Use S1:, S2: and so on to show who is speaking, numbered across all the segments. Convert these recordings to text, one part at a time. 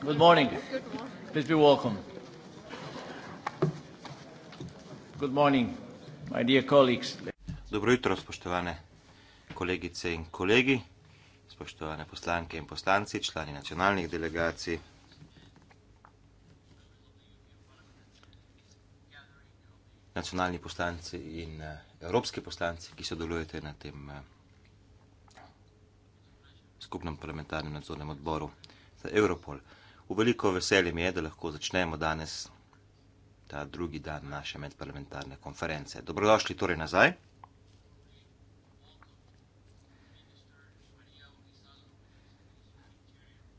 S1: Good morning. Please be welcome. Good morning, my dear colleagues.
S2: Dobro jutro, spoštovane kolegice in kolegi, spoštovane poslanke in poslanci, člani nacionalnih delegacij. Nacionalni poslanci in eh, evropski poslanci, ki sodelujete na tem eh, skupnem parlamentarnem nadzornem odboru za Europol. V veliko veselje mi je, da lahko začnemo danes, ta drugi dan naše medparlamentarne konference. Dobrodošli torej nazaj.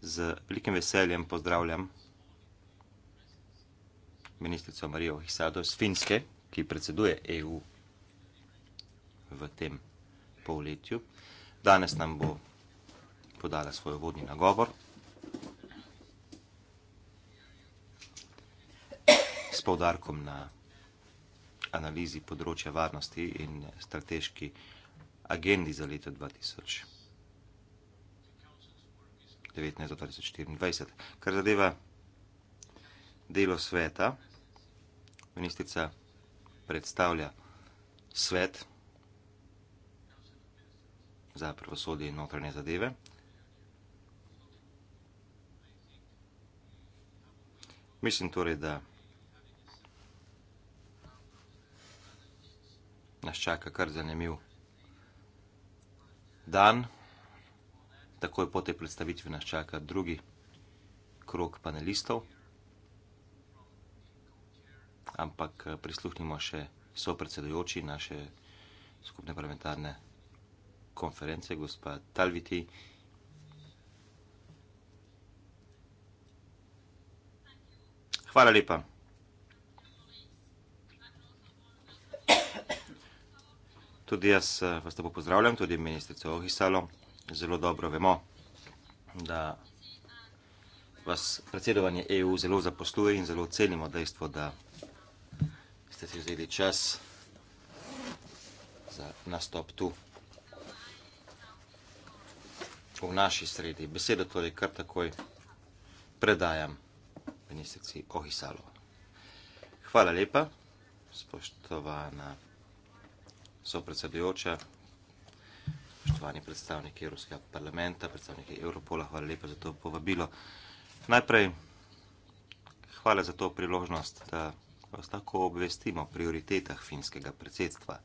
S2: Z velikim veseljem pozdravljam ministrico Marijo Hisado iz Finske, ki predseduje EU v tem polletju. Danes nam bo podala svoj vodni nagovor. poudarkom na analizi področja varnosti in strateški agendi za leto 2019-2024. Kar zadeva delo sveta, ministrica predstavlja svet za pravosodje in notranje zadeve. Mislim torej, da nas čaka kar zanimiv dan. Takoj po tej predstavitvi nas čaka drugi krok panelistov. Ampak eh, prisluhnimo še so predsedojoči naše skupne parlamentarne konference, gospa Talviti. Hvala lepa. Tudi jaz eh, vas lepo pozdravljam, tudi ministrico Ohisalo. Zelo dobro vemo, da vas predsedovanje EU zelo zaposluje in zelo cenimo dejstvo, da ste si vzeli čas za nastop tu v naši sredi. Besedo torej kar takoj predajam ministrici Ohisalo. Hvala lepa, spoštovana so predsedujoča, štovani predstavniki Evropskega parlamenta, predstavniki Evropola, hvala lepa za to povabilo. Najprej hvala za to priložnost, da vas tako obvestimo o prioritetah finskega predsedstva.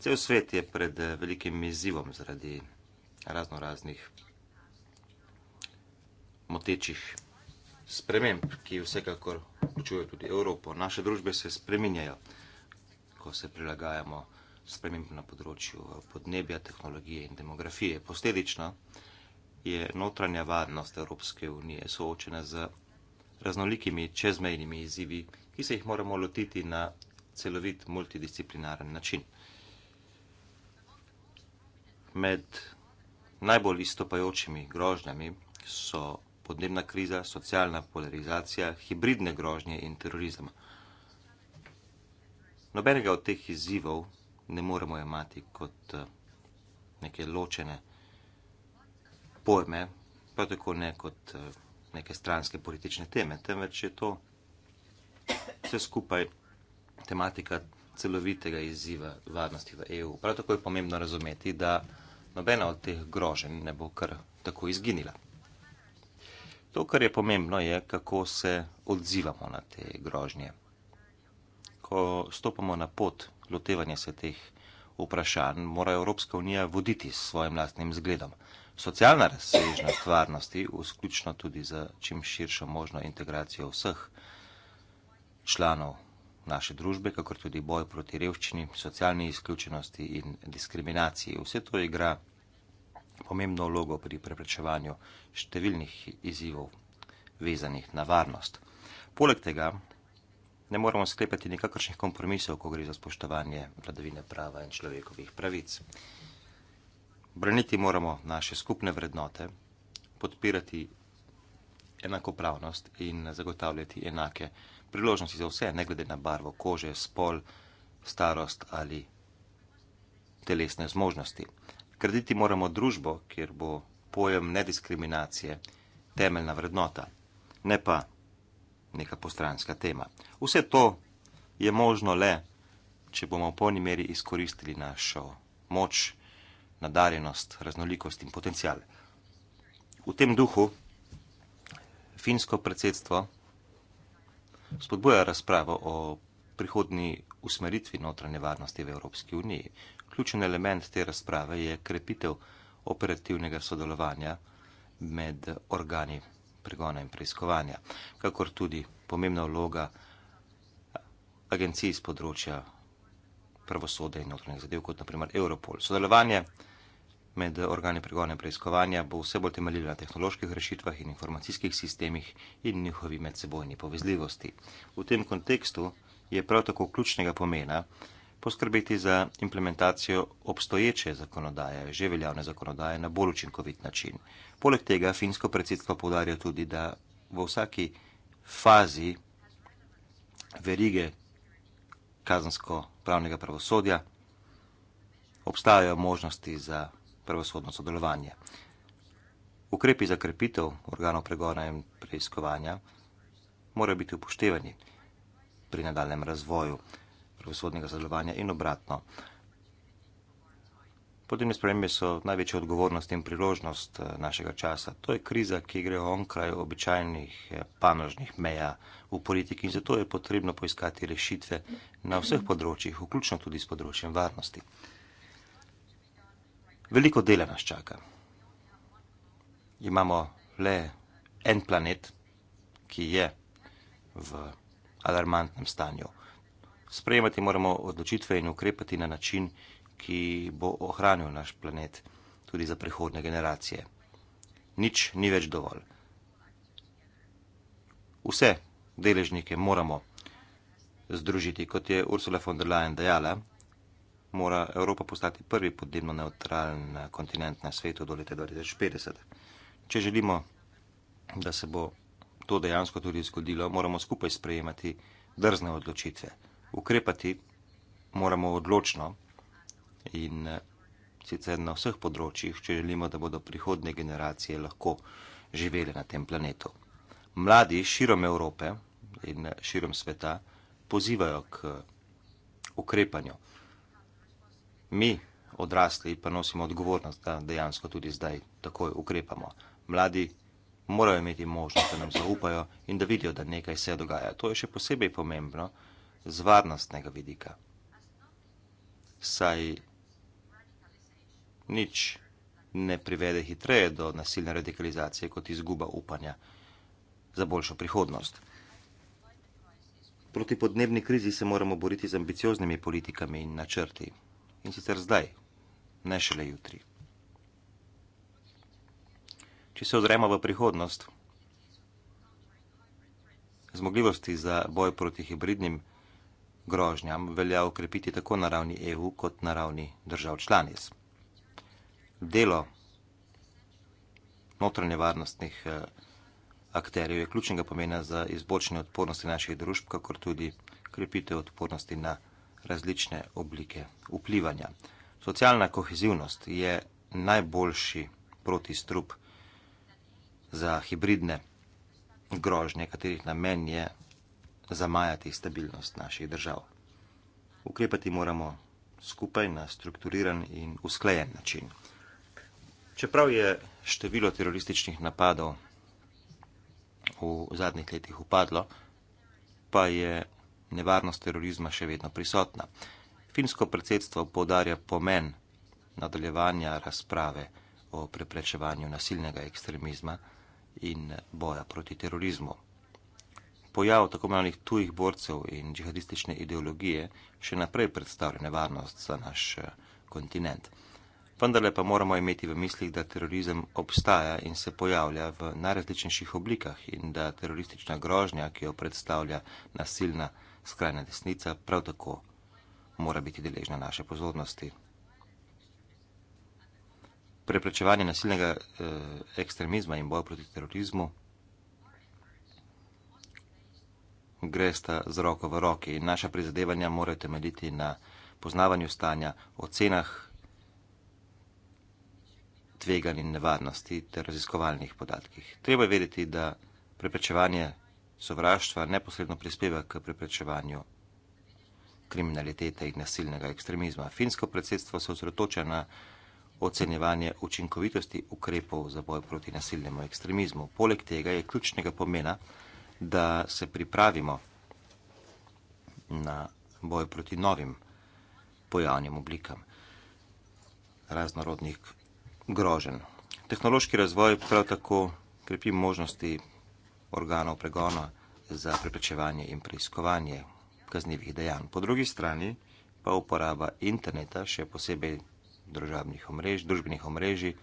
S2: Cel svet je pred eh, velikim izzivom zaradi razno raznih motečih sprememb, ki vsekakor vključujejo tudi Evropo. Naše družbe se spreminjajo ko se prilagajamo sprememb na področju podnebja, tehnologije in demografije. Posledično je notranja varnost Evropske unije soočena z raznolikimi čezmejnimi izzivi, ki se jih moramo lotiti na celovit multidisciplinaren način. Med najbolj izstopajočimi grožnjami so podnebna kriza, socialna polarizacija, hibridne grožnje in terorizem. Nobenega od teh izzivov ne moremo imati kot eh, neke ločene pojme, pa tako ne kot eh, neke stranske politične teme, temveč je to vse skupaj tematika celovitega izziva varnosti v EU. Prav tako je pomembno razumeti, da nobena od teh groženj ne bo kar tako izginila. To, kar je pomembno, je, kako se odzivamo na te grožnje ko stopamo na pot lotevanja se teh vprašanj, mora Evropska unija voditi s svojim lastnim zgledom. Socialna razsežnost varnosti, vključno tudi za čim širšo možno integracijo vseh članov naše družbe, kakor tudi boj proti revščini, socialni izključenosti in diskriminaciji. Vse to igra pomembno vlogo pri preprečevanju številnih izzivov vezanih na varnost. Poleg tega ne moremo sklepati nekakršnih kompromisov, ko gre za spoštovanje vladavine prava in človekovih pravic. Braniti moramo naše skupne vrednote, podpirati enakopravnost in zagotavljati enake priložnosti za vse, ne glede na barvo kože, spol, starost ali telesne zmožnosti. Krediti moramo družbo, kjer bo pojem nediskriminacije temeljna vrednota, ne pa neka postranska tema. Vse to je možno le, če bomo v polni meri izkoristili našo moč, nadarjenost, raznolikost in potencial. V tem duhu finsko predsedstvo spodbuja razpravo o prihodni usmeritvi notranje varnosti v Evropski uniji. Ključen element te razprave je krepitev operativnega sodelovanja med organi pregona in preiskovanja, kakor tudi pomembna vloga agencij iz področja pravosode in notranjih zadev, kot naprimer Europol. Sodelovanje med organi pregona in preiskovanja bo vse bolj temeljilo na tehnoloških rešitvah in informacijskih sistemih in njihovi medsebojni povezljivosti. V tem kontekstu je prav tako ključnega pomena poskrbeti za implementacijo obstoječe zakonodaje, že veljavne zakonodaje, na bolj učinkovit način. Poleg tega finsko predsedstvo podarja tudi, da v vsaki fazi verige kazensko-pravnega pravosodja obstajajo možnosti za pravosodno sodelovanje. Ukrepi za krepitev organov pregona in preiskovanja morajo biti upoštevani pri nadaljem razvoju pravosodnega sodelovanja in obratno podnebne spremembe so največja odgovornost in priložnost eh, našega časa. To je kriza, ki gre onkraj običajnih eh, panožnih meja v politiki in zato je potrebno poiskati rešitve na vseh področjih, vključno tudi s področjem varnosti. Veliko dela nas čaka. Imamo le en planet, ki je v alarmantnem stanju. Sprejemati moramo odločitve in ukrepati na način, ki bo ohranil naš planet tudi za prihodne generacije. Nič ni več dovolj. Vse deležnike moramo združiti, kot je Ursula von der Leyen dejala, mora Evropa postati prvi podnebno neutralen kontinent na svetu do leta 2050. Če želimo, da se bo to dejansko tudi zgodilo, moramo skupaj sprejemati drzne odločitve. Ukrepati moramo odločno, in eh, sicer na vseh področjih, če želimo, da bodo prihodne generacije lahko živele na tem planetu. Mladi širom Evrope in eh, širom sveta pozivajo k eh, ukrepanju. Mi, odrasli, pa nosimo odgovornost, da dejansko tudi zdaj takoj ukrepamo. Mladi morajo imeti možnost, da nam zaupajo in da vidijo, da nekaj se dogaja. To je še posebej pomembno z varnostnega vidika. Saj nič ne privede hitreje do nasilne radikalizacije kot izguba upanja za boljšo prihodnost. Proti podnebni krizi se moramo boriti z ambicioznimi politikami in načrti. In sicer zdaj, ne šele jutri. Če se ozremo v prihodnost, zmogljivosti za boj proti hibridnim grožnjam velja ukrepiti tako na ravni EU kot na ravni držav članic delo notranje varnostnih eh, akterjev je ključnega pomena za izboljšanje odpornosti naših družb, kakor tudi krepitev odpornosti na različne oblike vplivanja. Socialna kohezivnost je najboljši protistrup za hibridne grožnje, katerih namen je zamajati stabilnost naših držav. Ukrepati moramo skupaj na strukturiran in usklajen način. Čeprav je število terorističnih napadov v zadnjih letih upadlo, pa je nevarnost terorizma še vedno prisotna. Finsko predsedstvo podarja pomen nadaljevanja razprave o preprečevanju nasilnega ekstremizma in boja proti terorizmu. Pojav tako imenovanih tujih borcev in džihadistične ideologije še naprej predstavlja nevarnost za naš eh, kontinent vendarle pa moramo imeti v mislih, da terorizem obstaja in se pojavlja v najrazličnejših oblikah in da teroristična grožnja, ki jo predstavlja nasilna skrajna desnica, prav tako mora biti deležna naše pozornosti. Preprečevanje nasilnega eh, ekstremizma in boj proti terorizmu gre sta z roko v roki in naša prizadevanja morajo temeljiti na poznavanju stanja, ocenah tvegan in nevarnosti ter raziskovalnih podatkih. Treba je vedeti, da preprečevanje sovraštva neposredno prispeva k preprečevanju kriminalitete in nasilnega ekstremizma. Finsko predsedstvo se osredotoča na ocenjevanje učinkovitosti ukrepov za boj proti nasilnemu ekstremizmu. Poleg tega je ključnega pomena, da se pripravimo na boj proti novim pojavnim oblikam raznorodnih grožen. Tehnološki razvoj prav tako krepi možnosti organov pregona za preprečevanje in preiskovanje kaznivih dejanj. Po drugi strani pa uporaba interneta, še posebej državnih omrež, družbenih omrežij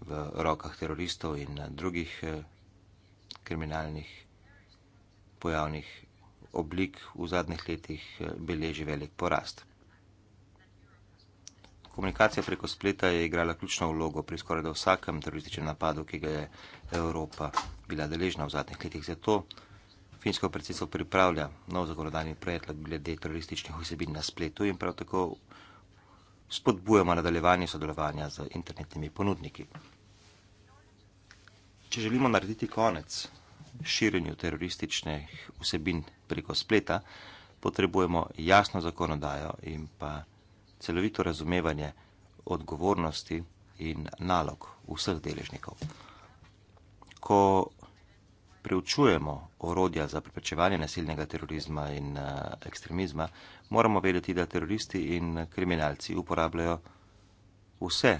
S2: v rokah teroristov in eh, drugih eh, kriminalnih pojavnih oblik v zadnjih letih eh, beleži velik porast. Komunikacija preko spleta je igrala ključno vlogo pri skoraj vsakem terorističnem napadu, ki ga je Evropa bila deležna v zadnjih letih. Zato finsko predsedstvo pripravlja nov zakonodajni predlog glede terorističnih vsebin na spletu in prav tako spodbujamo nadaljevanje sodelovanja z internetnimi ponudniki. Če želimo narediti konec širjenju terorističnih vsebin preko spleta, potrebujemo jasno zakonodajo in pa celovito razumevanje odgovornosti in nalog vseh deležnikov. Ko preučujemo orodja za preprečevanje nasilnega terorizma in eh, ekstremizma, moramo vedeti, da teroristi in kriminalci uporabljajo vse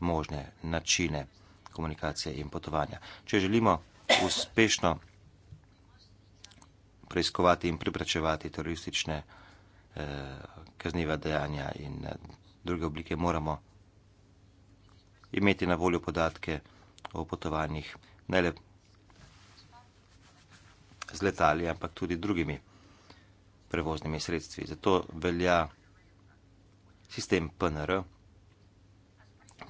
S2: možne načine komunikacije in potovanja. Če želimo uspešno preiskovati in preprečevati teroristične organizacije, Eh, kazniva dejanja in eh, druge oblike, moramo imeti na voljo podatke o potovanjih, ne le z letali, ampak tudi drugimi prevoznimi sredstvi. Zato velja sistem PNR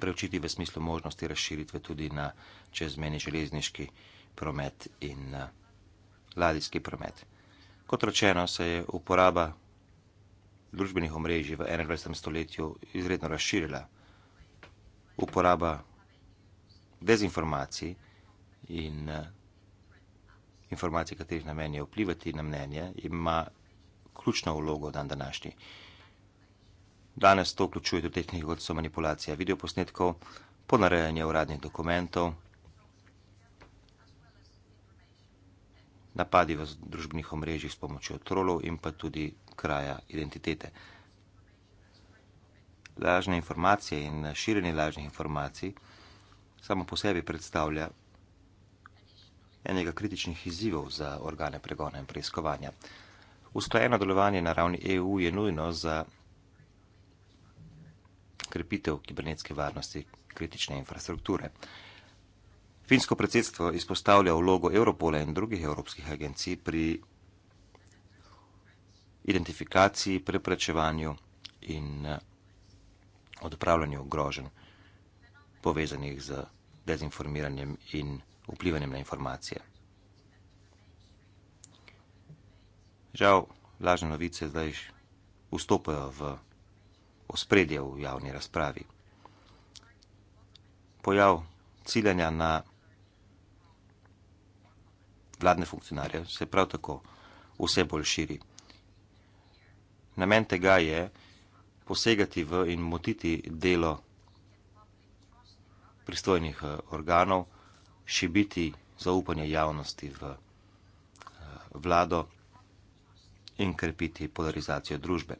S2: preučiti v smislu možnosti razširitve tudi na čezmeni železniški promet in eh, ladijski promet. Kot rečeno, se je uporaba družbenih omrežij v 21. stoletju izredno razširila. Uporaba dezinformacij in eh, informacij, katerih namen je vplivati na mnenje, ima ključno vlogo dan današnji. Danes to vključuje tudi tehnike, kot so manipulacija videoposnetkov, ponarejanje uradnih dokumentov, napadi v družbenih omrežjih s pomočjo trolov in pa tudi kraja identitete. Lažne informacije in širjenje lažnih informacij samo po sebi predstavlja enega kritičnih izzivov za organe pregona in preiskovanja. Usklajeno delovanje na ravni EU je nujno za krepitev kibernetske varnosti kritične infrastrukture. Finsko predsedstvo izpostavlja vlogo Europola in drugih evropskih agencij pri identifikaciji, preprečevanju in eh, odpravljanju groženj povezanih z dezinformiranjem in vplivanjem na informacije. Žal, lažne novice zdaj vstopajo v ospredje v javni razpravi. Pojav ciljanja na vladne funkcionarje se prav tako vse bolj širi. Namen tega je posegati v in motiti delo pristojnih eh, organov, šibiti zaupanje javnosti v eh, vlado in krepiti polarizacijo družbe.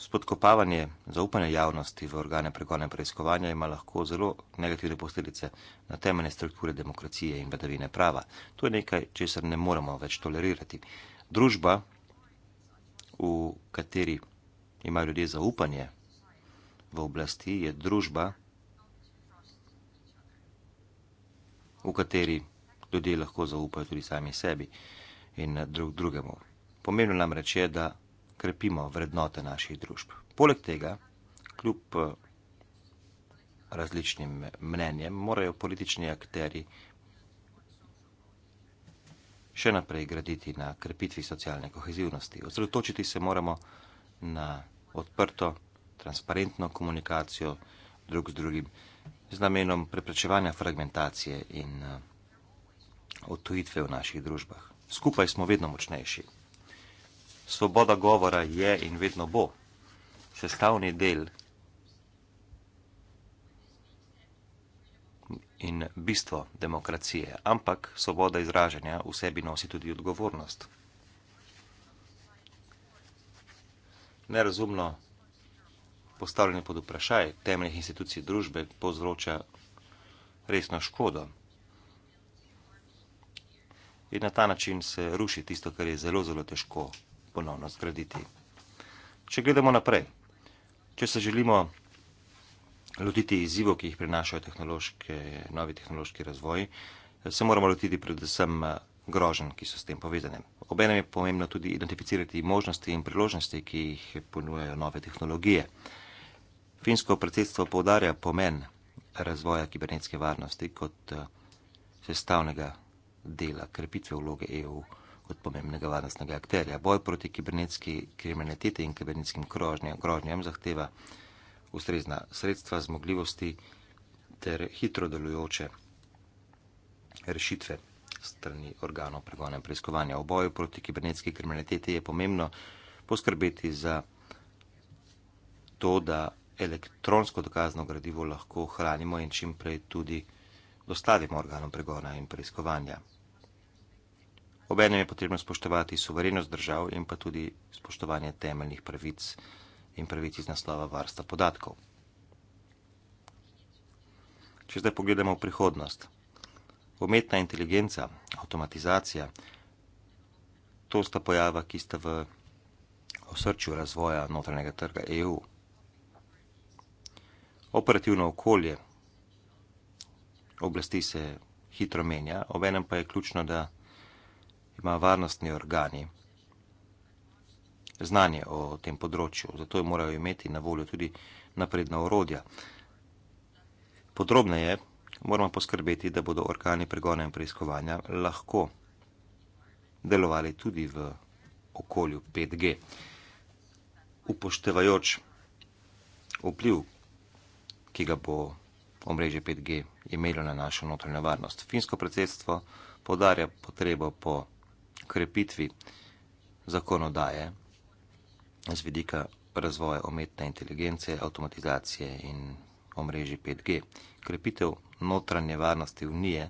S2: Spodkopavanje zaupanja javnosti v organe pregona in preiskovanja ima lahko zelo negativne posledice na temeljne strukture demokracije in vladavine prava. To je nekaj, česar ne moremo več tolerirati. Družba, v kateri imajo ljudje zaupanje v oblasti, je družba, v kateri ljudje lahko zaupajo tudi sami sebi in drug drugemu. Pomembno nam reče, da krepimo vrednote naših družb. Poleg tega, kljub eh, različnim mnenjem, morajo politični akteri še naprej graditi na krepitvi socialne kohezivnosti. Osredotočiti se moramo na odprto, transparentno komunikacijo drug z drugim z namenom preprečevanja fragmentacije in eh, odtujitve v naših družbah. Skupaj smo vedno močnejši. Svoboda govora je in vedno bo sestavni del in bistvo demokracije, ampak svoboda izražanja v sebi nosi tudi odgovornost. Nerazumno postavljanje pod vprašaj temeljnih institucij družbe povzroča resno škodo. In na ta način se ruši tisto, kar je zelo, zelo težko ponovno zgraditi. Če gledamo naprej, če se želimo lotiti izzivov, ki jih prinašajo tehnološke, novi tehnološki razvoj, se moramo lotiti predvsem eh, grožen, ki so s tem povezane. Obenem je pomembno tudi identificirati možnosti in priložnosti, ki jih ponujajo nove tehnologije. Finsko predsedstvo poudarja pomen razvoja kibernetske varnosti kot eh, sestavnega dela krepitve vloge EU kot pomembnega varnostnega akterja. Boj proti kibernetski kriminaliteti in kibernetskim grožnjam zahteva ustrezna sredstva, zmogljivosti ter hitro delujoče rešitve strani organov pregona in preiskovanja. V boju proti kibernetski kriminaliteti je pomembno poskrbeti za to, da elektronsko dokazno gradivo lahko hranimo in čim prej tudi dostavimo organom pregona in preiskovanja. Obenem je potrebno spoštovati suverenost držav in pa tudi spoštovanje temeljnih pravic in pravic iz naslova varsta podatkov. Če zdaj pogledamo v prihodnost. Umetna inteligenca, avtomatizacija, to sta pojava, ki sta v osrčju razvoja notranjega trga EU. Operativno okolje oblasti se hitro menja, obenem pa je ključno, da ima varnostni organi znanje o tem področju, zato jo morajo imeti na voljo tudi napredna orodja. Podrobneje moramo poskrbeti, da bodo organi pregona in preiskovanja lahko delovali tudi v okolju 5G. Upoštevajoč vpliv, ki ga bo omrežje 5G imelo na našo notranjo varnost. Finsko predsedstvo podarja potrebo po krepitvi zakonodaje z vidika razvoja umetne inteligence, avtomatizacije in omrežji 5G. Krepitev notranje varnosti unije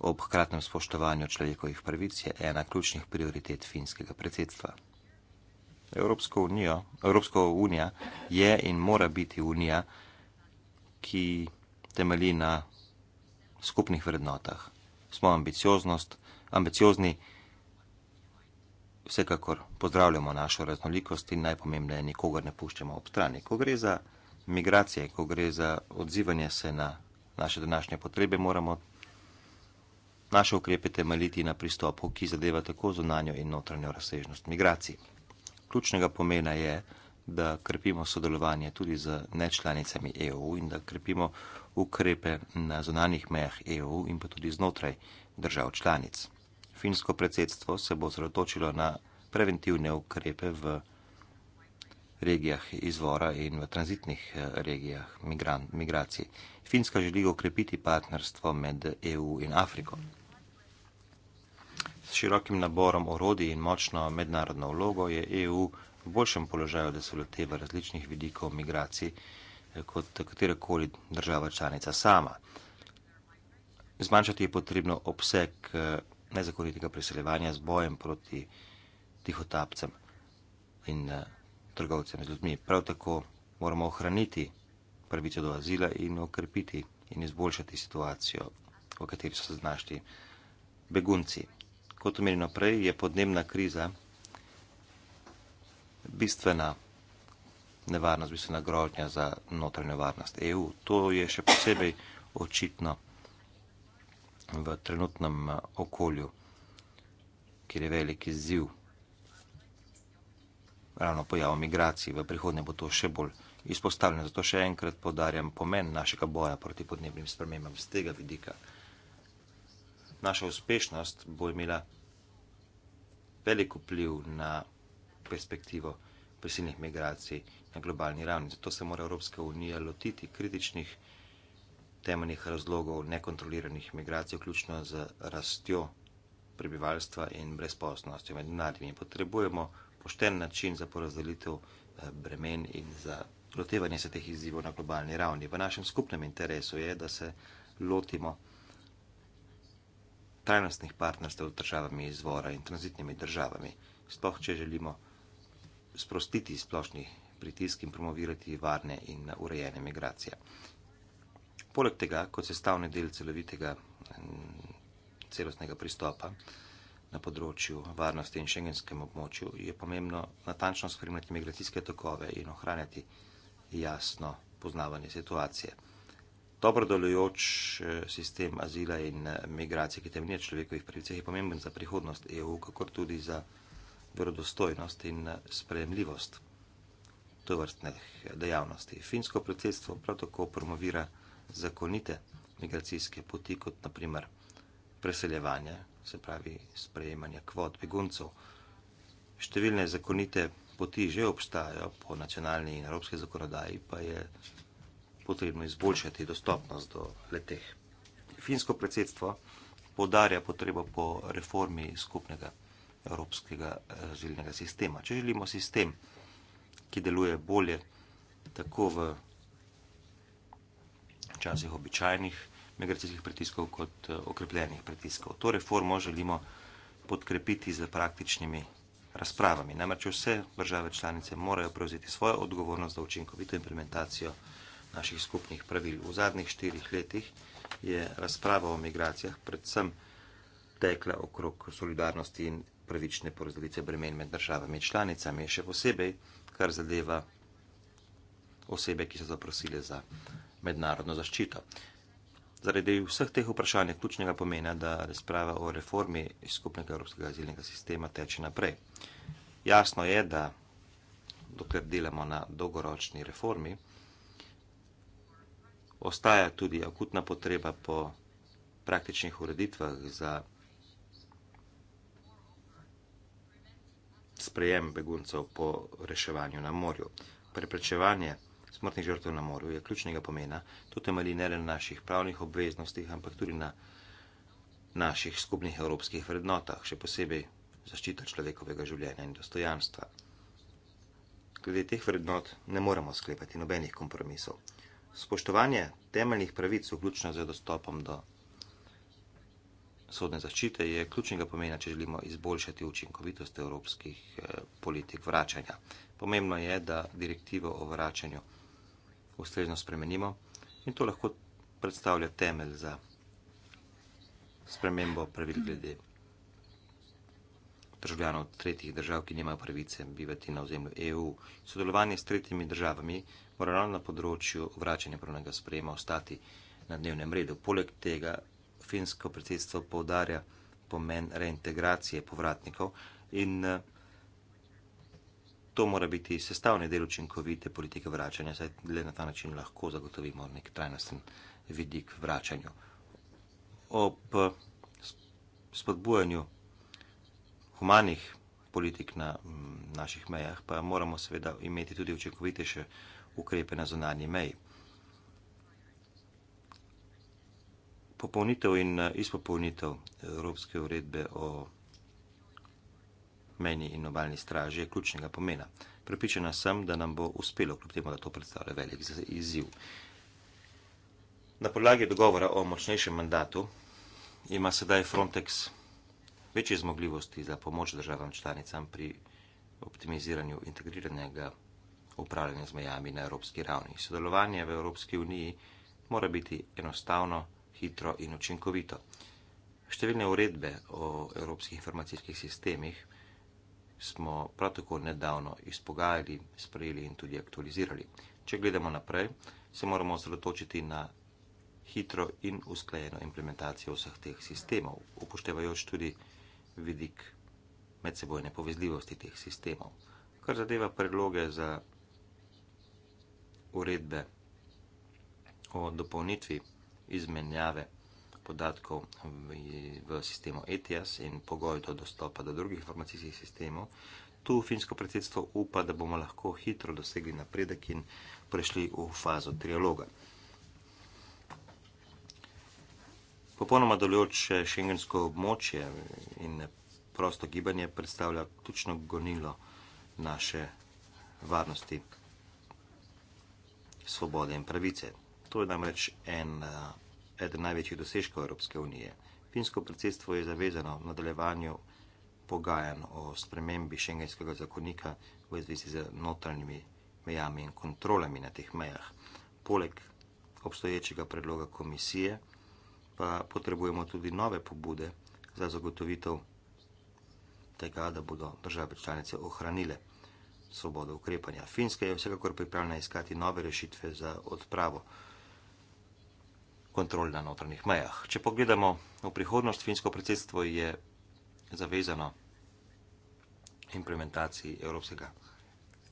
S2: ob hkratnem spoštovanju človekovih pravic je ena ključnih prioritet finskega predsedstva. Evropsko unijo, Evropsko unija je in mora biti unija, ki temelji na skupnih vrednotah. Smo ambicioznost, ambiciozni. Vsekakor pozdravljamo našo raznolikost in najpomembneje, nikogar ne puščamo ob strani. Ko gre za migracije, ko gre za odzivanje se na naše današnje potrebe, moramo naše ukrepe temeljiti na pristopu, ki zadeva tako zunanjo in notranjo razsežnost migracij. Ključnega pomena je, da krepimo sodelovanje tudi z nečlanicami EU in da krepimo ukrepe na zunanjih mejah EU in pa tudi znotraj držav članic. Finsko predsedstvo se bo zrotočilo na preventivne ukrepe v regijah izvora in v tranzitnih eh, regijah migran, migracij. Finska želi okrepiti partnerstvo med EU in Afriko. S širokim naborom orodij in močno mednarodno vlogo je EU v boljšem položaju, da se loteva različnih vidikov migracij eh, kot katerekoli država članica sama. Zmanjšati je potrebno obseg eh, nezakonitega preseljevanja z bojem proti tihotapcem in eh, trgovcem z ljudmi. Prav tako moramo ohraniti pravico do azila in okrepiti in izboljšati situacijo, v kateri so se znašli begunci. Kot omenjeno prej, je podnebna kriza bistvena nevarnost, bistvena grožnja za notranjo varnost EU. To je še posebej očitno v trenutnem eh, okolju, kjer je velik izziv. Ravno pojav migracij v prihodnje bo to še bolj izpostavljeno. Zato še enkrat podarjam pomen našega boja proti podnebnim spremembam z tega vidika. Naša uspešnost bo imela veliko pliv na perspektivo prisilnih migracij na globalni ravni. Zato se mora Evropska unija lotiti kritičnih migracij temeljnih razlogov nekontroliranih migracij, vključno z rastjo prebivalstva in brezposobnostjo med mladimi. Potrebujemo pošten način za porazdelitev eh, bremen in za lotevanje se teh izzivov na globalni ravni. V našem skupnem interesu je, da se lotimo trajnostnih partnerstev z državami izvora in tranzitnimi državami, sploh če želimo sprostiti splošni pritisk in promovirati varne in urejene migracije. Poleg tega, kot sestavni del celovitega mm, celostnega pristopa na področju varnosti in šengenskem območju, je pomembno natančno spremljati migracijske tokove in ohranjati jasno poznavanje situacije. Dobro delujoč eh, sistem azila in eh, migracije, ki temelji na človekovih pravicah, je pomemben za prihodnost EU, kakor tudi za verodostojnost in eh, sprejemljivost to vrstnih dejavnosti. Finsko predsedstvo prav tako promovira zakonite migracijske poti, kot naprimer preseljevanje, se pravi sprejemanje kvot beguncev. Številne zakonite poti že obstajajo po nacionalni in evropske zakonodaji, pa je potrebno izboljšati dostopnost do leteh. Finsko predsedstvo podarja potrebo po reformi skupnega evropskega zilnega eh, sistema. Če želimo sistem, ki deluje bolje tako v včasih običajnih migracijskih pritiskov kot eh, okrepljenih pritiskov. To reformo želimo podkrepiti z praktičnimi razpravami. Namreč vse države članice morajo prevzeti svojo odgovornost za učinkovito implementacijo naših skupnih pravil. V zadnjih štirih letih je razprava o migracijah predvsem tekla okrog solidarnosti in pravične porazdelice bremen med državami članicami, še posebej, kar zadeva osebe, ki so zaprosile za mednarodno zaščito. Zaradi vseh teh vprašanj je ključnega pomena, da razprava o reformi skupnega evropskega azilnega sistema teče naprej. Jasno je, da dokler delamo na dolgoročni reformi, ostaja tudi akutna potreba po praktičnih ureditvah za sprejem beguncev po reševanju na morju. Preprečevanje smrtnih žrtev na morju je ključnega pomena, to temelji ne le na naših pravnih obveznostih, ampak tudi na naših skupnih evropskih vrednotah, še posebej zaščita človekovega življenja in dostojanstva. Glede teh vrednot ne moremo sklepati nobenih kompromisov. Spoštovanje temeljnih pravic, vključno z dostopom do sodne zaščite, je ključnega pomena, če želimo izboljšati učinkovitost evropskih eh, politik vračanja. Pomembno je, da direktivo o vračanju ustrezno spremenimo in to lahko predstavlja temelj za spremembo pravil glede državljanov tretjih držav, ki nimajo pravice bivati na ozemlju EU. Sodelovanje s tretjimi državami mora ravno na področju vračanja pravnega sprejema ostati na dnevnem redu. Poleg tega finsko predsedstvo povdarja pomen reintegracije povratnikov in eh, to mora biti sestavni del učinkovite politike vračanja, saj le na ta način lahko zagotovimo nek trajnosten vidik vračanju. Ob spodbujanju humanih politik na mm, naših mejah pa moramo seveda imeti tudi učinkovitejše ukrepe na zonanji meji. Popolnitev in eh, izpopolnitev Evropske uredbe o meni in obaljni straži je ključnega pomena. Pripričana sem, da nam bo uspelo, kljub temu, da to predstavlja velik izziv. Na podlagi dogovora o močnejšem mandatu ima sedaj Frontex večje zmogljivosti za pomoč državam članicam pri optimiziranju integriranega upravljanja z mejami na evropski ravni. Sodelovanje v Evropski uniji mora biti enostavno, hitro in učinkovito. Številne uredbe o evropskih informacijskih sistemih smo prav tako nedavno izpogajali, sprejeli in tudi aktualizirali. Če gledamo naprej, se moramo osredotočiti na hitro in usklajeno implementacijo vseh teh sistemov, upoštevajoč tudi vidik medsebojne povezljivosti teh sistemov. Kar zadeva predloge za uredbe o dopolnitvi izmenjave podatkov v, v sistemu ETIAS in pogoj do dostopa do drugih informacijskih sistemov. Tu finsko predsedstvo upa, da bomo lahko hitro dosegli napredek in prešli v fazo trialoga. Popolnoma doljoč eh, šengensko območje in prosto gibanje predstavlja ključno gonilo naše varnosti, svobode in pravice. To je namreč ena eh, eden največjih dosežkov Evropske unije. Finsko predsedstvo je zavezano v nadaljevanju pogajanj o spremembi šengenskega zakonika v zvezi z notranjimi mejami in kontrolami na teh mejah. Poleg obstoječega predloga komisije pa potrebujemo tudi nove pobude za zagotovitev tega, da bodo države članice ohranile svobodo ukrepanja. Finska je vsekakor pripravljena iskati nove rešitve za odpravo kontrol na notranjih mejah. Če pogledamo v prihodnost, finsko predsedstvo je zavezano implementaciji evropskega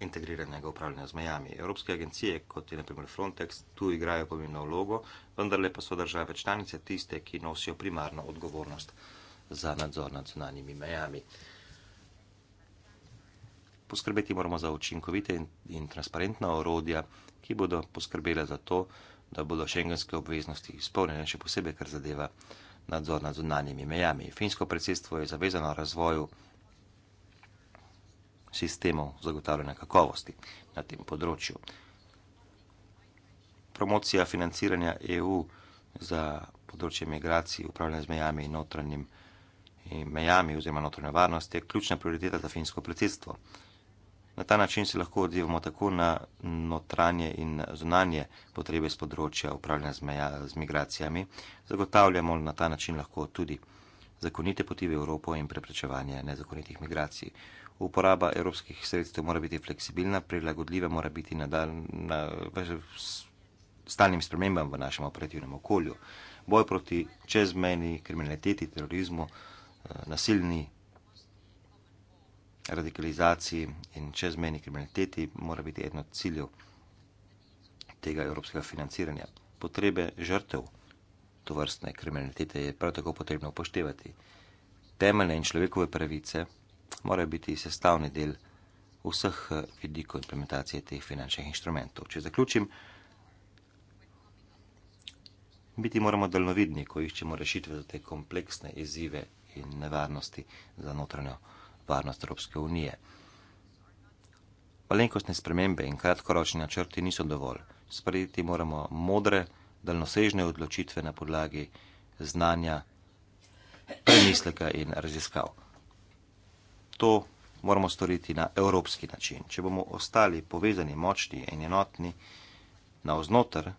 S2: integriranega upravljanja z mejami. Evropske agencije, kot je naprimer Frontex, tu igrajo pomembno vlogo, vendar le pa so države članice tiste, ki nosijo primarno odgovornost za nadzor nad zunanjimi mejami. Poskrbeti moramo za učinkovite in, in transparentna orodja, ki bodo poskrbele za to, da da bodo šengenske obveznosti izpolnjene, še posebej, kar zadeva nadzor nad zunanjimi mejami. Finsko predsedstvo je zavezano razvoju sistemov zagotavljanja kakovosti na tem področju. Promocija financiranja EU za področje migracij, upravljanja z mejami in notranjim mejami oziroma notranjo varnost je ključna prioriteta za finsko predsedstvo. Na ta način se lahko odzivamo tako na notranje in zunanje potrebe z področja upravljanja z, meja, z migracijami, zagotavljamo na ta način lahko tudi zakonite poti v Evropo in preprečevanje nezakonitih migracij. Uporaba evropskih sredstev mora biti fleksibilna, prilagodljiva mora biti nadal, na, na, stalnim spremembam v našem operativnem okolju. Boj proti čezmeni kriminaliteti, terorizmu, eh, nasilni radikalizaciji in čezmejni kriminaliteti mora biti eno od ciljev tega evropskega financiranja. Potrebe žrtev to vrstne kriminalitete je prav tako potrebno upoštevati. Temeljne in človekove pravice morajo biti sestavni del vseh vidikov implementacije teh finančnih inštrumentov. Če zaključim, biti moramo daljnovidni, ko iščemo rešitve za te kompleksne izzive in nevarnosti za notranjo varnost Evropske unije. Malenkostne spremembe in kratkoročni načrti niso dovolj. Sprediti moramo modre, daljnosežne odločitve na podlagi znanja, premisleka in raziskav. To moramo storiti na evropski način. Če bomo ostali povezani, močni in enotni na vznoter,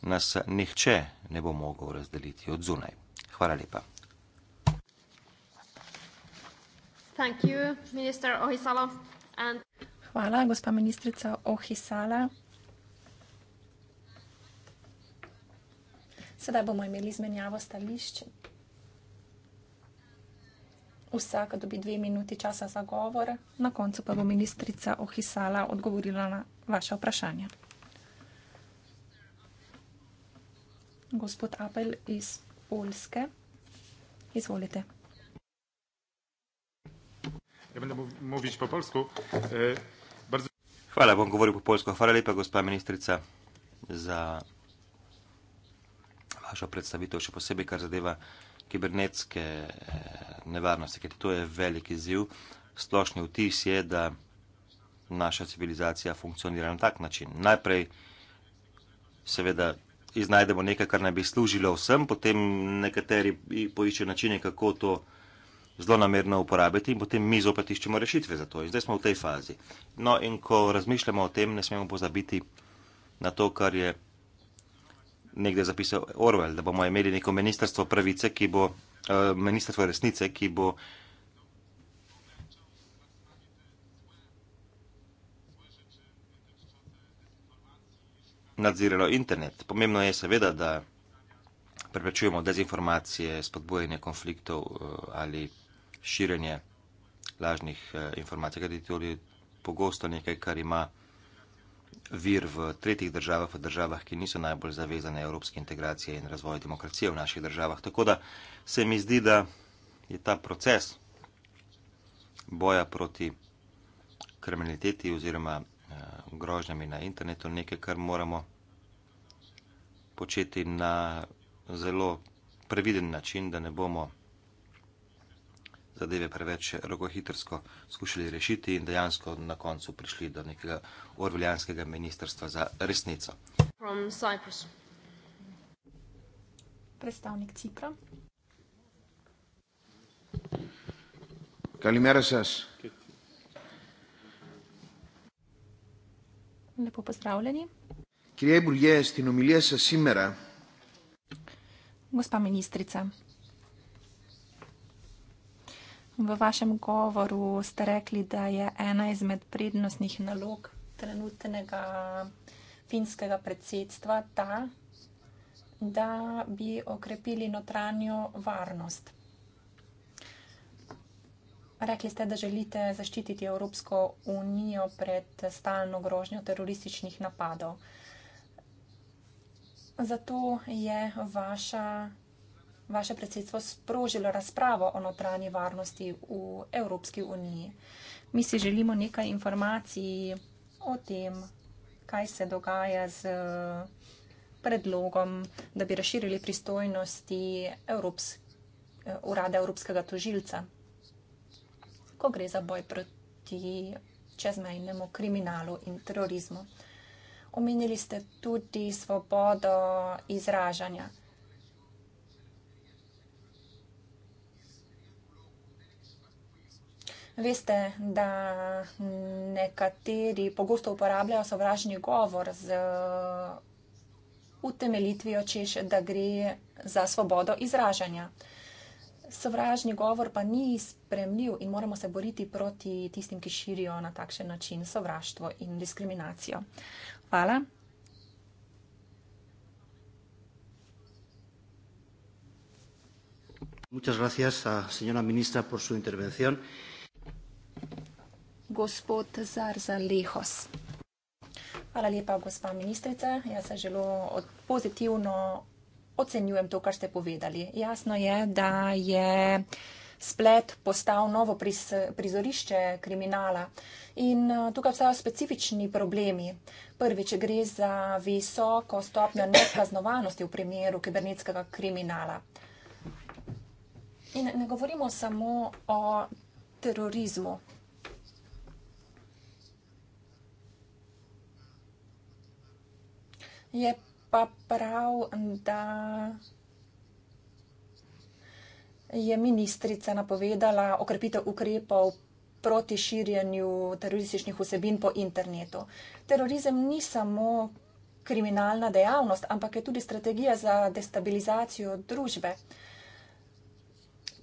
S2: nas nihče ne bo mogel razdeliti od zunaj. Hvala lepa.
S3: Hvala, gospa ministrica Ohisala. Sedaj bomo imeli izmenjavo stališč. Vsak dobi dve minuti časa za govor, na koncu pa bo ministrica Ohisala odgovorila na vaše vprašanje. Gospod Apel iz Polske, izvolite.
S2: Ja będę mówić po polsku. E, bardzo... Chwala, bo on mówił po polsku. Chwala lepa, gospa ministrica, za vašo predstavitev, še posebej, kar zadeva kibernetske eh, nevarnosti, ker to je velik izziv. Splošni vtis je, da naša civilizacija funkcionira na tak način. Najprej seveda iznajdemo nekaj, kar naj bi služilo vsem, potem nekateri poiščejo načine, kako to zelo namerno uporabiti in potem mi zopet iščemo rešitve za to. In zdaj smo v tej fazi. No, in ko razmišljamo o tem, ne smemo pozabiti na to, kar je nekdaj zapisal Orwell, da bomo imeli neko ministrstvo pravice, ki bo, eh, ministrstvo resnice, ki bo nadziralo internet. Pomembno je seveda, da preprečujemo dezinformacije, spodbojanje konfliktov eh, ali širjenje lažnih eh, informacij, kajti to je pogosto nekaj, kar ima vir v tretjih državah, v državah, ki niso najbolj zavezane evropske integracije in razvoju demokracije v naših državah. Tako da se mi zdi, da je ta proces boja proti kriminaliteti oziroma eh, grožnjami na internetu nekaj, kar moramo početi na zelo previden način, da ne bomo zadeve preveč rogohitrsko skušali rešiti in dejansko na koncu prišli do nekega orveljanskega ministrstva za resnico.
S3: Predstavnik Cipra.
S1: Kalimera Sas.
S3: Lepo pozdravljeni.
S1: Kje je burjest in omilje se simera?
S3: Gospa ministrica. V vašem govoru ste rekli, da je ena izmed prednostnih nalog trenutnega finskega predsedstva ta, da bi okrepili notranjo varnost. Rekli ste, da želite zaščititi Evropsko unijo pred stalno grožnjo terorističnih napadov. Zato je vaša vaše predsedstvo sprožilo razpravo o notranji varnosti v Evropski uniji. Mi si želimo nekaj informacij o tem, kaj se dogaja z predlogom, da bi razširili pristojnosti Evrops urada Evropskega tožilca, ko gre za boj proti čezmejnemu kriminalu in terorizmu. Omenili ste tudi svobodo izražanja. Veste, da nekateri pogosto uporabljajo sovražni govor z uh, utemelitvijo, češ, da gre za svobodo izražanja. Sovražni govor pa ni spremljiv in moramo se boriti proti tistim, ki širijo na takšen način sovraštvo in diskriminacijo. Hvala.
S2: Muchas gracias a señora ministra por su intervención.
S3: Gospod Zarza Lehos. Hvala lepa, gospa ministrica. Jaz se želo pozitivno ocenjujem to, kar ste povedali. Jasno je, da je splet postal novo prizorišče kriminala in eh, tukaj obstajajo specifični problemi. Prvič gre za visoko stopnjo nekaznovanosti v primeru kibernetskega kriminala. In ne govorimo samo o terorizmu. Je pa prav, da je ministrica napovedala okrepitev ukrepov proti širjenju terorističnih vsebin po internetu. Terorizem ni samo kriminalna dejavnost, ampak je tudi strategija za destabilizacijo družbe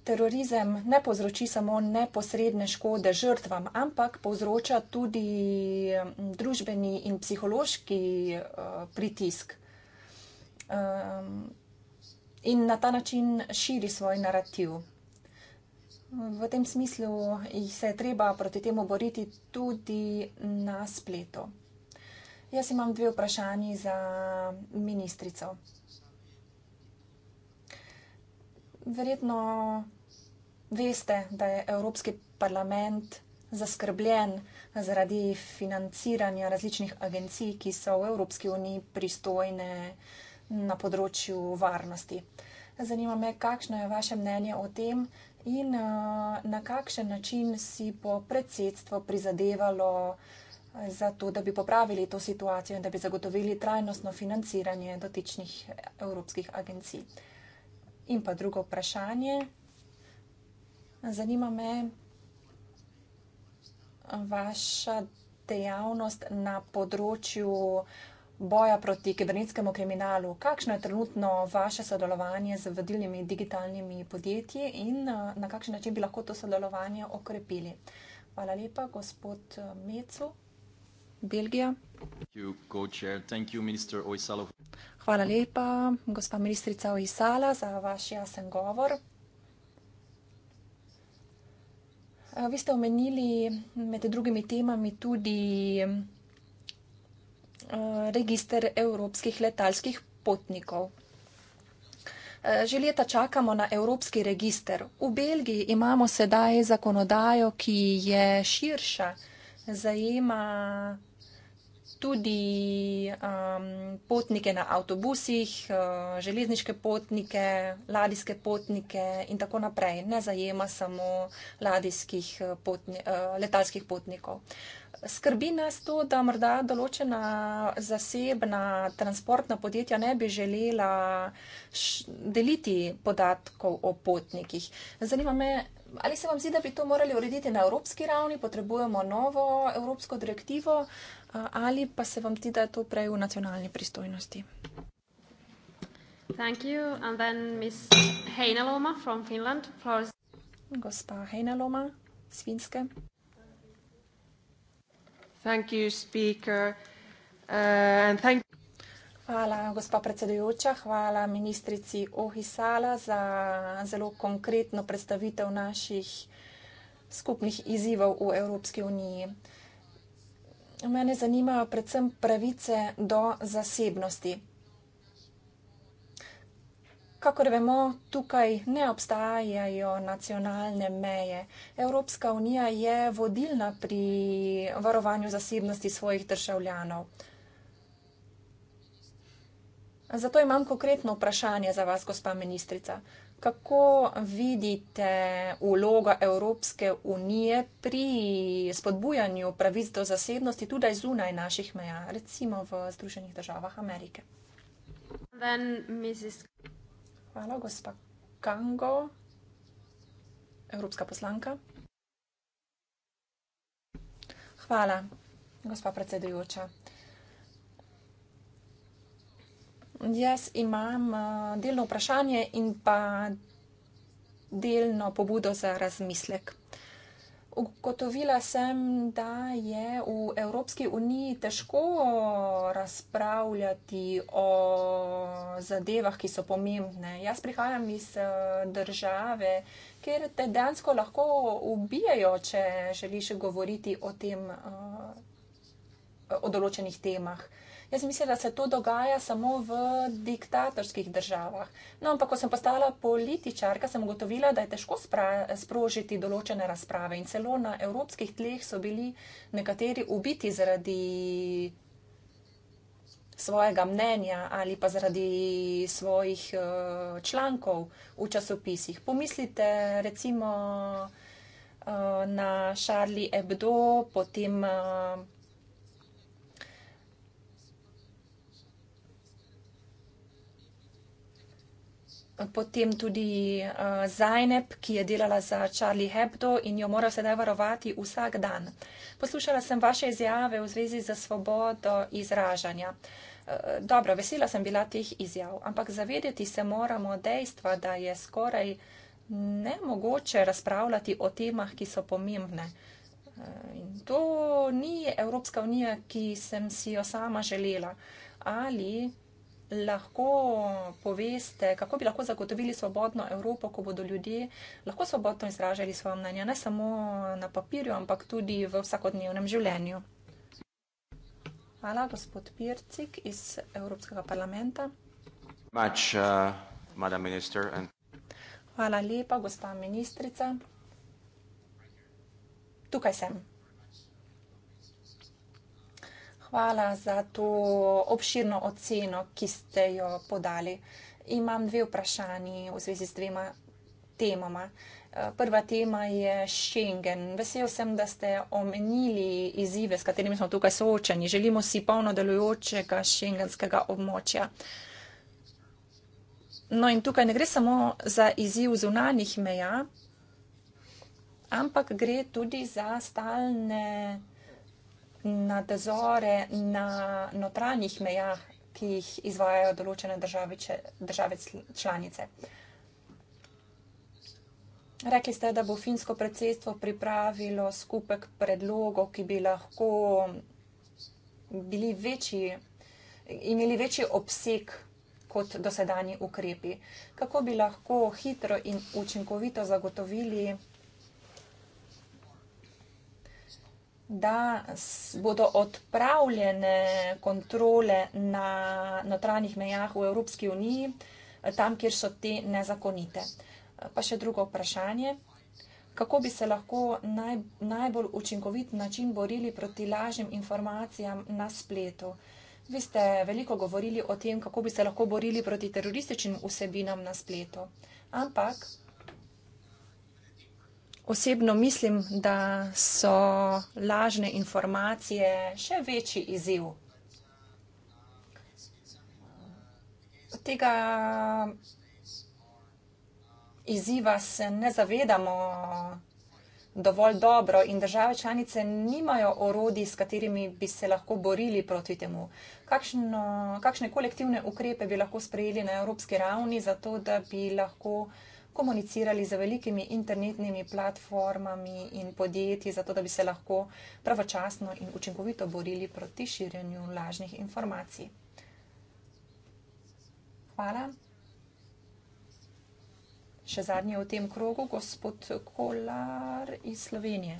S3: terorizem ne povzroči samo neposredne škode žrtvam, ampak povzroča tudi mm, družbeni in psihološki eh, pritisk. Ehm, in na ta način širi svoj narativ. V tem smislu se je treba proti temu boriti tudi na spletu. Jaz imam dve vprašanji za ministrico. Verjetno Veste, da je Evropski parlament zaskrbljen zaradi financiranja različnih agencij, ki so v Evropski uniji pristojne na področju varnosti. Zanima me, kakšno je vaše mnenje o tem in eh, na kakšen način si bo predsedstvo prizadevalo eh, za to, da bi popravili to situacijo in da bi zagotovili trajnostno financiranje dotičnih evropskih agencij. In pa drugo vprašanje, Zanima me vaša dejavnost na področju boja proti kibernetskemu kriminalu. Kakšno je trenutno vaše sodelovanje z vodilnimi digitalnimi podjetji in eh, na kakšen način bi lahko to sodelovanje okrepili? Hvala lepa, gospod eh, Mecu, Belgija. Hvala lepa, gospa ministrica Oisala, za vaš jasen govor. Eh, vi ste omenili med drugimi temami tudi eh, registr evropskih letalskih potnikov. Eh, že leta čakamo na evropski registr. V Belgiji imamo sedaj zakonodajo, ki je širša, zajema tudi um, potnike na avtobusih, uh, železniške potnike, ladijske potnike in tako naprej. Ne zajema samo ladijskih uh, potni, uh, letalskih potnikov. Skrbi nas to, da morda določena zasebna transportna podjetja ne bi želela deliti podatkov o potnikih. Zanima me, ali se vam zdi, da bi to morali urediti na evropski ravni, potrebujemo novo evropsko direktivo, uh, Eh, ali pa se vam ti da to prej v nacionalni pristojnosti?
S4: Finland, Gospa Heinaloma,
S3: svinske. Thank you, speaker. Uh, and thank hvala, gospa predsedujoča, hvala ministrici Ohisala za zelo konkretno predstavitev naših skupnih izzivov v Evropski uniji mene zanimajo predvsem pravice do zasebnosti. Kakor vemo, tukaj ne obstajajo nacionalne meje. Evropska unija je vodilna pri varovanju zasebnosti svojih državljanov. Zato imam konkretno vprašanje za vas, gospa ministrica. Kako vidite vlogo Evropske unije pri spodbujanju pravic do zasebnosti tudi zunaj naših meja, recimo v Združenih državah Amerike? Hvala, gospa Kango, evropska poslanka. Hvala, gospa predsedujoča. Jaz imam eh, delno vprašanje in pa delno pobudo za razmislek. Ugotovila sem, da je v Evropski uniji težko razpravljati o zadevah, ki so pomembne. Jaz prihajam iz eh, države, kjer te dejansko lahko ubijajo, če želiš govoriti o, tem, eh, o določenih temah. Jaz mislim, da se to dogaja samo v diktatorskih državah. No, ampak, ko sem postala političarka, sem ugotovila, da je težko sprožiti določene razprave in celo na evropskih tleh so bili nekateri ubiti zaradi svojega mnenja ali pa zaradi svojih uh, člankov v časopisih. Pomislite recimo uh, na Charlie Hebdo, potem uh, potem tudi uh, eh, Zajneb, ki je delala za Charlie Hebdo in jo mora sedaj varovati vsak dan. Poslušala sem vaše izjave v zvezi za svobodo izražanja. Uh, dobro, vesela sem bila teh izjav, ampak zavedeti se moramo dejstva, da je skoraj nemogoče razpravljati o temah, ki so pomembne. Uh, in to ni Evropska unija, ki sem si jo sama želela. Ali lahko poveste, kako bi lahko zagotovili svobodno Evropo, ko bodo ljudje lahko svobodno izražali svoje mnenje, ne samo na papirju, ampak tudi v vsakodnevnem življenju. Hvala, gospod Pircik iz Evropskega parlamenta.
S2: Much, uh, minister, and...
S3: Hvala lepa, gospa ministrica. Tukaj sem. Hvala za to obširno oceno, ki ste jo podali. Imam dve vprašanji v zvezi s dvema temama. Eh, prva tema je Schengen. Vesel sem, da ste omenili izzive, s katerimi smo tukaj soočeni. Želimo si polno delujočega šengenskega območja. No in tukaj ne gre samo za izziv zunanjih meja, ampak gre tudi za stalne nadzore na notranjih mejah, ki jih izvajajo določene države članice. Rekli ste, da bo finsko predsedstvo pripravilo skupek predlogov, ki bi lahko bili večji, imeli večji obseg kot dosedanji ukrepi. Kako bi lahko hitro in učinkovito zagotovili da bodo odpravljene kontrole na notranjih mejah v Evropski uniji, tam, kjer so te nezakonite. Pa še drugo vprašanje. Kako bi se lahko naj, najbolj učinkovit način borili proti lažnim informacijam na spletu? Vi ste veliko govorili o tem, kako bi se lahko borili proti terorističnim vsebinam na spletu. Ampak Osebno mislim, da so lažne informacije še večji izziv. Tega izziva se ne zavedamo dovolj dobro in države članice nimajo orodij, s katerimi bi se lahko borili proti temu. Kakšno, kakšne kolektivne ukrepe bi lahko sprejeli na evropski ravni, zato da bi lahko komunicirali z velikimi internetnimi platformami in podjetji, zato da bi se lahko pravočasno in učinkovito borili proti širjenju lažnih informacij. Hvala. Še zadnji v tem krogu, gospod Kolar iz Slovenije.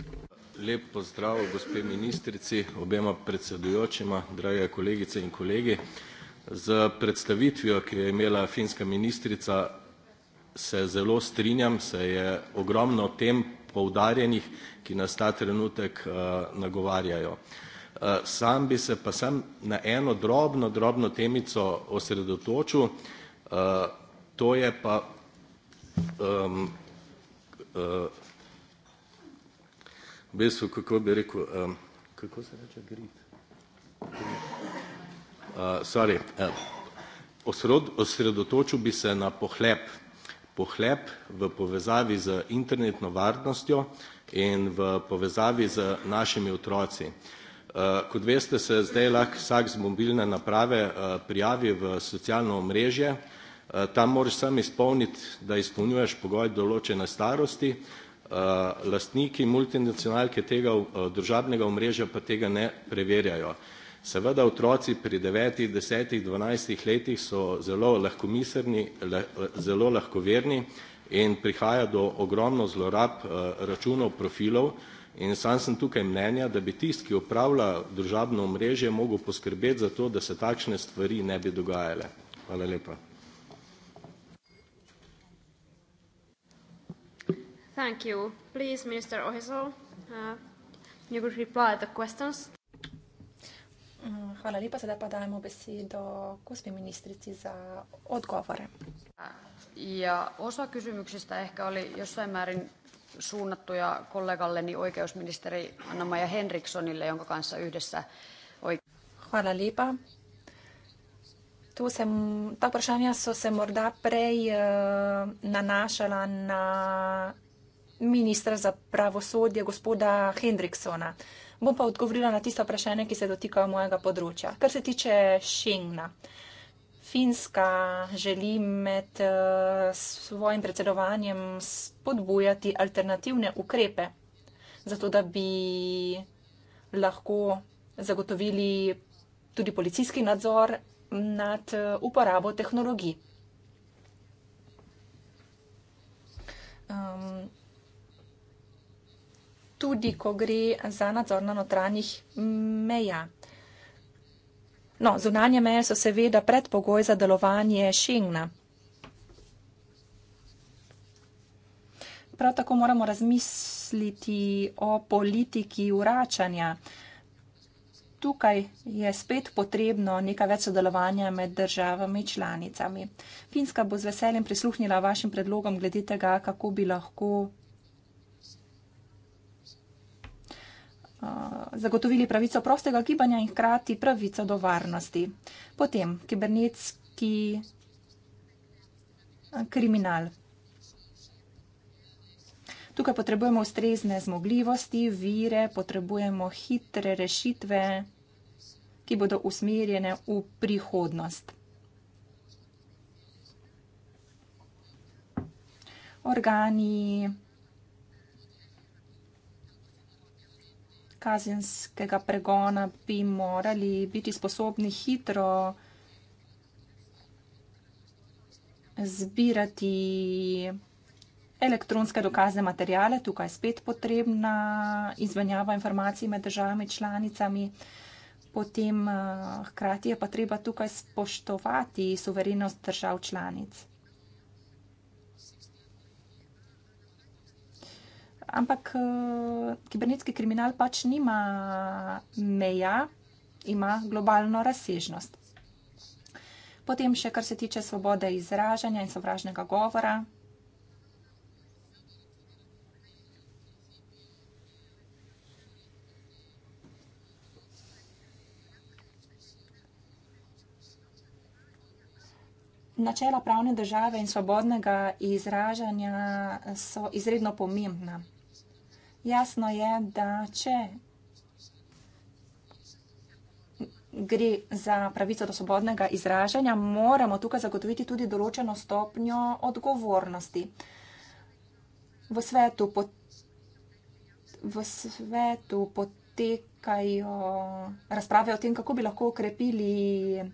S1: Lep pozdrav, gospe ministrici, obema predsedujočima, drage kolegice in kolegi. Z predstavitvijo, ki je imela finska ministrica, se zelo strinjam, se je ogromno tem poudarjenih, ki nas ta trenutek eh, nagovarjajo. Eh, sam bi se pa sem na eno drobno, drobno temico osredotočil, eh, to je pa v bistvu, kako bi rekel,
S2: kako se reče grid?
S1: Sorry, osredotočil bi se na pohlep, pohlep v povezavi z internetno varnostjo in v povezavi z našimi otroci. Eh, kot veste, se zdaj lahko vsak z mobilne naprave eh, prijavi v socialno omrežje. Eh, tam moraš sam izpolniti, da izpolnjuješ pogoj določene starosti. Lastniki multinacionalke tega družabnega omrežja pa tega ne preverjajo. Seveda otroci pri devetih, desetih, dvanajstih letih so zelo lahkomiserni, le, zelo lahkoverni in prihaja do ogromno zlorab uh, računov, profilov in sam sem tukaj mnenja, da bi tist, ki upravlja državno mrežje, mogel poskrbeti za to, da se takšne stvari ne bi dogajale. Hvala lepa.
S4: Thank you. Please, Minister Ohizel,
S3: uh, you could reply the questions. Mm, hvala lepa, zdaj pa dajemo besedo gospe ministrici za odgovore.
S4: Ja, osa kysymyksistä ehkä oli jossain määrin suunnattuja kollegalleni
S3: oikeusministeri Anna-Maja Henrikssonille, jonka kanssa yhdessä oik- Hvala lepa. Tu se, ta vprašanja so se morda prej uh, nanašala na ministra za pravosodje, gospoda Hendriksona. Uh, bom pa odgovorila na tista vprašanja, ki se dotikajo mojega področja. Kar se tiče Schengna. Finska želi med eh, svojim predsedovanjem spodbujati alternativne ukrepe, zato da bi lahko zagotovili tudi policijski nadzor nad eh, uporabo tehnologij. Ehm, tudi ko gre za nadzor na notranjih meja. No, zunanje meje so seveda predpogoj za delovanje Schengna. Prav tako moramo razmisliti o politiki uračanja. Tukaj je spet potrebno nekaj več sodelovanja med državami članicami. Finska bo z veseljem prisluhnila vašim predlogom glede tega, kako bi lahko Eh, zagotovili pravico prostega gibanja in hkrati pravico do varnosti. Potem kibernetski eh, kriminal. Tukaj potrebujemo ustrezne zmogljivosti, vire, potrebujemo hitre rešitve, ki bodo usmerjene v prihodnost. Organi, kazenskega pregona bi morali biti sposobni hitro zbirati elektronske dokazne materijale. Tukaj je spet potrebna izmenjava informacij med državami članicami. Potem eh, hkrati je pa treba tukaj spoštovati suverenost držav članic. ampak eh, kibernetski kriminal pač nima meja, ima globalno razsežnost. Potem še kar se tiče svobode izražanja in sovražnega govora. Načela pravne države in svobodnega izražanja so izredno pomembna jasno je, da če gre za pravico do svobodnega izražanja, moramo tukaj zagotoviti tudi določeno stopnjo odgovornosti. V svetu, po, v svetu potekajo razprave o tem, kako bi lahko ukrepili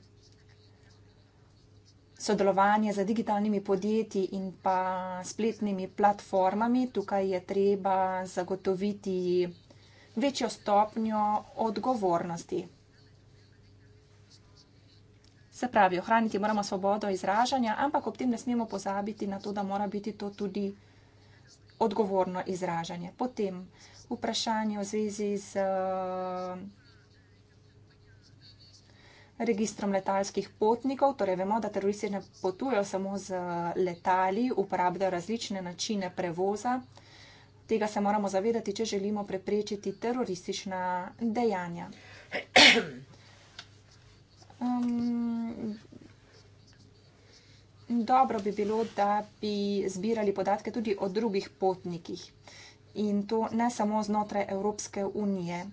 S3: sodelovanje z digitalnimi podjetji in pa spletnimi platformami. Tukaj je treba zagotoviti večjo stopnjo odgovornosti. Se pravi, ohraniti moramo svobodo izražanja, ampak ob tem ne smemo pozabiti na to, da mora biti to tudi odgovorno izražanje. Potem vprašanje v zvezi z. Uh, registrom letalskih potnikov. Torej, vemo, da teroristi ne potujejo samo z letali, uporabljajo različne načine prevoza. Tega se moramo zavedati, če želimo preprečiti teroristična dejanja. Um, dobro bi bilo, da bi zbirali podatke tudi o drugih potnikih. In to ne samo znotraj Evropske unije.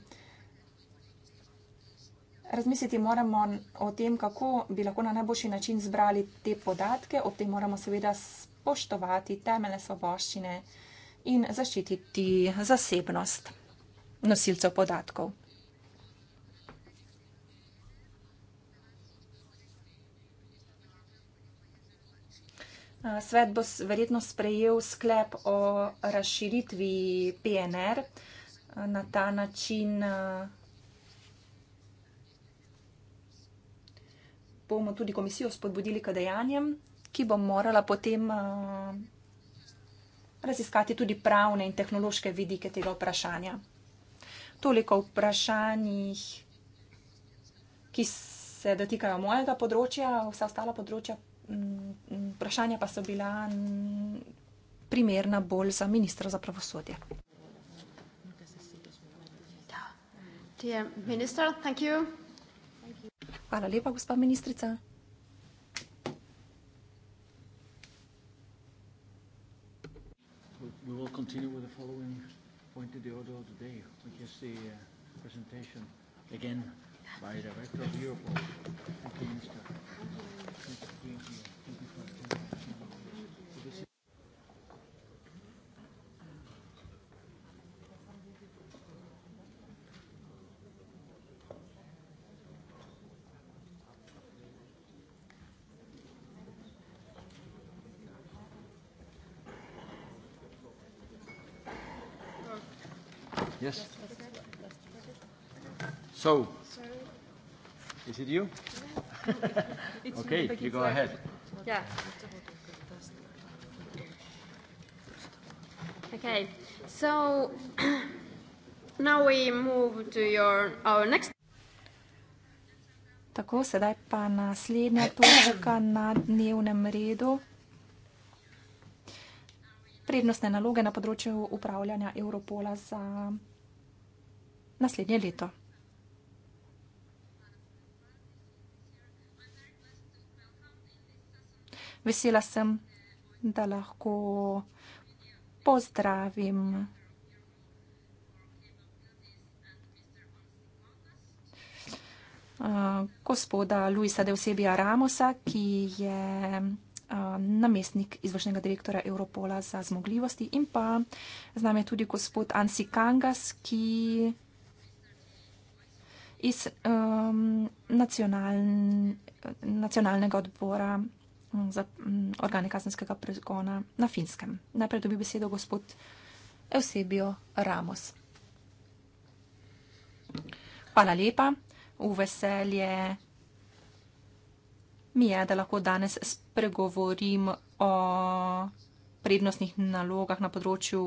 S3: Razmisliti moramo o tem, kako bi lahko na najboljši način zbrali te podatke, ob tem moramo seveda spoštovati temeljne svoboščine in zaščititi zasebnost nosilcev podatkov. Svet bo verjetno sprejel sklep o razširitvi PNR na ta način. bomo tudi komisijo spodbudili k dejanjem, ki bo morala potem eh, raziskati tudi pravne in tehnološke vidike tega vprašanja. Toliko vprašanjih, ki se dotikajo mojega področja, vsa ostala področja,
S5: mm,
S3: vprašanja pa so bila primerna bolj za ministra za pravosodje. Dear Minister, thank you. Hvala lepa, gospa ministrica.
S1: We will continue with the following point of the order of the day, which is the uh, presentation again by Director of Europol. Thank you, Minister. Thank you. Thank you. Thank you. Thank you. Yes. So, is it you? okay, you go ahead. Yeah.
S4: Okay, so now we move to your, our next.
S3: Tako, sedaj pa naslednja točka na dnevnem redu. Prednostne naloge na področju upravljanja Europola za naslednje leto. Vesela sem, da lahko pozdravim gospoda Luisa de Osebija Ramosa, ki je namestnik izvršnega direktora Europola za zmogljivosti in pa z nami je tudi gospod Ansi Kangas, ki iz um, nacionaln, nacionalnega odbora um, za um, organe kazenskega prezgona na finskem. Najprej dobi besedo gospod Eusebio Ramos. Hvala lepa, v veselje mi je, da lahko danes spregovorim o prednostnih nalogah na področju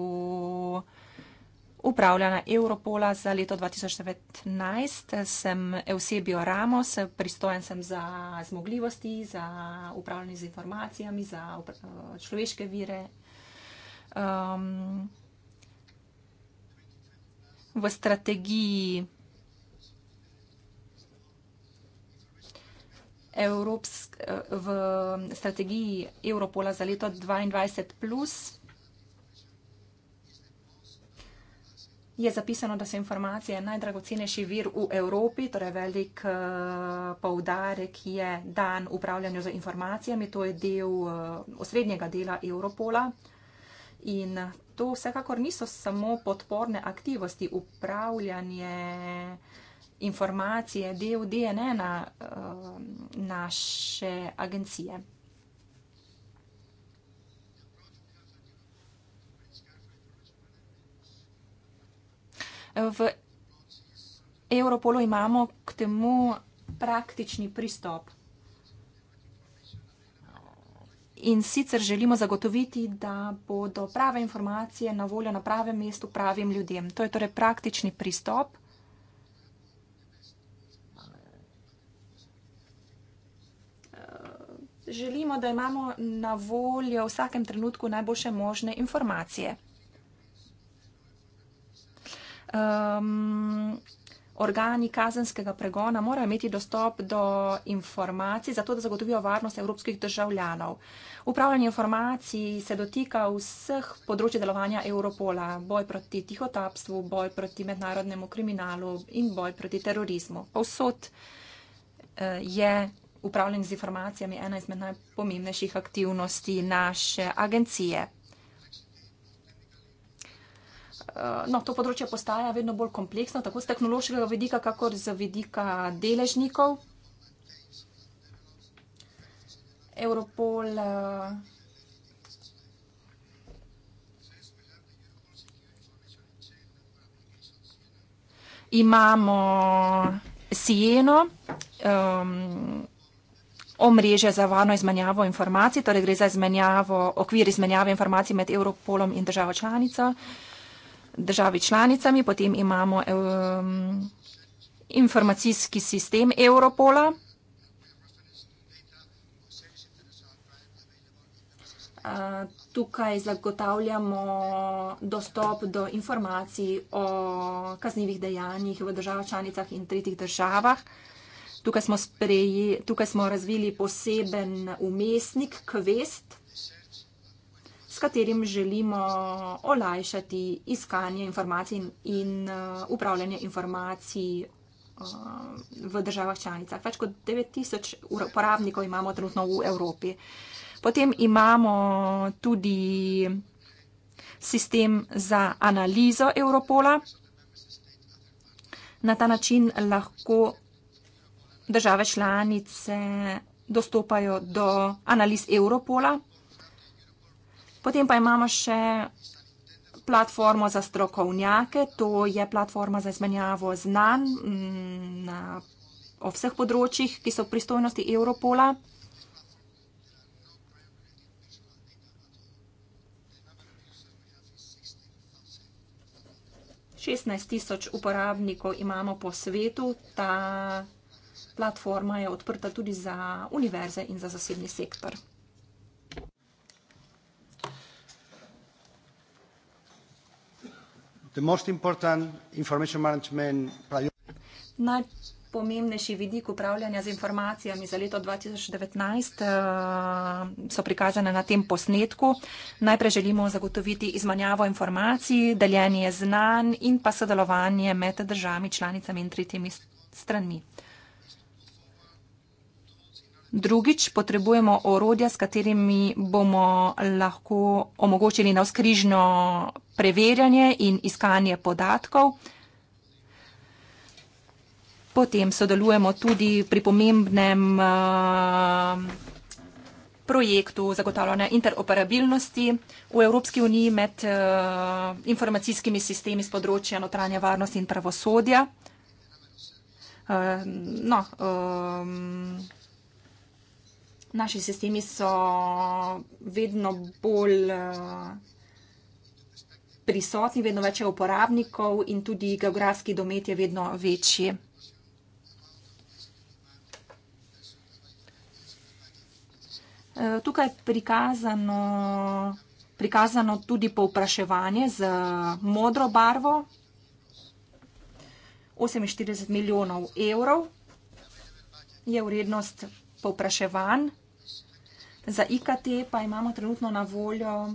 S3: upravljanja Europola za leto 2019. Sem Eusebio Ramos, pristojen sem za zmogljivosti, za upravljanje z informacijami, za eh, človeške vire. Um, v strategiji Evropsk, eh, v strategiji Europola za leto 2022 plus je zapisano, da so informacije najdragocenejši vir v Evropi, torej velik uh, poudarek je dan upravljanju z informacijami, to je del uh, osrednjega dela Europola. In to vsekakor niso samo podporne aktivnosti, upravljanje informacije, del DNN-a uh, eh, naše agencije. V Europolu imamo k temu praktični pristop. In sicer želimo zagotoviti, da bodo prave informacije na voljo na pravem mestu pravim ljudem. To je torej praktični pristop. Želimo, da imamo na voljo v vsakem trenutku najboljše možne informacije um, organi kazenskega pregona morajo imeti dostop do informacij, zato da zagotovijo varnost evropskih državljanov. Upravljanje informacij se dotika vseh področji delovanja Europola, boj proti tihotapstvu, boj proti mednarodnemu kriminalu in boj proti terorizmu. Povsod e, je upravljanje z informacijami ena izmed najpomembnejših aktivnosti naše agencije. Eh, no, to področje postaja vedno bolj kompleksno, tako z tehnološkega vidika, kakor z vidika deležnikov. Europol uh, imamo Sieno, um, omrežje za varno izmenjavo informacij, torej gre za izmenjavo, okvir izmenjave informacij med Europolom in državo članico. Uh, državi članicami, potem imamo um, informacijski sistem Europola. Uh, tukaj zagotavljamo dostop do informacij o kaznjivih dejanjih v državah članicah in tretjih državah. Tukaj smo, spreji, tukaj smo razvili poseben umestnik, kvest, uh, katerim želimo olajšati iskanje informacij in, in uh, upravljanje informacij uh, v državah članicah. Več kot 9000 uporabnikov imamo trenutno v Evropi. Potem imamo tudi sistem za analizo Europola. Na ta način lahko države članice dostopajo do analiz Europola. Potem pa imamo še platformo za strokovnjake, to je platforma za izmenjavo znanj mm, na, o vseh področjih, ki so v pristojnosti Europola. tisoč uporabnikov imamo po svetu, ta platforma je odprta tudi za univerze in za zasebni sektor.
S2: The most important information management priority.
S3: Pomembnejši vidik upravljanja z informacijami za leto 2019 eh, so prikazane na tem posnetku. Najprej želimo zagotoviti izmanjavo informacij, deljenje znanj in pa sodelovanje med državami, članicami in tretjimi stranmi. Drugič, potrebujemo orodja, s katerimi bomo lahko omogočili navskrižno preverjanje in iskanje podatkov. Potem sodelujemo tudi pri pomembnem eh, projektu zagotavljanja interoperabilnosti v Evropski uniji med eh, informacijskimi sistemi z področja notranje varnosti in pravosodja. Eh, no, um, naši sistemi so vedno bolj eh, prisotni, vedno več je uporabnikov in tudi geografski domet je vedno večji. Eh, tukaj je prikazano, prikazano tudi povpraševanje z eh, modro barvo, 48 milijonov evrov je vrednost povpraševanj. Za IKT pa imamo trenutno na voljo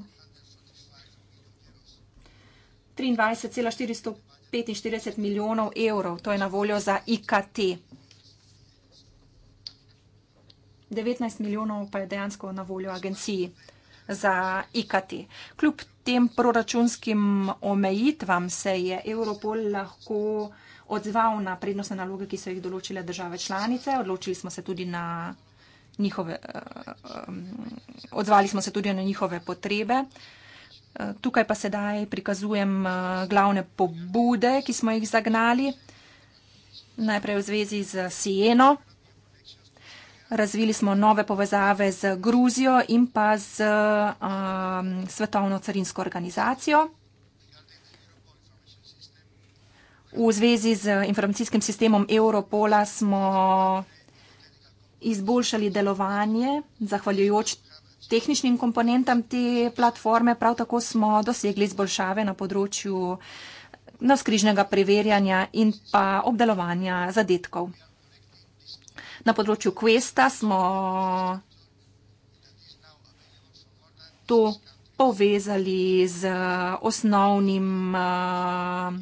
S3: 23,445 milijonov evrov. To je na voljo za IKT. 19 milijonov pa je dejansko na voljo agenciji za IKT. Kljub tem proračunskim omejitvam se je Europol lahko odzval na prednostne naloge, ki so jih določile države članice. Odločili smo se tudi na njihove, eh, eh, odzvali smo se tudi na njihove potrebe. Eh, tukaj pa sedaj prikazujem glavne pobude, ki smo jih zagnali. Najprej v zvezi z Sieno. Razvili smo nove povezave z Gruzijo in pa z um, Svetovno carinsko organizacijo. V zvezi z informacijskim sistemom Europola smo izboljšali delovanje, zahvaljujoč tehničnim komponentam te platforme, prav tako smo dosegli izboljšave na področju navskrižnega preverjanja in pa obdelovanja zadetkov. Na področju Questa smo to povezali z osnovnim uh,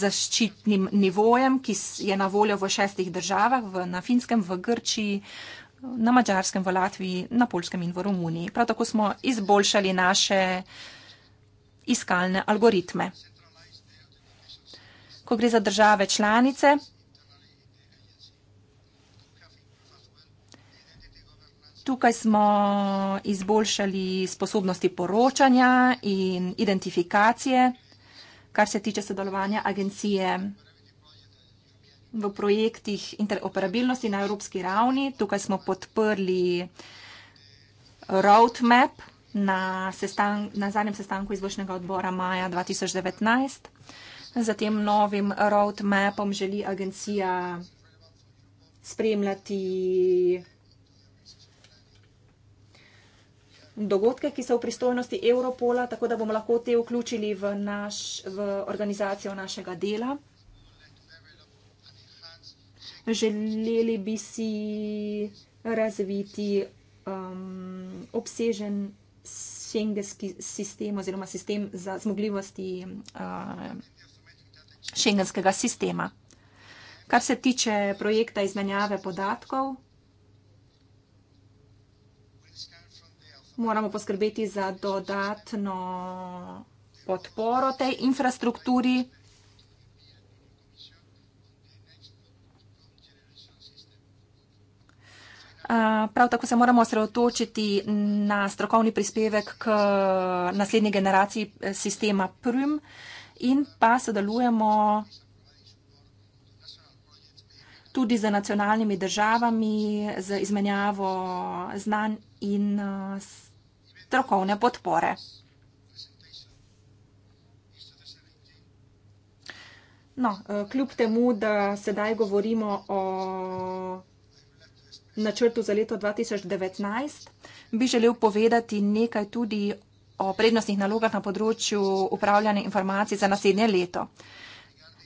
S3: zaščitnim nivojem, ki je na voljo v šestih državah, v, na finskem, v Grčiji, na mačarskem, v Latviji, na polskem in v Romuniji. Prav tako smo izboljšali naše iskalne algoritme. Ko gre za države članice, tukaj smo izboljšali sposobnosti poročanja in identifikacije kar se tiče sodelovanja agencije v projektih interoperabilnosti na evropski ravni. Tukaj smo podprli roadmap na, sestan na zadnjem sestanku izvršnega odbora maja 2019. Za tem novim roadmapom želi agencija spremljati dogodke, ki so v pristojnosti Europola, tako da bomo lahko te vključili v, naš, v organizacijo našega dela. Želeli bi si razviti um, obsežen šengenski sistem oziroma sistem za zmogljivosti uh, šengenskega sistema. Kar se tiče projekta izmenjave podatkov, moramo poskrbeti za dodatno podporo tej infrastrukturi. Prav tako se moramo osredotočiti na strokovni prispevek k naslednji generaciji eh, sistema PRIM in pa sodelujemo tudi z nacionalnimi državami, z izmenjavo znanj in eh, s strokovne podpore. No, eh, kljub temu, da sedaj govorimo o načrtu za leto 2019, bi želel povedati nekaj tudi o prednostnih nalogah na področju upravljanja informacij za naslednje leto.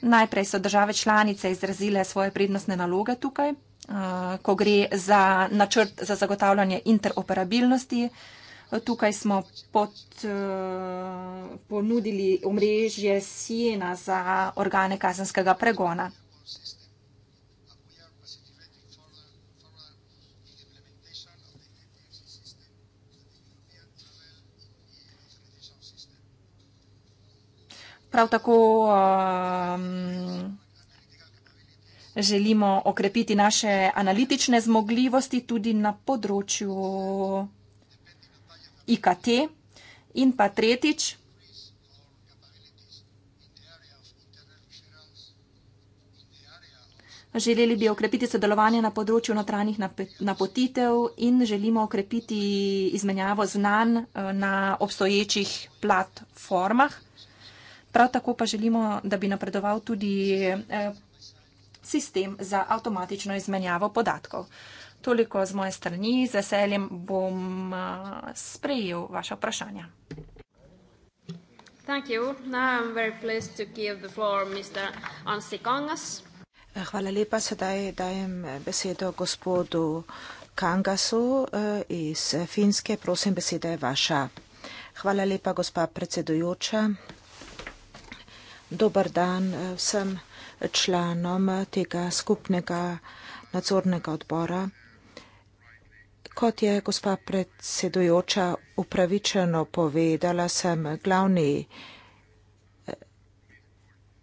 S3: Najprej so države članice izrazile svoje prednostne naloge tukaj, eh, ko gre za načrt za zagotavljanje interoperabilnosti, Tukaj smo pod, uh, ponudili omrežje Siena za organe kazenskega pregona. Prav tako um, želimo okrepiti naše analitične zmogljivosti tudi na področju IKT. In pa tretjič, Želeli bi okrepiti sodelovanje na področju notranjih napotitev in želimo okrepiti izmenjavo znanj eh, na obstoječih platformah. Prav tako pa želimo, da bi napredoval tudi eh, sistem za avtomatično izmenjavo podatkov. Toliko z moje strani, z veseljem bom uh, sprejel vaše vprašanja.
S5: Eh, hvala lepa, sedaj dajem eh, besedo gospodu Kangasu eh, iz Finske. Prosim, beseda je vaša. Hvala lepa, gospa predsedujoča. Dobar dan vsem članom tega skupnega nadzornega odbora. Kot je gospa predsedujoča upravičeno povedala, sem glavni eh,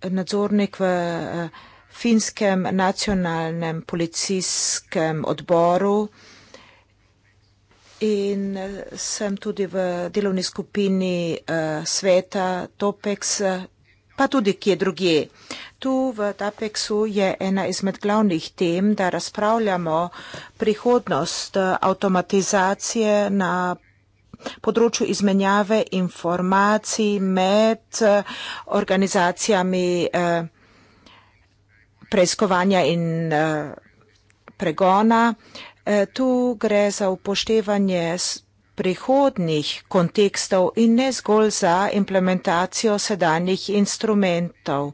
S5: nadzornik v eh, finskem nacionalnem policijskem odboru in eh, sem tudi v delovni skupini sveta Topex, pa tudi kje drugje. Tu v DAPEX-u je ena izmed glavnih tem, da razpravljamo prihodnost eh, avtomatizacije na področju izmenjave informacij med eh, organizacijami eh, preiskovanja in pregona. Tu gre za upoštevanje prihodnih kontekstov in ne zgolj za implementacijo sedanjih instrumentov.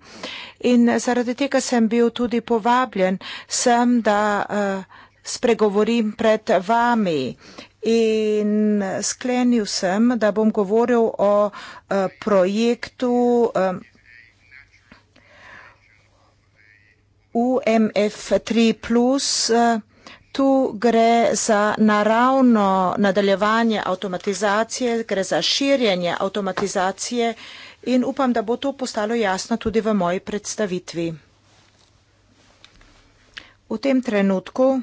S5: In zaradi tega sem bil tudi povabljen sem, da eh, spregovorim pred vami. In sklenil sem, da bom govoril o eh, projektu eh, UMF3 plus Tu gre za naravno nadaljevanje avtomatizacije, gre za širjenje avtomatizacije in upam, da bo to postalo jasno tudi v moji predstavitvi. V tem trenutku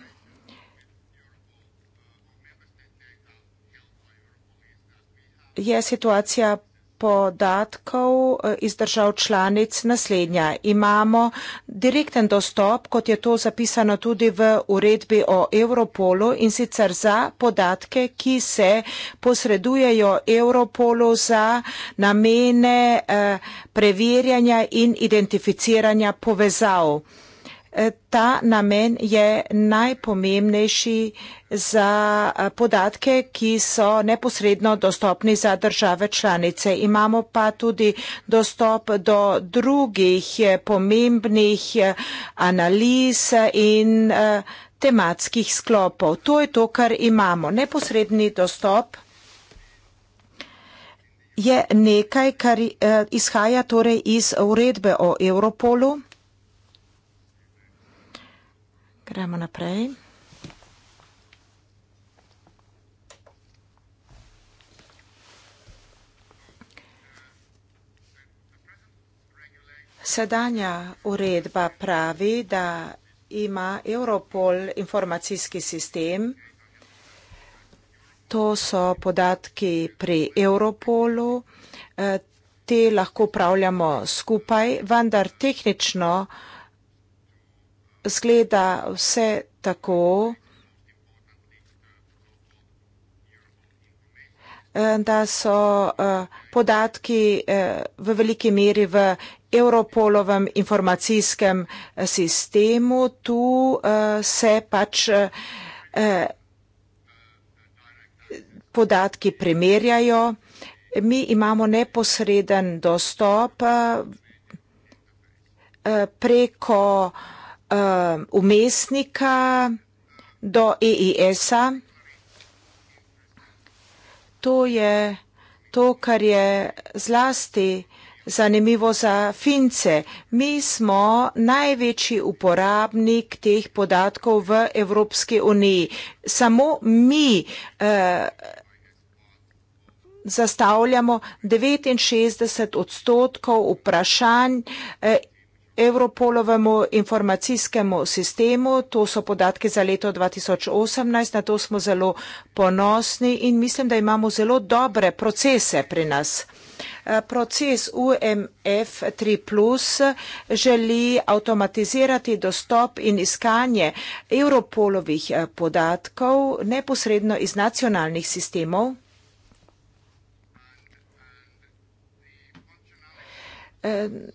S5: je situacija podatkov eh, iz držav članic naslednja. Imamo direkten dostop, kot je to zapisano tudi v uredbi o Europolu in sicer za podatke, ki se posredujejo Europolu za namene eh, preverjanja in identificiranja povezav. Eh, ta namen je najpomembnejši za eh, podatke, ki so neposredno dostopni za države članice. Imamo pa tudi dostop do drugih eh, pomembnih analiz in tematskih sklopov. To je to, kar imamo. Neposredni dostop je nekaj, kar izhaja torej iz uredbe o Europolu. Gremo naprej. Sedanja uredba pravi, da ima Europol informacijski sistem. To so podatki pri Europolu. Eh, te lahko upravljamo skupaj, vendar tehnično zgleda vse tako, eh, da so eh, podatki eh, v veliki meri v Europolovem informacijskem sistemu. Tu se pač podatki primerjajo. Mi imamo neposreden dostop preko Um, umestnika do EIS-a. To je to, kar je zlasti zanimivo za Fince. Mi smo največji uporabnik teh podatkov v Evropski uniji. Samo mi eh, zastavljamo 69 odstotkov vprašanj eh, Europolovemu informacijskemu sistemu. To so podatki za leto 2018, na to smo zelo ponosni in mislim, da imamo zelo dobre procese pri nas. Eh, proces UMF3 plus želi avtomatizirati dostop in iskanje Europolovih eh, podatkov neposredno iz nacionalnih sistemov. And, eh, and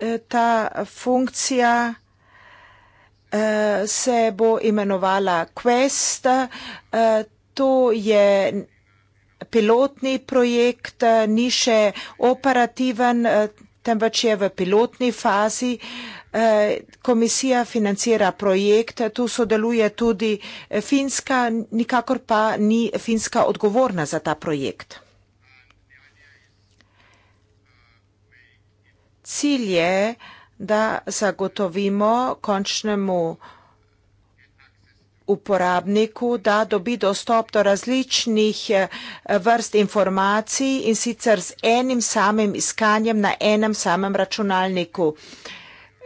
S5: Eh, ta funkcija eh, se bo imenovala Quest. Eh, to je pilotni projekt, ni še operativen, temveč je v pilotni fazi. Komisija financira projekt, tu sodeluje tudi Finska, nikakor pa ni Finska odgovorna za ta projekt. cilj je, da zagotovimo končnemu uporabniku, da dobi dostop do različnih eh, vrst informacij in sicer z enim samim iskanjem na enem samem računalniku.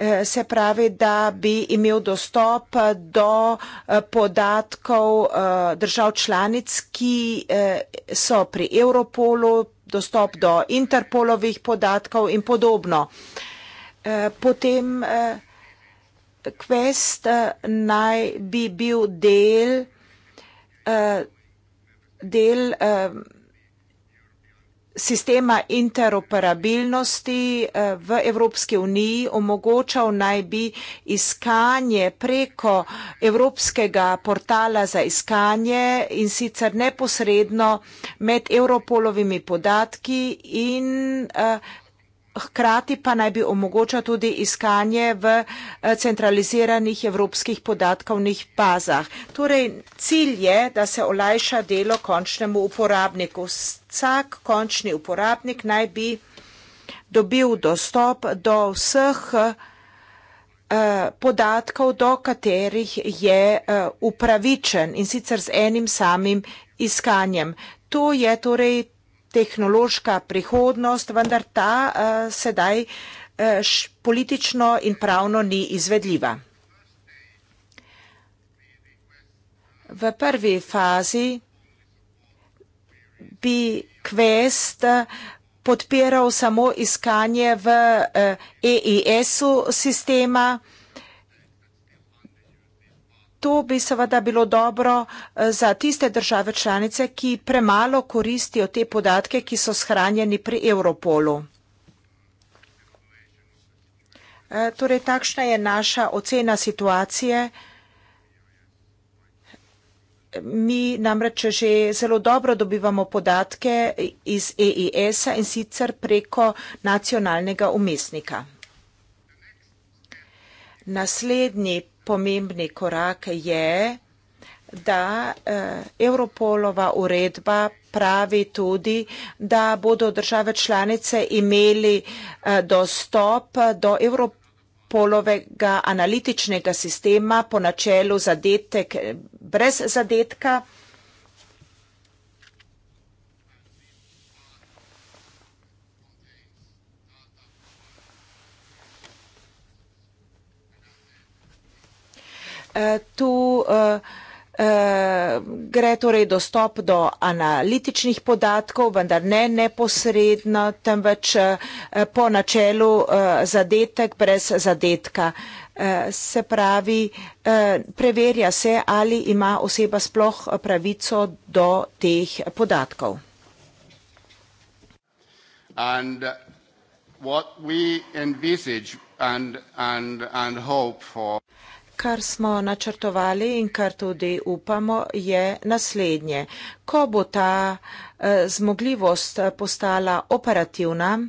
S5: Eh, se pravi, da bi imel dostop do eh, podatkov držav članic, ki so pri Europolu, dostop do Interpolovih podatkov in podobno. Eh, potem eh, Quest eh, naj bi bil del del del sistema interoperabilnosti eh, v Evropski uniji omogočal naj bi iskanje preko Evropskega portala za iskanje in sicer neposredno med Europolovimi podatki in uh, hkrati pa naj bi omogočal tudi iskanje v eh, centraliziranih evropskih podatkovnih bazah. Torej, cilj je, da se olajša delo končnemu uporabniku. Vsak končni uporabnik naj bi dobil dostop do vseh eh, podatkov, do katerih je eh, upravičen in sicer z enim samim iskanjem. To je torej tehnološka prihodnost, vendar ta uh, sedaj uh, politično in pravno ni izvedljiva. V prvi fazi bi Quest eh, podpiral samo iskanje v uh, EIS-u sistema. To bi seveda bilo dobro eh, za tiste države članice, ki premalo koristijo te podatke, ki so shranjeni pri Europolu. Eh, torej, takšna je naša ocena situacije. Mi namreč že zelo dobro dobivamo podatke iz EIS-a in sicer preko nacionalnega umestnika. Naslednji pomembni korak je, da eh, Europolova uredba pravi tudi, da bodo države članice imeli eh, dostop do Europolovega analitičnega sistema po načelu zadetek brez zadetka. Eh, tu eh, eh, gre torej dostop do analitičnih podatkov, vendar ne neposredno, temveč po načelu zadetek brez zadetka. Se pravi, preverja se, ali ima oseba sploh pravico do teh podatkov. And uh, what
S1: we envisage and, and, and hope for
S5: kar smo načrtovali in kar tudi upamo, je naslednje. Ko bo ta eh, zmogljivost postala operativna,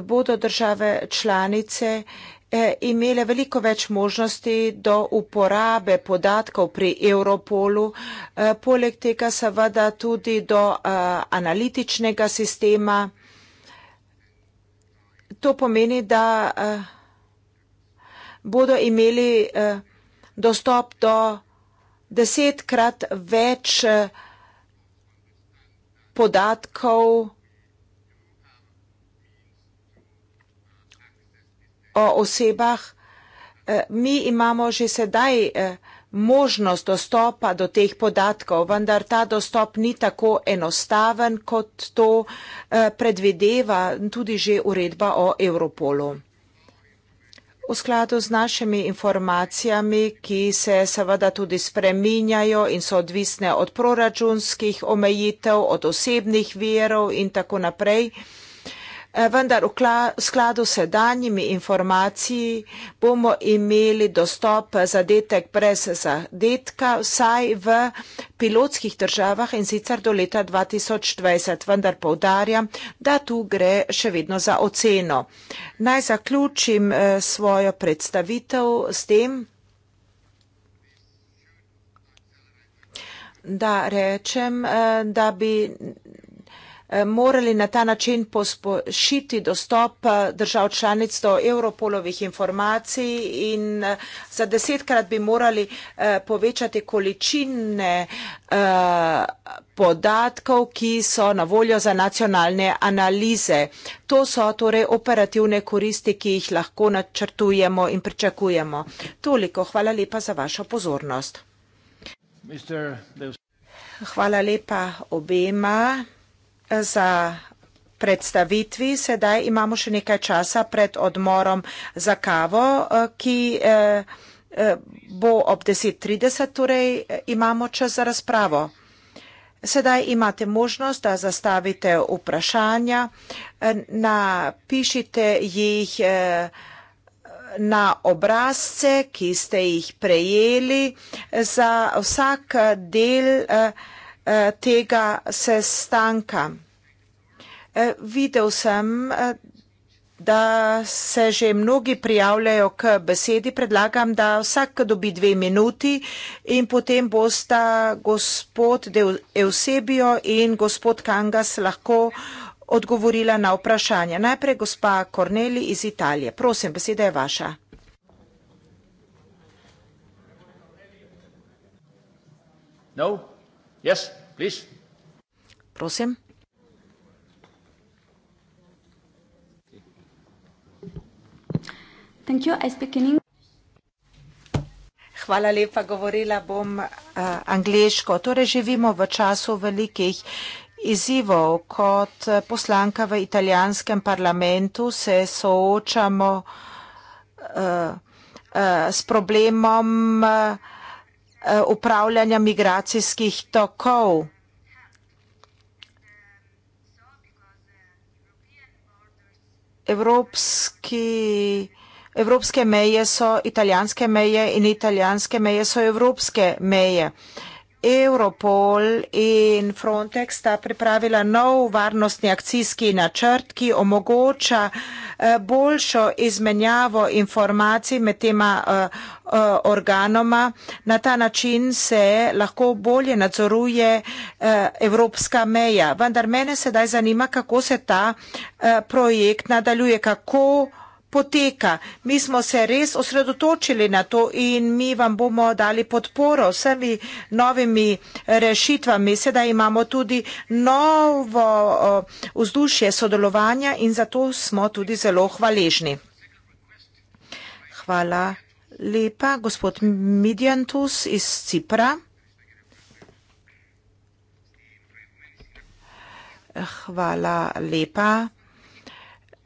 S5: bodo države članice eh, imele veliko več možnosti do uporabe podatkov pri Europolu, eh, poleg tega seveda tudi do analitičnega sistema to pomeni, da eh, bodo imeli eh, dostop do desetkrat več eh, podatkov o osebah. Mi imamo že sedaj podatkov, možnost dostopa do teh podatkov, vendar ta dostop ni tako enostaven, kot to eh, predvideva tudi že uredba o Europolu. V skladu z našimi informacijami, ki se seveda tudi spreminjajo in so odvisne od proračunskih omejitev, od osebnih verov in tako naprej, Eh, vendar v skladu sedanjimi informaciji bomo imeli dostop eh, zadetek brez zadetka vsaj v pilotskih državah in sicer do leta 2020, vendar povdarjam, da tu gre še vedno za oceno. Naj zaključim eh, svojo predstavitev s tem, da rečem, da bi Eh, morali na ta način pospošiti dostop eh, držav članic do Europolovih informacij in eh, za desetkrat bi morali povečati količine podatkov, ki so na voljo za nacionalne analize. To so torej operativne koristi, ki jih lahko načrtujemo in pričakujemo. Toliko, hvala lepa za vašo pozornost. Hvala lepa obema za predstavitvi. Sedaj imamo še nekaj časa pred odmorom za kavo, eh, ki eh, eh, bo ob 10.30, torej imamo čas za razpravo. Sedaj imate možnost, da zastavite vprašanja, napišite jih na obrazce, ki ste jih prejeli za vsak del vprašanja, Eh, tega sestanka. Eh, videl sem, eh, da se že mnogi prijavljajo k besedi. Predlagam, da vsak dobi dve minuti in potem bosta gospod De Eusebio in gospod Kangas lahko odgovorila na vprašanje. Najprej gospa Korneli iz Italije. Prosim, beseda je vaša.
S1: No. Yes, please.
S5: Prosim. Thank you. I speak in Hvala lepa, govorila bom uh, eh, angliško. Torej, živimo v času velikih izzivov. Kot eh, poslanka v italijanskem parlamentu se soočamo uh, uh, s problemom uh, Eh, upravljanja migracijskih tokov. Evropski, evropske meje so italijanske meje in italijanske meje so evropske meje. Europol in Frontex sta pripravila nov varnostni akcijski načrt, ki omogoča eh, boljšo izmenjavo informacij med tema eh, eh, organoma. Na ta način se lahko bolje nadzoruje evropska meja. Vendar mene sedaj zanima, kako se ta projekt nadaljuje, kako poteka. Mi smo se res osredotočili na to in mi vam bomo dali podporo vsemi novimi rešitvami. Sedaj imamo tudi novo vzdušje sodelovanja in zato smo tudi zelo hvaležni. Hvala lepa, gospod Midjantus iz Cipra. Hvala lepa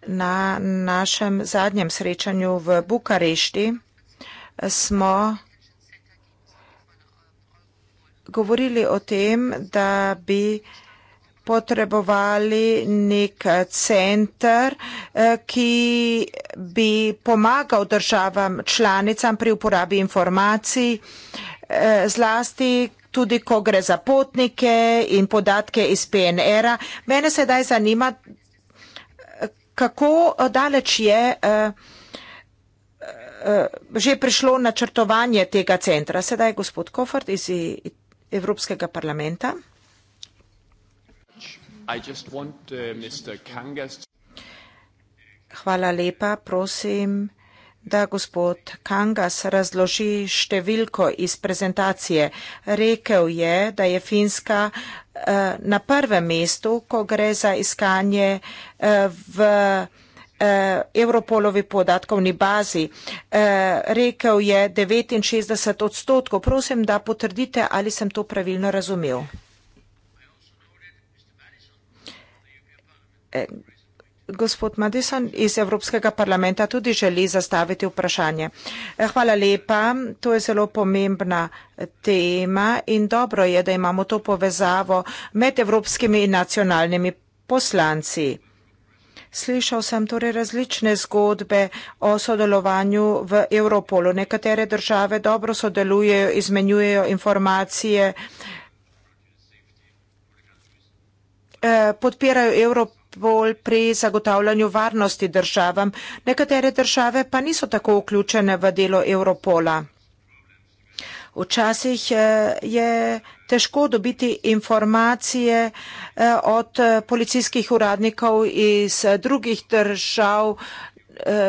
S5: na našem zadnjem srečanju v Bukarešti smo govorili o tem, da bi potrebovali nek center, eh, ki bi pomagal državam članicam pri uporabi informacij, eh, zlasti tudi, ko gre za potnike in podatke iz PNR-a. Mene sedaj zanima, kako eh, daleč je eh, eh, že prišlo načrtovanje tega centra. Sedaj je gospod Kofort iz Evropskega parlamenta.
S4: Want, uh,
S5: Hvala lepa, prosim da gospod Kangas razloži številko iz prezentacije. Rekel je, da je Finska eh, na prvem mestu, ko gre za iskanje eh, v Evropolovi eh, podatkovni bazi. Rekel je 69 odstotkov. Prosim, da potrdite, ali sem to pravilno razumel. Gospod Madison iz Evropskega parlamenta tudi želi zastaviti vprašanje. Eh, hvala lepa, to je zelo pomembna tema in dobro je, da imamo to povezavo med evropskimi in nacionalnimi poslanci. Slišal sem torej različne zgodbe o sodelovanju v Evropolu. Nekatere države dobro sodelujejo, izmenjujejo informacije, eh, podpirajo Evropolu bolj pri zagotavljanju varnosti državam, nekatere države pa niso tako vključene v delo Europola. Včasih eh, je težko dobiti informacije eh, od eh, policijskih uradnikov iz drugih držav.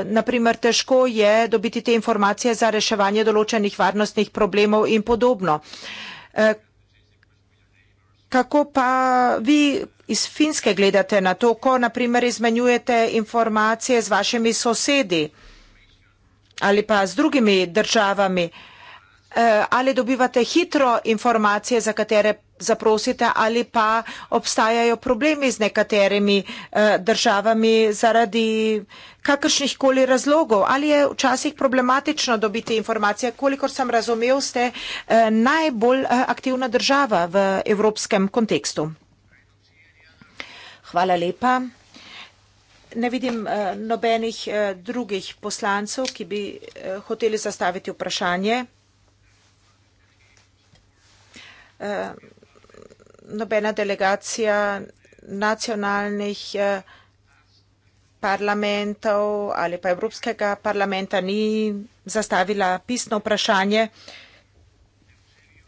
S5: Naprimer, težko je dobiti te informacije za reševanje določenih varnostnih problemov in podobno. Kako pa vi iz Finske gledate na to, ko naprimer izmenjujete informacije z vašimi sosedi ali pa z drugimi državami? Eh, ali dobivate hitro informacije, za katere zaprosite, ali pa obstajajo problemi z nekaterimi eh, državami zaradi kakršnih koli razlogov? Ali je včasih problematično dobiti informacije? Kolikor sem razumel, ste eh, najbolj aktivna država v evropskem kontekstu. Hvala lepa. Ne vidim eh, nobenih eh, drugih poslancev, ki bi eh, hoteli zastaviti vprašanje. Nobena delegacija nacionalnih parlamentov ali pa Evropskega parlamenta ni zastavila pisno vprašanje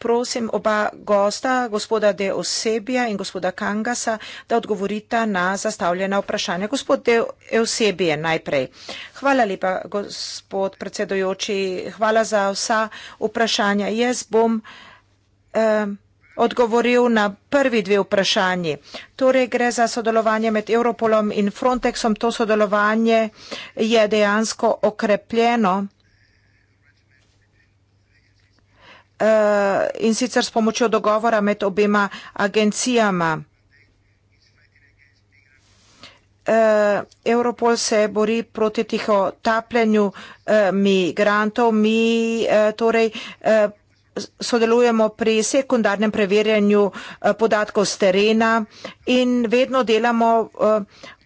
S5: prosim oba gosta, gospoda De Osebija in gospoda Kangasa, da odgovorita na zastavljena vprašanja. Gospod De Osebije najprej. Hvala lepa, gospod predsedojoči. Hvala za vsa vprašanja. Jaz bom um, odgovoril na prvi dve vprašanji. Torej gre za sodelovanje med Europolom in Frontexom. To sodelovanje je dejansko okrepljeno. Eh, in sicer s pomočjo dogovora med obema agencijama. Eh, Europol se bori proti tiho tapljenju eh, migrantov. Mi torej sodelujemo pri sekundarnem preverjanju podatkov z terena in vedno delamo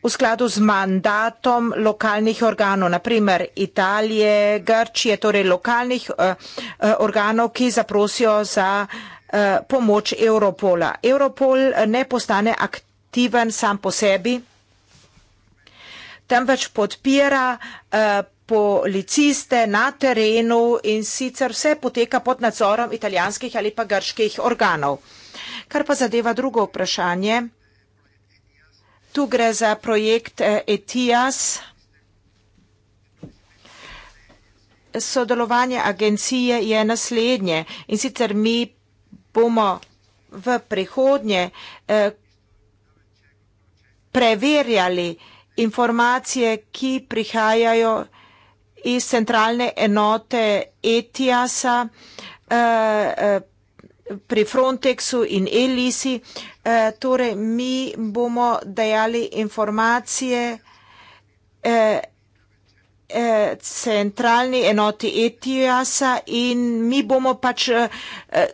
S5: v skladu z mandatom lokalnih organov, naprimer Italije, Grčije, torej lokalnih uh, uh, organov, ki zaprosijo za uh, pomoč Europola. Europol ne postane aktiven sam po sebi, temveč podpira. Uh, policiste na terenu in sicer vse poteka pod nadzorom italijanskih ali pa grških organov. Kar pa zadeva drugo vprašanje, Tu gre za projekt eh, ETIAS, sodelovanje agencije je naslednje in sicer mi bomo v prihodnje eh, preverjali informacije, ki prihajajo iz centralne enote ETIAS-a, prihajajo eh, pri Frontexu in Elisi. E, torej, mi bomo dajali informacije e, e, centralni enoti ETIAS-a in mi bomo pač e,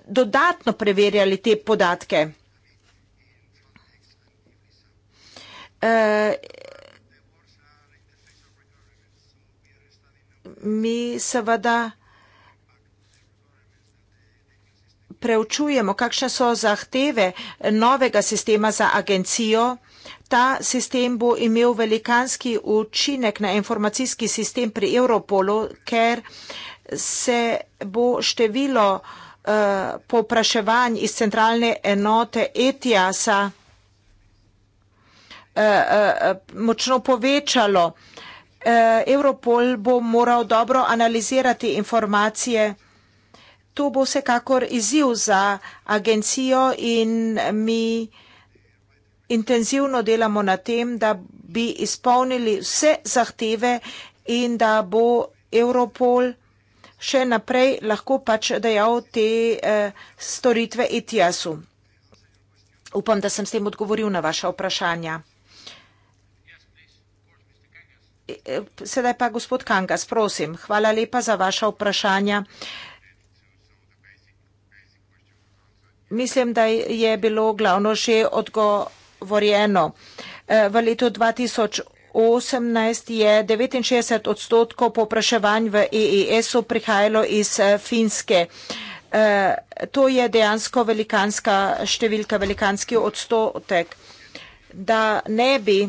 S5: dodatno preverjali te podatke. E, mi seveda. preučujemo, kakšne so zahteve novega sistema za agencijo. Ta sistem bo imel velikanski učinek na informacijski sistem pri Europolu, ker se bo število uh, eh, popraševanj iz centralne enote ETIAS-a uh, uh, močno povečalo. Uh, Europol bo moral dobro analizirati informacije to bo vsekakor izziv za agencijo in mi intenzivno delamo na tem, da bi izpolnili vse zahteve in da bo Europol še naprej lahko pač dejal te eh, storitve ETS-u. Upam, da sem s tem odgovoril na vaše vprašanja. E, e, sedaj pa gospod Kangas, prosim, hvala lepa za vaše vprašanja. mislim, da je bilo glavno že odgovorjeno. E, v letu 2018 je 69 odstotkov popraševanj v EES-u prihajalo iz e, Finske. E, to je dejansko velikanska številka, velikanski odstotek. Da ne bi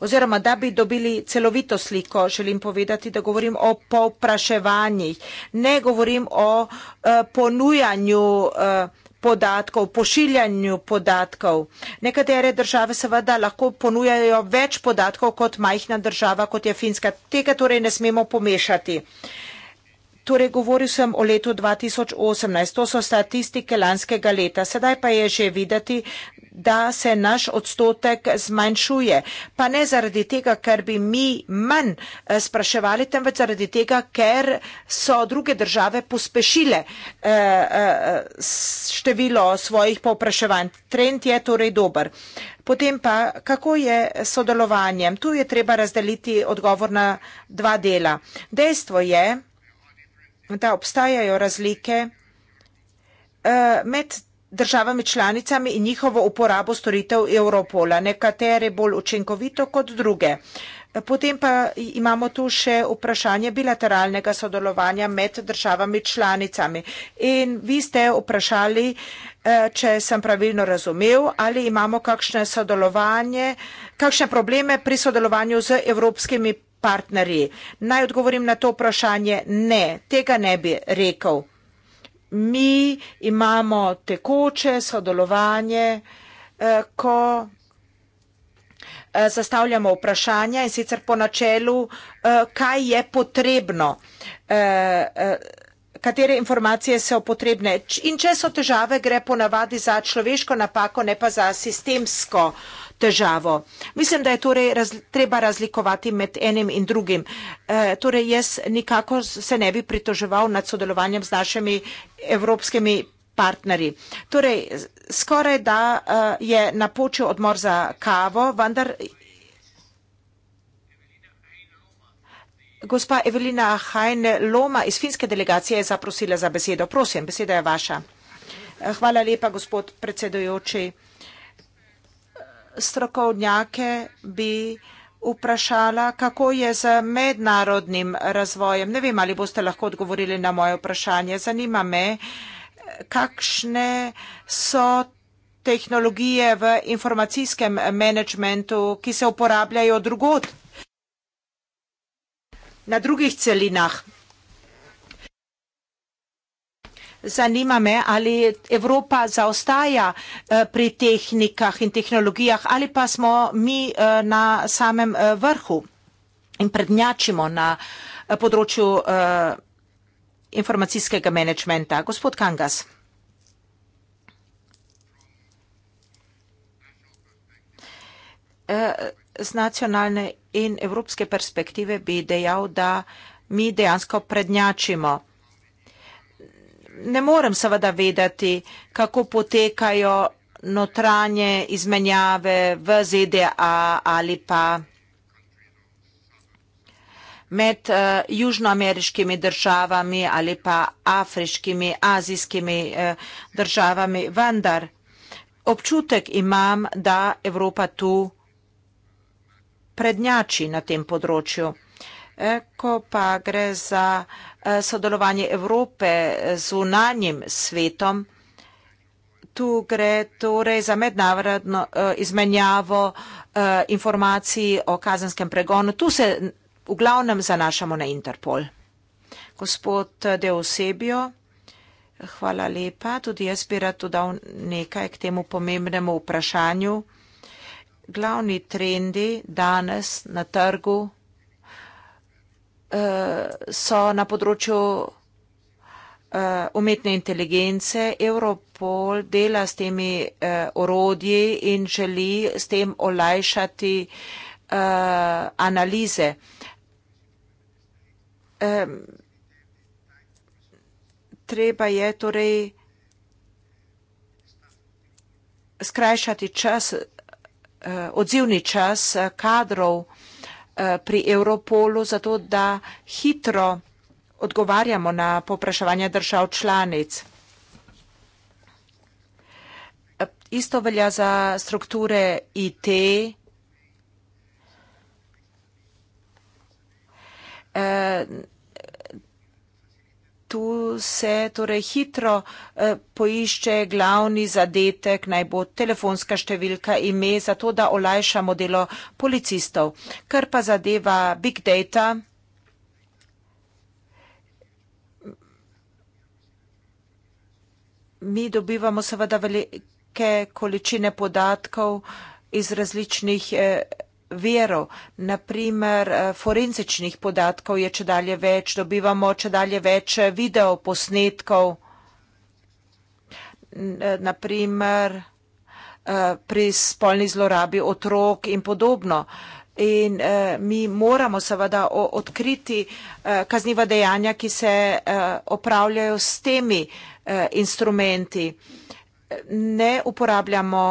S5: oziroma da bi dobili celovito sliko, želim povedati, da govorim o popraševanjih, ne govorim o eh, ponujanju eh, podatkov, pošiljanju podatkov. Nekatere države seveda lahko ponujajo več podatkov kot majhna država, kot je Finska. Tega torej ne smemo pomešati. Torej, govoril sem o letu 2018, to so statistike lanskega leta. Sedaj pa je že videti, da se naš odstotek zmanjšuje. Pa ne zaradi tega, ker bi mi manj eh, spraševali, temveč zaradi tega, ker so druge države pospešile eh, eh, število svojih povpraševanj. Trend je torej dober. Potem pa, kako je s sodelovanjem? Tu je treba razdeliti odgovor na dva dela. Dejstvo je, da obstajajo razlike eh, med državami članicami in njihovo uporabo storitev Europola, nekatere bolj učinkovito kot druge. Potem pa imamo tu še vprašanje bilateralnega sodelovanja med državami članicami. In vi ste vprašali, eh, če sem pravilno razumel, ali imamo kakšne sodelovanje, kakšne probleme pri sodelovanju z evropskimi partnerji. Naj odgovorim na to vprašanje. Ne, tega ne bi rekel. Mi imamo tekoče sodelovanje, eh, ko eh, zastavljamo vprašanja in sicer po načelu, eh, kaj je potrebno katere informacije so potrebne. In če so težave, gre ponavadi za človeško napako, ne pa za sistemsko uh, težavo. Mislim, da je torej raz, treba razlikovati med enim in drugim. E, torej jaz nikako se ne bi pritoževal nad sodelovanjem z našimi evropskimi partnerji. Torej, skoraj da uh, je napočil odmor za kavo, vendar. Gospa Evelina Hajne Loma iz finske delegacije je zaprosila za besedo. Prosim, beseda je vaša. E, hvala lepa, gospod predsedujoči strokovnjake bi vprašala, kako je z mednarodnim razvojem. Ne vem, ali boste lahko odgovorili na moje vprašanje. Zanima me, kakšne so tehnologije v informacijskem menedžmentu, ki se uporabljajo drugod na drugih celinah. Zanima me, ali Evropa zaostaja eh, pri tehnikah in tehnologijah ali pa smo mi eh, na samem eh, vrhu in prednjačimo na področju informacijskega menedžmenta. Gospod Kangas. Z nacionalne in evropske perspektive bi dejal, da mi dejansko prednjačimo ne morem seveda vedeti, kako potekajo notranje izmenjave v ZDA ali pa med uh, južnoameriškimi državami ali pa afriškimi, azijskimi uh, državami, vendar občutek imam, da Evropa tu prednjači na tem področju ko pa gre za eh, sodelovanje Evrope z unanjim svetom, tu gre torej za mednarodno eh, izmenjavo eh, informacij o kazenskem pregonu. Tu se v glavnem zanašamo na Interpol. Gospod De Osebio, hvala lepa. Tudi jaz bi rad dodal nekaj k temu pomembnemu vprašanju. Glavni trendi danes na trgu uh, so na področju uh, umetne inteligence. Europol dela s temi uh, orodji in želi s tem olajšati uh, analize. Um, treba je torej skrajšati čas, odzivni čas kadrov. Eh, pri Europolu, zato da hitro odgovarjamo na popraševanje držav članic. Isto velja za strukture IT. Uh, eh, tu se torej hitro eh, poišče glavni zadetek, naj bo telefonska številka ime, zato da olajšamo delo policistov. Kar pa zadeva big data, mi dobivamo seveda velike količine podatkov iz različnih eh, verov, naprimer eh, forenzičnih podatkov je če dalje več, dobivamo če dalje več eh, videoposnetkov, eh, naprimer pri spolni zlorabi otrok in podobno. In mi moramo seveda odkriti kazniva dejanja, ki se opravljajo s temi instrumenti. Ne uporabljamo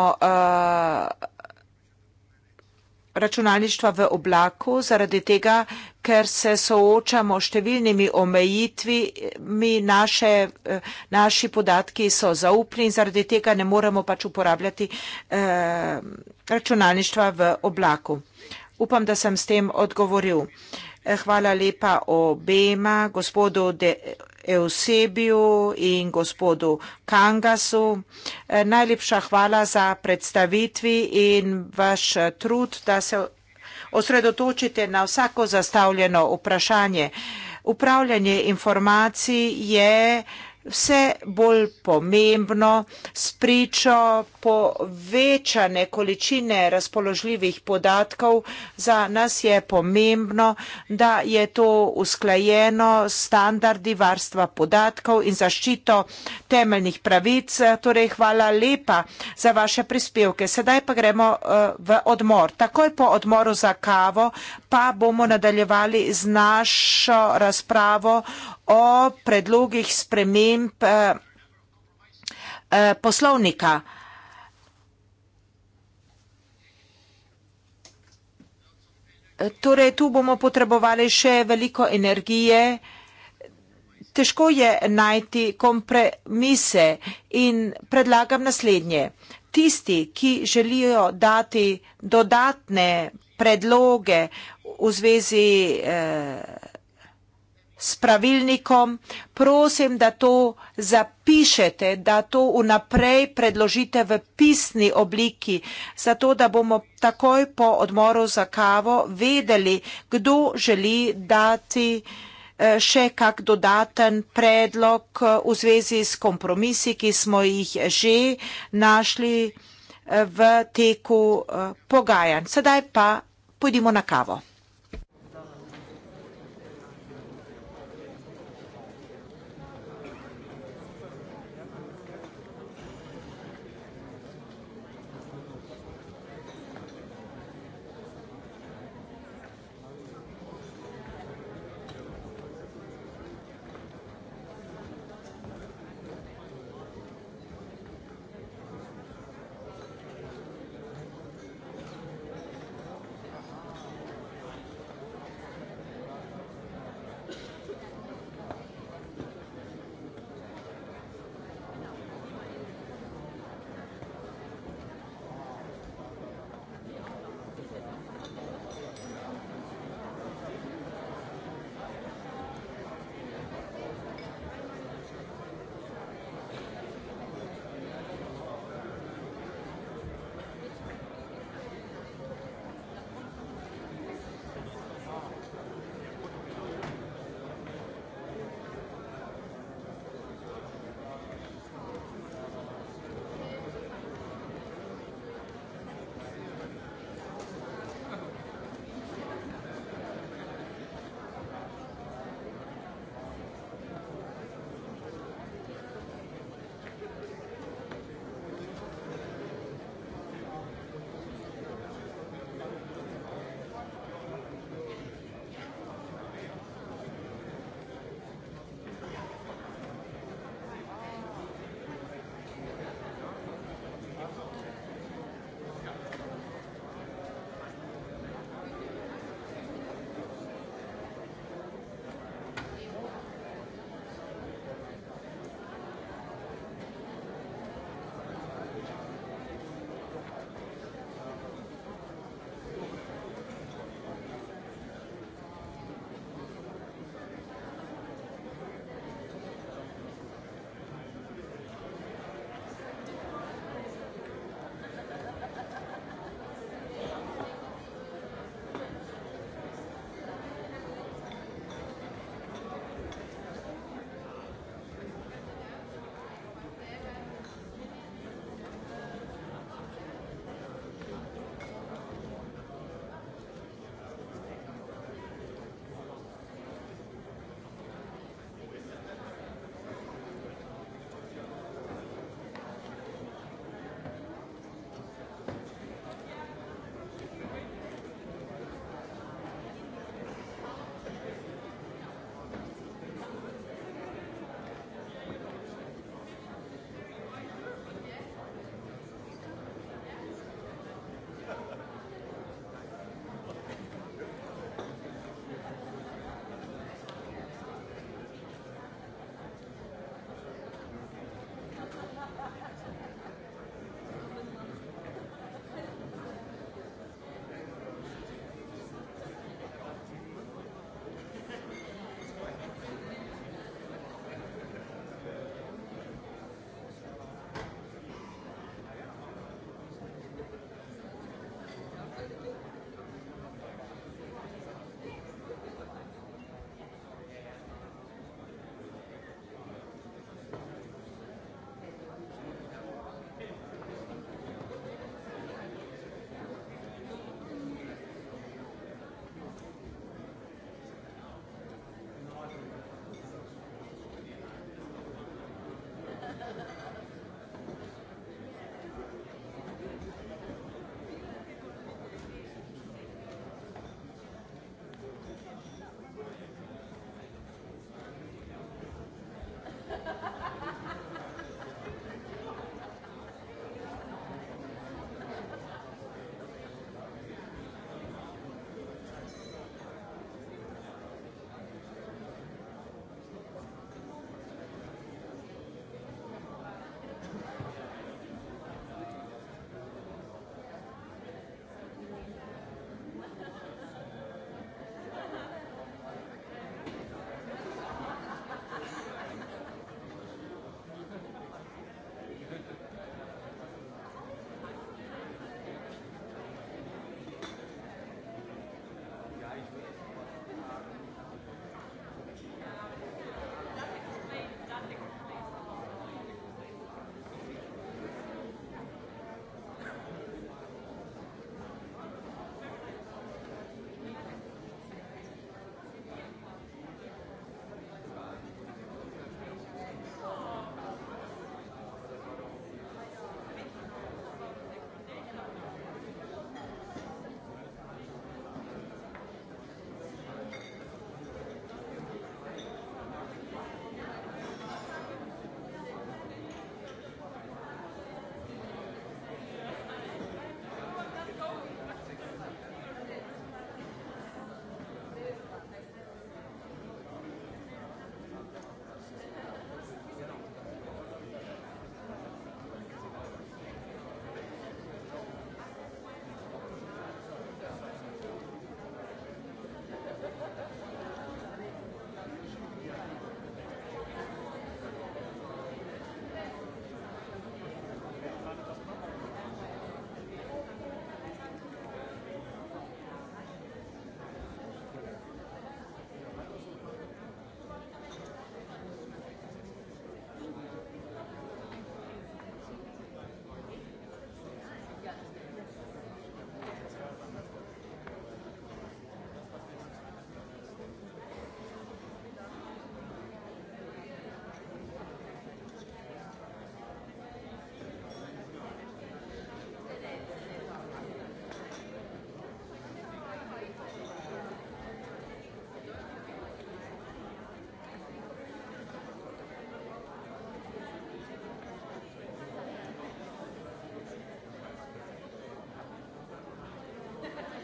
S5: računalništva v oblaku, zaradi tega, ker se soočamo s številnimi omejitvami, naše, eh, naši podatki so zaupni in zaradi tega ne moremo pač uporabljati eh, računalništva v oblaku. Upam, da sem s tem odgovoril. Eh, hvala lepa obema, gospodu. De Eusebiju in gospodu Kangasu. Eh, najlepša hvala za predstavitvi in vaš trud, da se osredotočite na vsako zastavljeno vprašanje. Upravljanje informacij je vse bolj pomembno spričo povečane količine razpoložljivih podatkov. Za nas je pomembno, da je to usklajeno s standardi varstva podatkov in zaščito temeljnih pravic. Torej, hvala lepa za vaše prispevke. Sedaj pa gremo eh, v odmor. Takoj po odmoru za kavo pa bomo nadaljevali z našo razpravo o predlogih spremenj sprememb eh, eh, poslovnika. Torej, tu bomo potrebovali še veliko energije. Težko je najti kompromise in predlagam naslednje. Tisti, ki želijo dati dodatne predloge v zvezi eh, s pravilnikom, prosim, da to zapišete, da to vnaprej predložite v pisni obliki, zato da bomo takoj po odmoru za kavo vedeli, kdo želi dati eh, še kak dodaten predlog eh, v zvezi s kompromisi, ki smo jih že našli eh, v teku pogajanj. Sedaj pa pojdimo na kavo.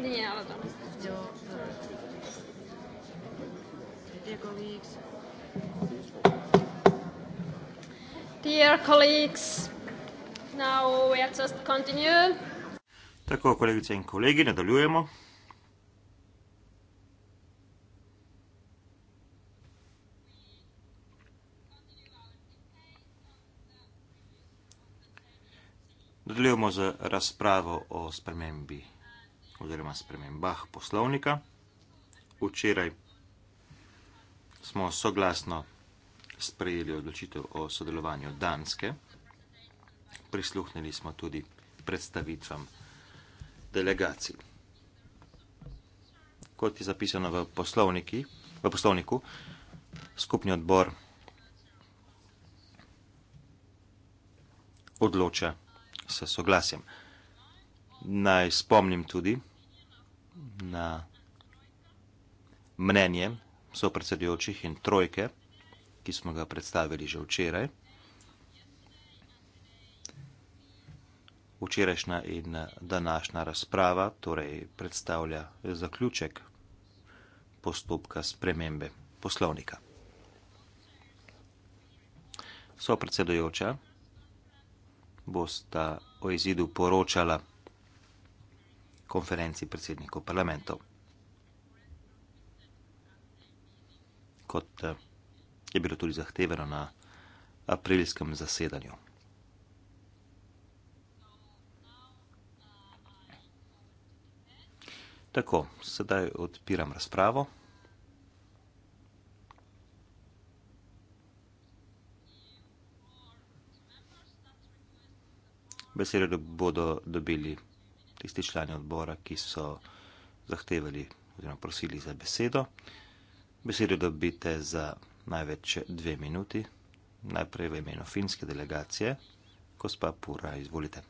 S1: Nie, ale tam jest dzieło.
S4: Dear colleagues, now we are just continue.
S2: Tako, kolegice in kolegi, nadaljujemo. Nadaljujemo z razpravo o spremembi oziroma spremembah poslovnika. Včeraj smo soglasno sprejeli odločitev o sodelovanju Danske. Prisluhnili smo tudi predstavitvam delegacij. Kot je zapisano v, v poslovniku, skupni odbor odloča s soglasjem. Naj spomnim tudi, na mnenje sopredsedujočih in trojke, ki smo ga predstavili že včeraj. Včerajšnja in današnja razprava torej predstavlja zaključek postopka spremembe poslovnika. Sopredsedujoča bosta o izidu poročala konferenci predsednikov parlamentov. Kot eh, je bilo tudi zahtevano na aprilskem zasedanju. Tako, sedaj odpiram razpravo. Besedo bodo dobili tisti člani odbora, ki so zahtevali oziroma prosili za besedo. Besedo dobite za največ dve minuti, najprej v imenu finske delegacije, gospa Pura, izvolite.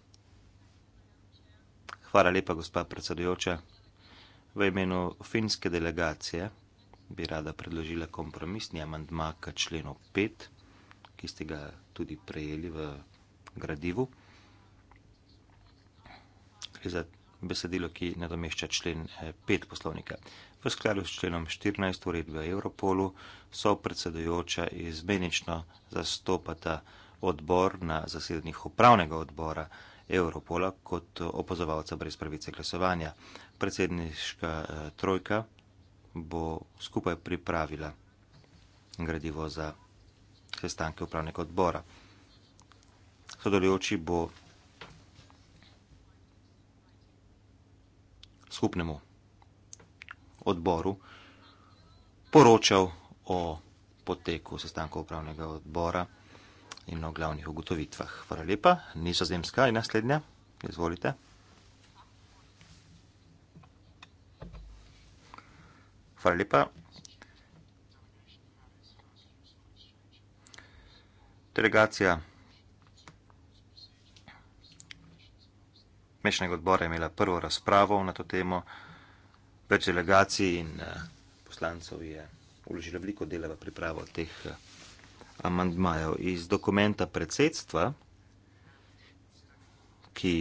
S2: Hvala lepa, gospa predsedujoča. V imenu finske delegacije bi rada predložila kompromisni amandma k členu 5, ki ste ga tudi prejeli v gradivu gre za besedilo, ki nadomešča člen 5 eh, poslovnika. V skladu s členom 14 uredbe Europolu so predsedujoča izmenično zastopata odbor na zasedanjih upravnega odbora Europola kot opozovalca brez pravice glasovanja. Predsedniška eh, trojka bo skupaj pripravila gradivo za sestanke upravnega odbora. Sodelujoči bo skupnemu odboru poročal o poteku sestanka upravnega odbora in o glavnih ugotovitvah. Hvala lepa. Nizozemska je naslednja. Izvolite. Hvala lepa. Delegacija mešnega odbora imela prvo razpravo na to temo, več delegacij in eh, poslancev je vložilo veliko dela v pripravo teh eh, amandmajev. Iz dokumenta predsedstva, ki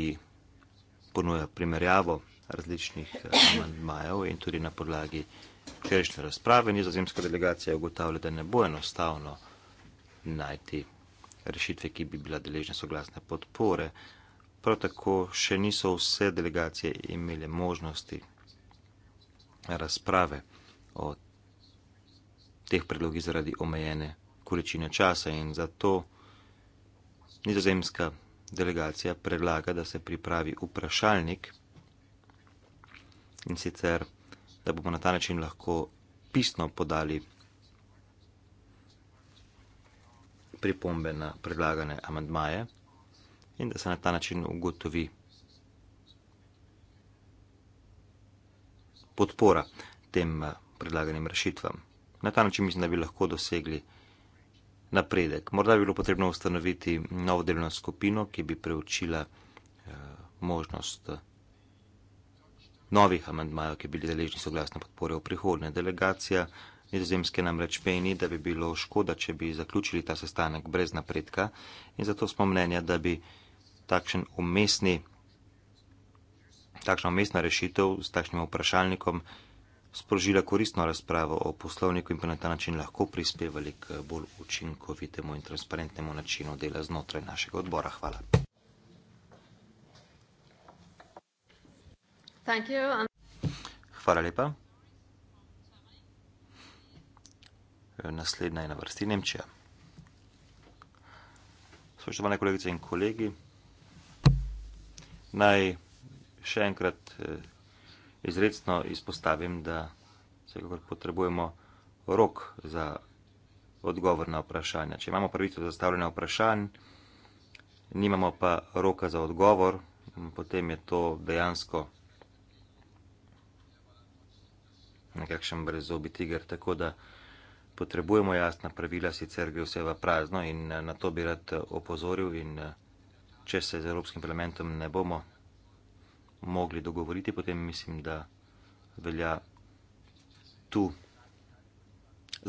S2: ponuja primerjavo različnih eh, amandmajev in tudi na podlagi včerajšnje razprave, nizozemska delegacija ugotavlja, da ne bo enostavno najti rešitve, ki bi bila deležna soglasne podpore. Prav tako še niso vse delegacije imele možnosti razprave o teh predlogih zaradi omejene količine časa in zato nizozemska delegacija predlaga, da se pripravi vprašalnik in sicer, da bomo na ta način lahko pisno podali pripombe na predlagane amandmaje in da se na ta način ugotovi podpora tem eh, predlaganim rešitvam. Na ta način mislim, da bi lahko dosegli napredek. Morda bi bilo potrebno ustanoviti novo delovno skupino, ki bi preučila eh, možnost eh, novih amendmajev, ki bi bili deležni soglasne podpore v prihodnje. Delegacija nizozemske namreč meni, da bi bilo škoda, če bi zaključili ta sestanek brez napredka in zato smo mnenja, da bi takšen umestni, takšna umestna rešitev s takšnim vprašalnikom sprožila koristno razpravo o poslovniku in pa na ta način lahko prispevali k bolj učinkovitemu in transparentnemu načinu dela znotraj našega odbora. Hvala.
S4: Um,
S2: Hvala lepa. Naslednja je na vrsti Nemčija. Spoštovane kolegice in kolegi. Naj še enkrat eh, izredno izpostavim, da vsekakor potrebujemo rok za odgovor na vprašanja. Če imamo pravico zastavljena vprašanj, nimamo pa roka za odgovor, potem je to dejansko nekakšen brezobi tiger, tako da potrebujemo jasna pravila, sicer gre vse v prazno in eh, na to bi rad eh, opozoril in vsega če se z Evropskim parlamentom ne bomo mogli dogovoriti, potem mislim, da velja tu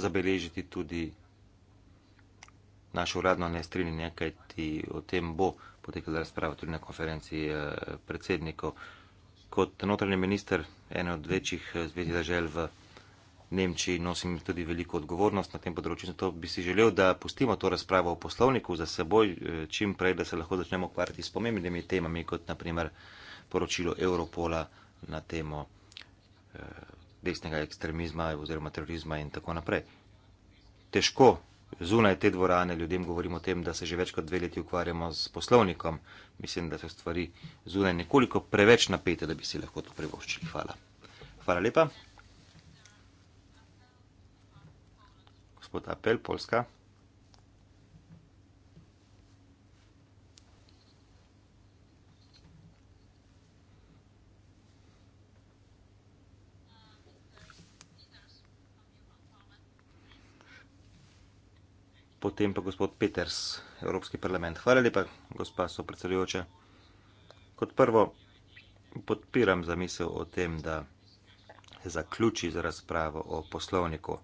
S2: zabeležiti tudi našo uradno nestrinjenje, kaj ti o tem bo potekala razprava tudi na konferenci eh, predsednikov. Kot notranji minister ene od večjih zvezdih držav v Nemčiji nosim tudi veliko odgovornost na tem področju. Zato bi si želel, da pustimo to razpravo v poslovniku za seboj eh, čim prej, da se lahko začnemo ukvarjati s pomembnimi temami, kot naprimer poročilo Europola na temo eh, desnega ekstremizma oziroma terorizma in tako naprej. Težko zunaj te dvorane ljudem govorimo o tem, da se že več kot dve leti ukvarjamo s poslovnikom. Mislim, da so stvari zunaj nekoliko preveč napete, da bi si lahko to privoščili. Hvala. Hvala lepa. gospod Apel Polska. Potem pa gospod Peters, Evropski parlament. Hvala lepa, gospa so predsedujoča. Kot prvo podpiram zamisel o tem, da se zaključi z razpravo o poslovniku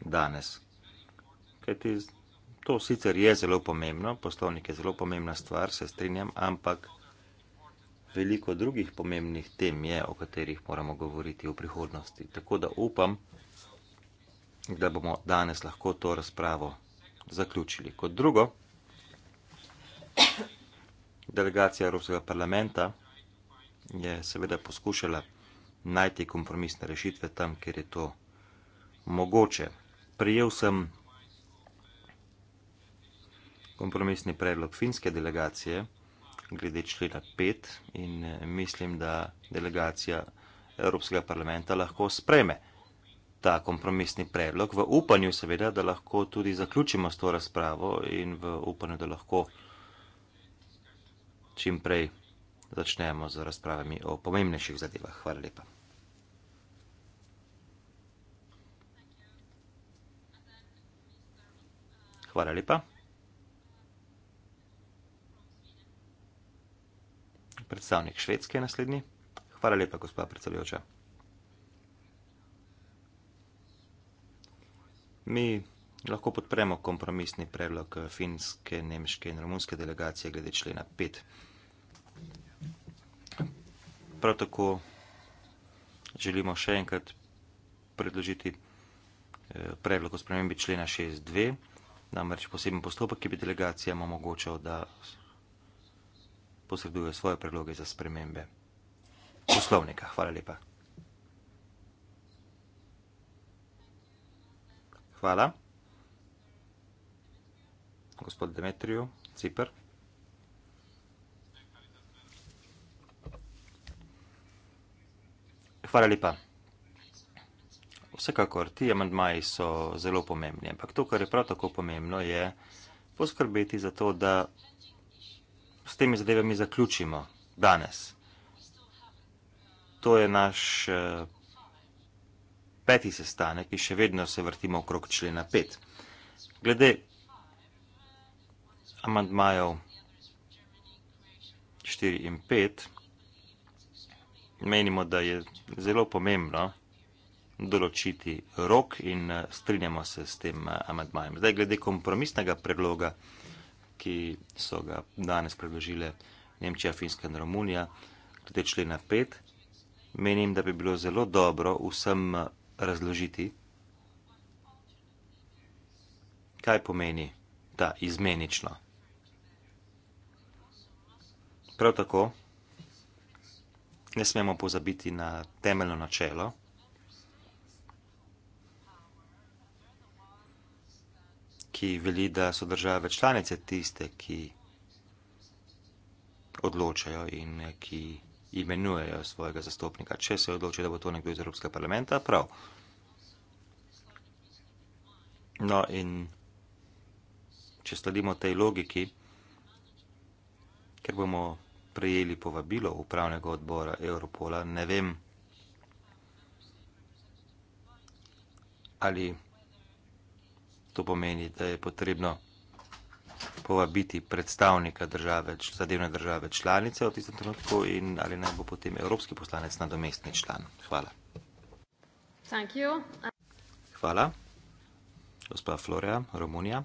S2: danes kajti to sicer je zelo pomembno, poslovnik je zelo pomembna stvar, se strinjam, ampak veliko drugih pomembnih tem je, o katerih moramo govoriti v prihodnosti. Tako da upam, da bomo danes lahko to razpravo zaključili. Kot drugo, delegacija Evropskega parlamenta je seveda poskušala najti kompromisne rešitve tam, kjer je to mogoče. Prijel sem kompromisni predlog finske delegacije glede člena 5 in eh, mislim, da delegacija Evropskega parlamenta lahko spreme ta kompromisni predlog v upanju seveda, da lahko tudi zaključimo s to razpravo in v upanju, da lahko čim prej začnemo z razpravami o pomembnejših zadevah. Hvala lepa. Hvala lepa. predstavnik Švedske je naslednji. Hvala lepa, gospod predsedujoča. Mi lahko podpremo kompromisni predlog finske, nemške in romunske delegacije glede člena 5. Prav tako želimo še enkrat predložiti eh, predlog o spremembi člena 6.2, namreč poseben postopek, ki bi delegacijam omogočal, da posreduje svoje predloge za spremembe poslovnika. Hvala lepa. Hvala. Gospod Demetriju, Cipr. Hvala lepa. Vsekakor, ti amandmaji so zelo pomembni, ampak to, kar je prav tako pomembno, je poskrbeti za to, da s temi zadevami zaključimo danes. To je naš eh, peti sestanek in še vedno se vrtimo okrog člena 5. Glede amandmajev 4 in 5 menimo, da je zelo pomembno določiti rok in eh, strinjamo se s tem eh, amandmajem. Zdaj glede kompromisnega predloga ki so ga danes predložile Nemčija, Finska in Romunija, glede člena 5, menim, da bi bilo zelo dobro vsem razložiti, kaj pomeni ta izmenično. Prav tako ne smemo pozabiti na temeljno načelo, ki veli, da so države članice tiste, ki odločajo in ki imenujejo svojega zastopnika. Če se odloči, da bo to nekdo iz Evropskega parlamenta, prav. No in če sledimo tej logiki, ker bomo prejeli povabilo upravnega odbora Europola, ne vem, ali To pomeni, da je potrebno povabiti predstavnika države, zadevne države članice v tistem trenutku in ali naj bo potem evropski poslanec na domestni član. Hvala. Thank you. Hvala. Gospa Florea, Romunija.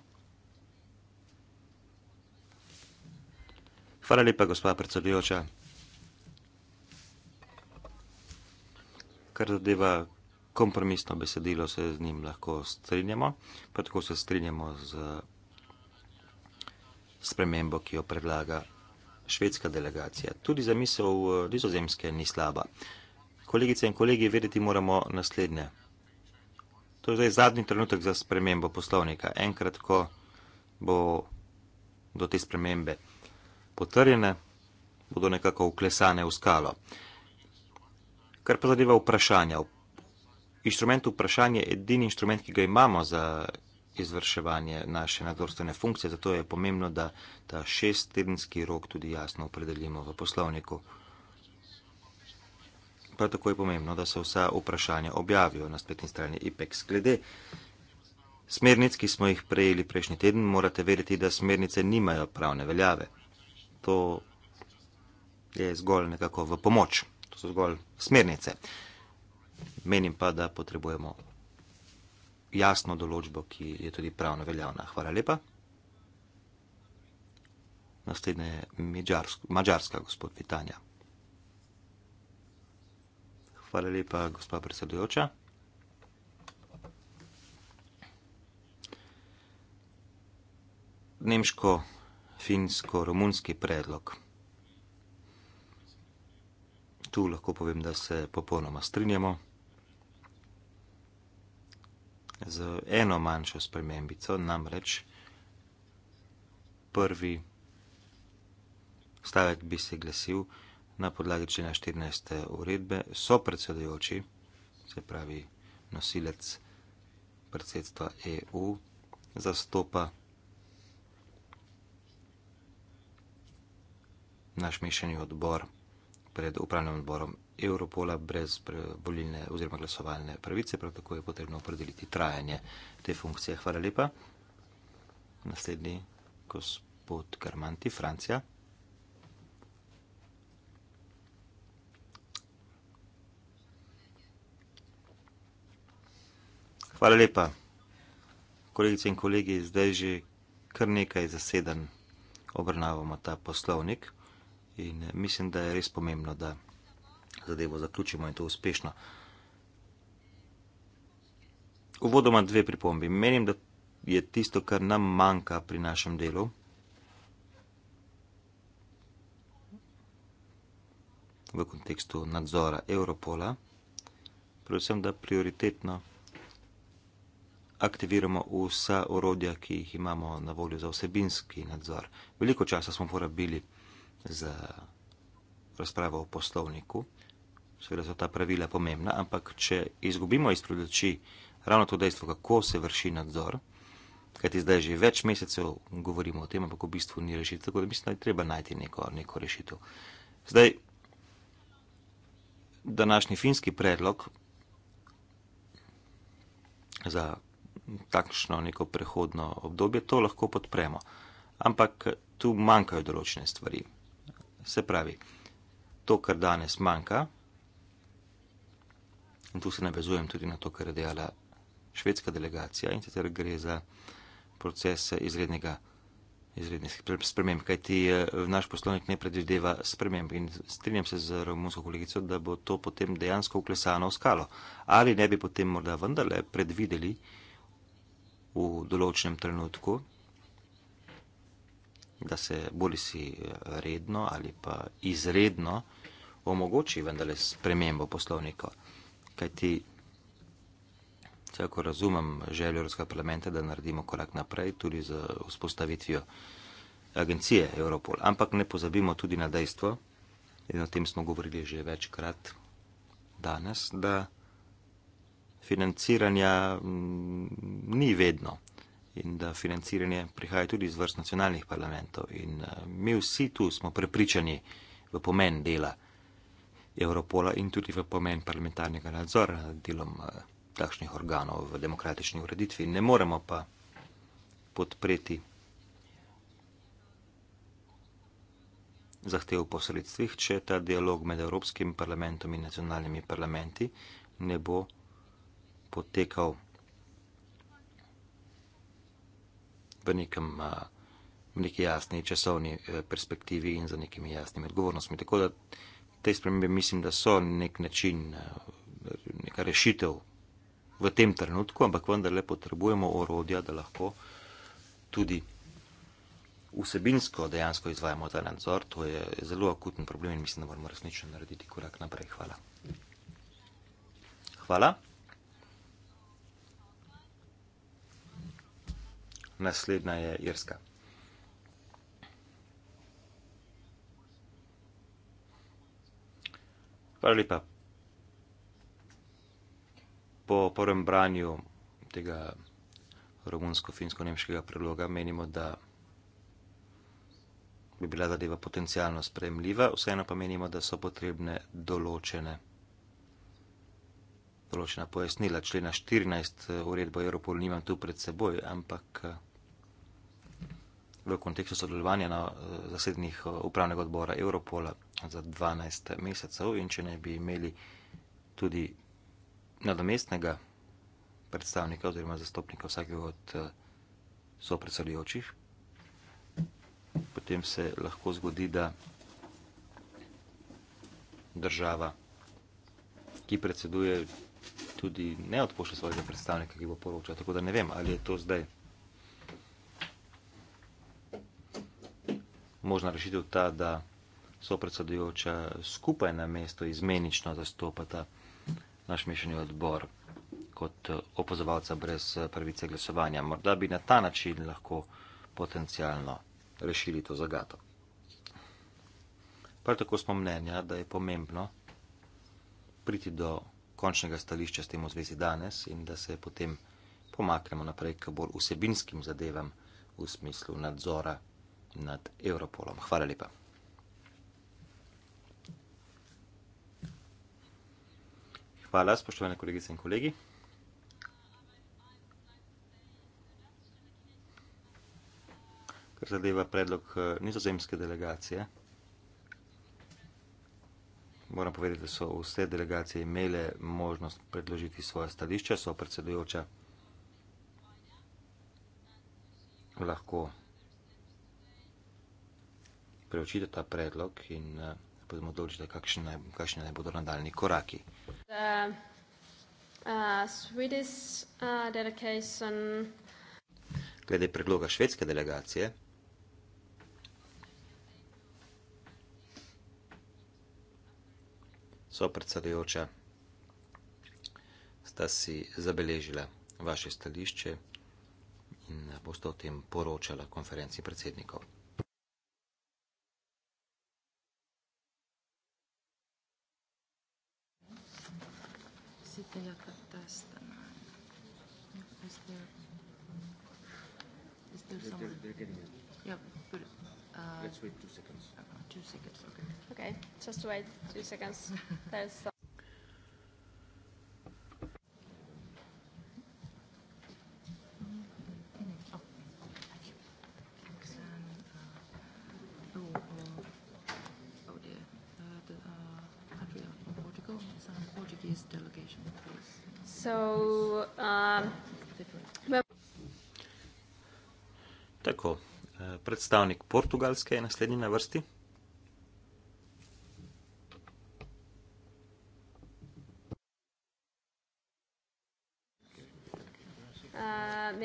S2: Hvala lepa, gospa predsedujoča. Kar zadeva kompromisno besedilo, se z njim lahko strinjamo, pa tako se strinjamo z spremembo, ki jo predlaga švedska delegacija. Tudi za misel eh, nizozemske ni slaba. Kolegice in kolegi, vedeti moramo naslednje. To je zdaj zadnji trenutek za spremembo poslovnika. Enkrat, ko bo do te spremembe potrjene, bodo nekako uklesane v skalo. Kar pa zadeva vprašanja, inštrument vprašanja edini inštrument, ki ga imamo za izvrševanje naše nadzorstvene funkcije, zato je pomembno, da ta šesttedenski rok tudi jasno opredelimo v poslovniku. Prav tako je pomembno, da se vsa vprašanja objavijo na spletni strani IPEX. Glede smernic, ki smo jih prejeli prejšnji teden, morate vedeti, da smernice nimajo pravne veljave. To je zgolj nekako v pomoč. To so zgolj smernice. Menim pa, da potrebujemo jasno določbo, ki je tudi pravno veljavna. Hvala lepa. Naslednja je Mađarska, Mađarska gospod Vitanja. Hvala lepa, gospod predsedujoča. Nemško, finsko, romunski predlog. Tu lahko povem, da se popolnoma strinjamo z eno manjšo spremembico, namreč prvi stavek bi se glasil na podlagi člena 14. uredbe, so predsedujoči, se pravi nosilec predsedstva EU, zastopa naš mišljenji odbor pred upravnim odborom Europola brez volilne oziroma glasovalne pravice, prav tako je potrebno opredeliti trajanje te funkcije. Hvala lepa. Naslednji gospod Karmanti, Francija. Hvala lepa. Kolegice in kolegi, zdaj že kar nekaj zaseden obrnavamo ta poslovnik in mislim, da je res pomembno, da zadevo zaključimo in to uspešno. Uvodoma dve pripombi. Menim, da je tisto, kar nam manjka pri našem delu, v kontekstu nadzora Evropola, predvsem, da prioritetno aktiviramo vsa orodja, ki jih imamo na voljo za osebinski nadzor. Veliko časa smo porabili za razpravo o poslovniku seveda so ta pravila pomembna, ampak če izgubimo iz predoči ravno to dejstvo, kako se vrši nadzor, kajti zdaj že več mesecev govorimo o tem, ampak v bistvu ni rešitev, tako da mislim, da je treba najti neko, neko rešitev. Zdaj, današnji finski predlog za takšno neko prehodno obdobje, to lahko podpremo. Ampak tu manjkajo določene stvari. Se pravi, to, kar danes manjka, In tu se navezujem tudi na to, kar je dejala švedska delegacija in sicer gre za proces izrednega, izrednih sprememb, kajti eh, naš poslovnik ne predvideva sprememb in strinjam se z romunsko kolegico, da bo to potem dejansko uklesano v skalo. Ali ne bi potem morda vendarle predvideli v določenem trenutku, da se bodi si eh, redno ali pa izredno omogoči vendarle spremembo poslovnika kajti vsako razumem željo Evropskega parlamenta, da naredimo korak naprej tudi z vzpostavitvijo agencije Europol. Ampak ne pozabimo tudi na dejstvo, in o tem smo govorili že večkrat danes, da financiranja mm, ni vedno in da financiranje prihaja tudi iz vrst nacionalnih parlamentov. In eh, mi vsi tu smo prepričani v pomen dela Evropola in tudi v pomen parlamentarnega nadzora nad delom eh, takšnih organov v demokratični ureditvi. Ne moremo pa podpreti zahtev po sredstvih, če ta dialog med Evropskim parlamentom in nacionalnimi parlamenti ne bo potekal v nekem eh, v neki jasni časovni eh, perspektivi in za nekimi jasnimi odgovornostmi. Tako da te spremembe mislim, da so nek način, eh, neka rešitev v tem trenutku, ampak vendarle potrebujemo orodja, da lahko tudi vsebinsko dejansko izvajamo ta nadzor. To je zelo akuten problem in mislim, da moramo resnično narediti korak naprej. Hvala. Hvala. Naslednja je Irska. Hvala lepa. Po prvem branju tega romunsko-finsko-nemškega predloga menimo, da bi bila zadeva potencijalno spremljiva, vseeno pa menimo, da so potrebne določene, določena pojasnila. Člena 14 eh, uredbo Europol nimam tu pred seboj, ampak. Eh, v kontekstu sodelovanja na eh, zasednih eh, upravnega odbora Europola za 12 mesecev in če ne bi imeli tudi nadomestnega predstavnika oziroma zastopnika vsakega od eh, sopredsedujočih, potem se lahko zgodi, da država, ki predseduje, tudi ne odpošlja svojega predstavnika, ki bo poročal. Tako da ne vem, ali je to zdaj. možna rešitev ta, da so predsedujoča skupaj na mesto izmenično zastopata naš mešani odbor kot eh, opozovalca brez eh, pravice glasovanja. Morda bi na ta način lahko potencijalno rešili to zagato. Prav tako smo mnenja, da je pomembno priti do končnega stališča s tem v zvezi danes in da se potem pomaknemo naprej k bolj vsebinskim zadevam v smislu nadzora nad Europolom. Hvala lepa. Hvala, spoštovane kolegice in kolegi. Kar zadeva predlog eh, nizozemske delegacije, moram povedati, da so vse delegacije imele možnost predložiti svoje stališče, so predsedujoča lahko preučite ta predlog in uh, potem odločite, kakšni naj, naj bodo nadaljni koraki.
S4: The, uh, Swedish, uh,
S2: Glede predloga švedske delegacije. So predsedujoča, sta si zabeležila vaše stališče in boste o tem poročala konferenci predsednikov.
S5: Uh,
S4: Let's wait two seconds. Okay, just wait two seconds. There's some.
S2: predstavnik Portugalske je naslednji na vrsti.
S4: Uh,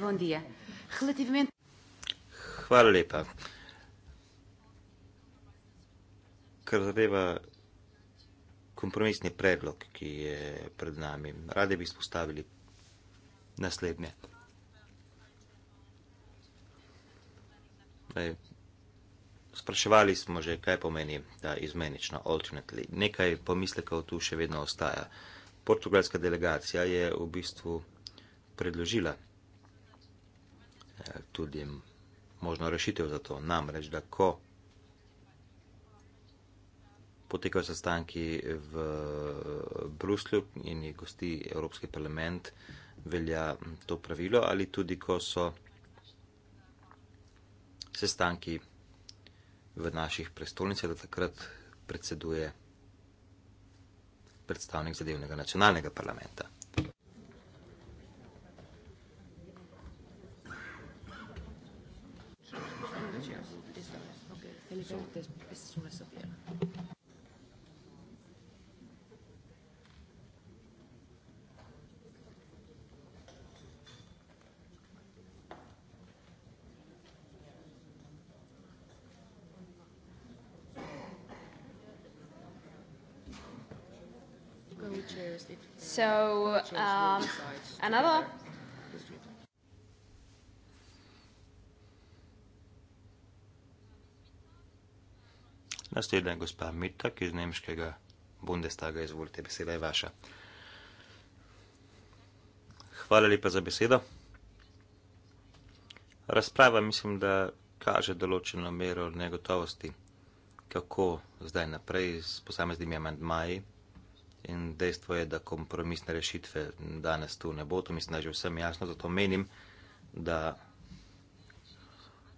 S5: uh
S2: Hvala lepa. Kar zadeva kompromisni predlog, ki je pred nami, radi bi izpostavili naslednje. torej, spraševali smo že, kaj pomeni ta izmenična alternately. Nekaj pomislekov tu še vedno ostaja. Portugalska delegacija je v bistvu predložila eh, tudi možno rešitev za to, namreč, da ko potekajo sestanki v eh, Bruslju in je gosti Evropski parlament, velja to pravilo ali tudi, ko so sestanki v naših prestolnicah, da takrat predseduje predstavnik zadevnega nacionalnega parlamenta. Okay.
S5: Okay. Okay. Okay. Okay. Okay. Okay. Okay. So, um, another.
S2: Naslednja je gospa Mirtak iz nemškega Bundestaga, izvolite, beseda je vaša. Hvala lepa za besedo. Razprava mislim, da kaže določeno mero negotovosti, kako zdaj naprej s posameznimi amantmaji. In dejstvo je, da kompromisne rešitve danes tu ne bo, to mislim, da je že vsem jasno. Zato menim, da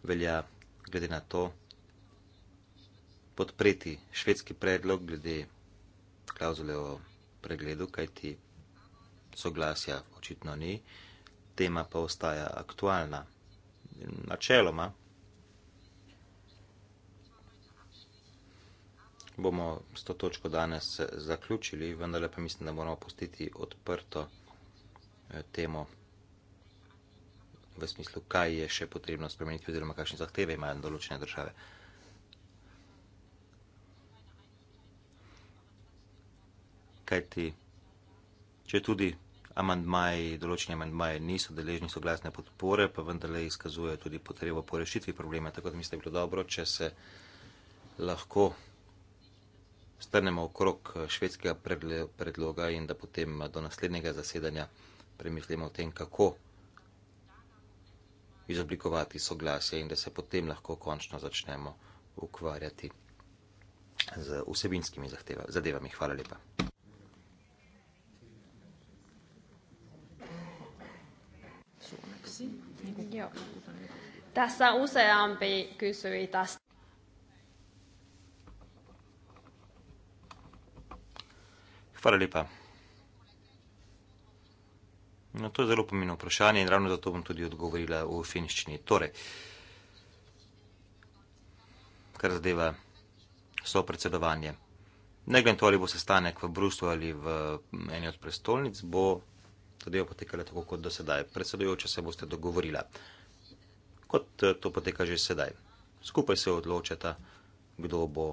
S2: velja glede na to podpreti švedski predlog glede klauzule o pregledu, kajti soglasja očitno ni, tema pa ostaja aktualna. Načeloma. bomo s to točko danes zaključili, vendar pa mislim, da moramo pustiti odprto eh, temo v smislu, kaj je še potrebno spremeniti oziroma kakšne zahteve imajo določene države. Kaj ti, če tudi amandmaji, določeni amandmaji niso deležni soglasne podpore, pa vendarle izkazuje tudi potrebo po rešitvi problema, tako da mislim, da bi bilo dobro, če se lahko strnemo okrog eh, švedskega predloga in da potem eh, do naslednjega zasedanja premislimo o tem, kako izoblikovati soglasje in da se potem lahko končno začnemo ukvarjati z vsebinskimi zahteva, zadevami. Hvala lepa.
S4: Tässä useampi kysyi tästä.
S2: Hvala lepa. No, to je zelo pomembno vprašanje in ravno zato bom tudi odgovorila v finščini. Torej, kar zadeva so predsedovanje. Ne glede to, ali bo sestanek v Bruslu ali v eni od prestolnic, bo zadeva potekala tako kot do sedaj. Predsedujoča se boste dogovorila, kot eh, to poteka že sedaj. Skupaj se odločata, kdo bo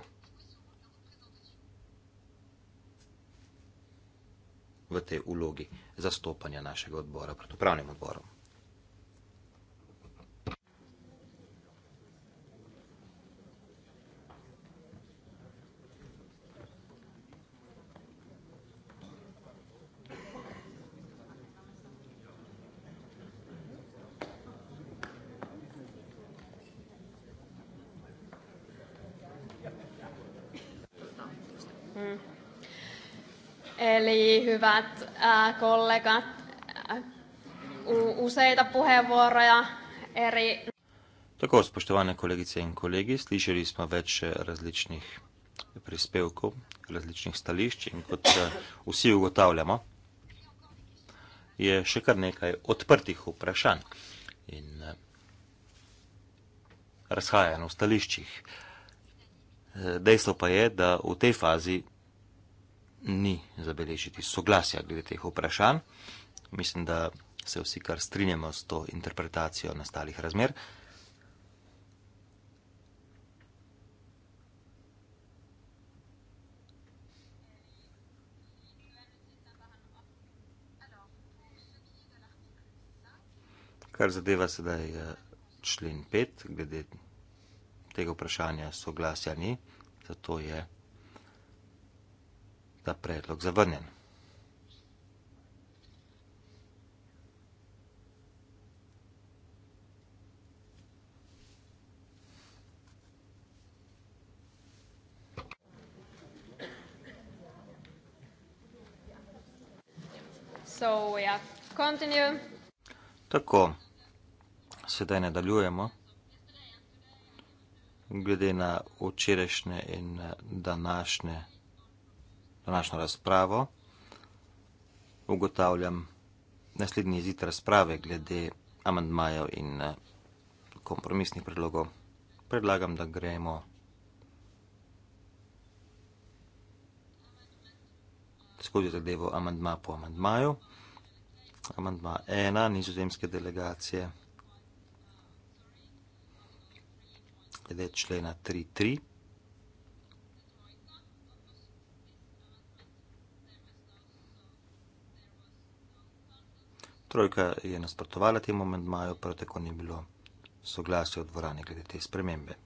S2: v tej ulogi zastopanja našega odbora pred upravnim odborom.
S4: Eli hyvät äh, kollegat, äh, u- useita puheenvuoroja eri...
S2: Tako, spoštovane kolegice in kolegi, slišali smo več eh, različnih prispevkov, različnih stališč in kot eh, vsi ugotavljamo, je še kar nekaj odprtih vprašanj in eh, razhajanj v stališčih. Dejstvo pa je, da v tej fazi ni zabeležiti soglasja glede teh vprašanj. Mislim, da se vsi kar strinjamo s to interpretacijo nastalih razmer. Kar zadeva sedaj eh, člen 5, glede tega vprašanja soglasja ni, zato je da predlog zavrnjen.
S4: So, yeah. Ja,
S2: Tako, sedaj nadaljujemo. Glede na včerajšnje in današnje današnjo razpravo. Ugotavljam naslednji izid razprave glede amandmajev in eh, kompromisnih predlogov. Predlagam, da gremo. Skozi zadevo amandma po amandmaju. Amandma ena nizozemske delegacije, glede člena 3.3. Trojka je nasprotovala temu amendmaju, prav tako ni bilo soglasja v dvorani glede te spremembe.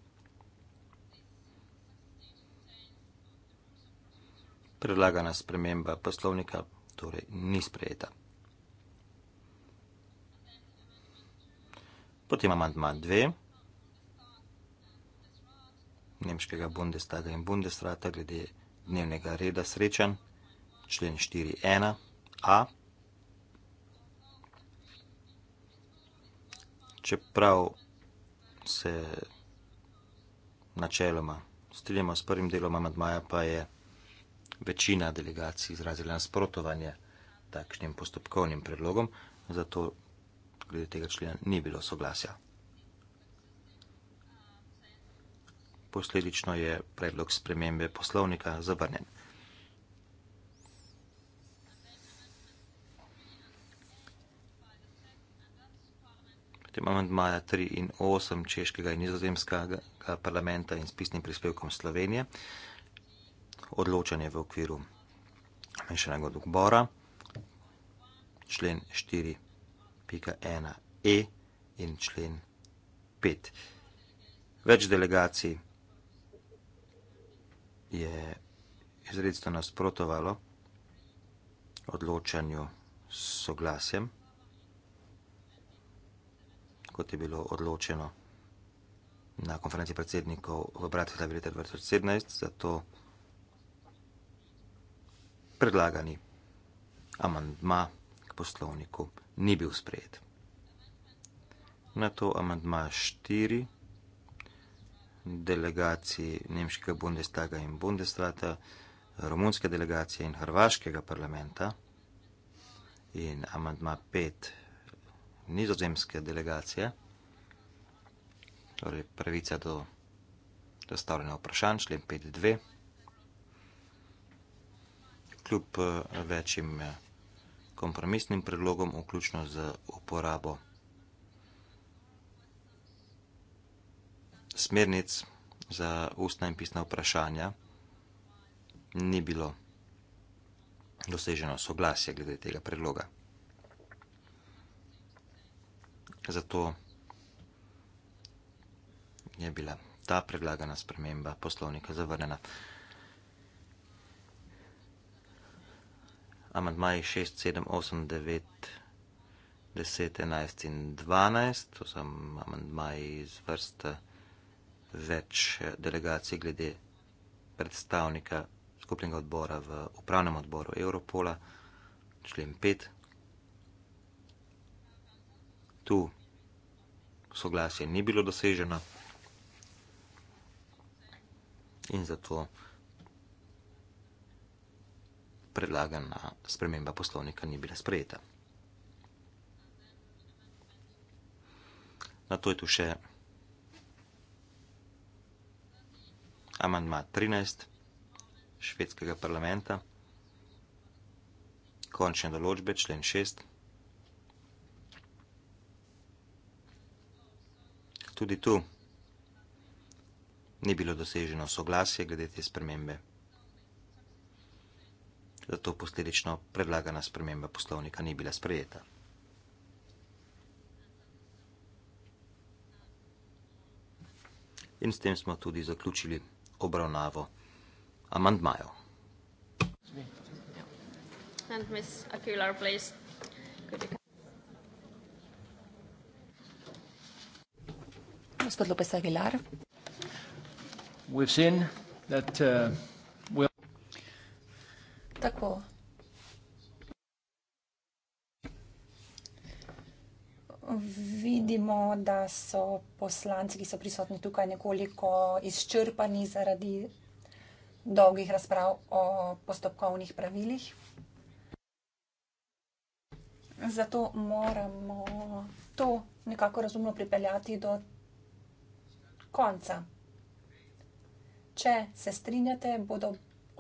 S2: Predlagana sprememba poslovnika torej ni sprejeta. Potem amandma 2 nemškega Bundestaga in Bundesrata glede dnevnega reda srečanj, člen 4.1a. čeprav se načeloma strinjamo s prvim delom amadmaja, pa je večina delegacij izrazila nasprotovanje takšnim postopkovnim predlogom, zato glede tega člena ni bilo soglasja. Posledično je predlog spremembe poslovnika zavrnjen. potem amantmaja 3 in 8 češkega in nizozemskega parlamenta in s pisnim prispevkom Slovenije, odločanje v okviru menšenega odbora, člen 4.1e in člen 5. Več delegacij je izredno nasprotovalo odločanju s soglasjem kot je bilo odločeno na konferenci predsednikov v Bratislavi leta 2017, zato predlagani amandma k poslovniku ni bil sprejet. Na to amandma 4 delegaciji Nemškega Bundestaga in Bundestrata, Romunske delegacije in Hrvaškega parlamenta in amandma 5 nizozemske delegacije, torej pravica do zastavljena vprašanj, člen 5.2, kljub eh, večjim eh, kompromisnim predlogom, vključno z uporabo smernic za ustna in pisna vprašanja, ni bilo doseženo soglasje glede tega predloga. zato je bila ta predlagana sprememba poslovnika zavrnjena. Amandmaji 6, 7, 8, 9, 10, 11 in 12, to so amandmaji iz vrste več delegacij glede predstavnika skupnega odbora v upravnem odboru Europola, člen 5. Tu soglasje ni bilo doseženo in zato predlagana sprememba poslovnika ni bila sprejeta. Na to je tu še amandma 13 švedskega parlamenta, končne določbe, člen 6. Tudi tu ni bilo doseženo soglasje glede te spremembe. Zato posledično predlagana sprememba poslovnika ni bila sprejeta. In s tem smo tudi zaključili obravnavo amantmajo.
S4: And Ms. Aquilar, please. Could you come?
S3: Gospod López Aguilar. Uh, Tako. Vidimo, da so poslanci, ki so prisotni tukaj, nekoliko izčrpani zaradi dolgih razprav o postopkovnih pravilih. Zato moramo to nekako razumno pripeljati do konca. Če se strinjate, bodo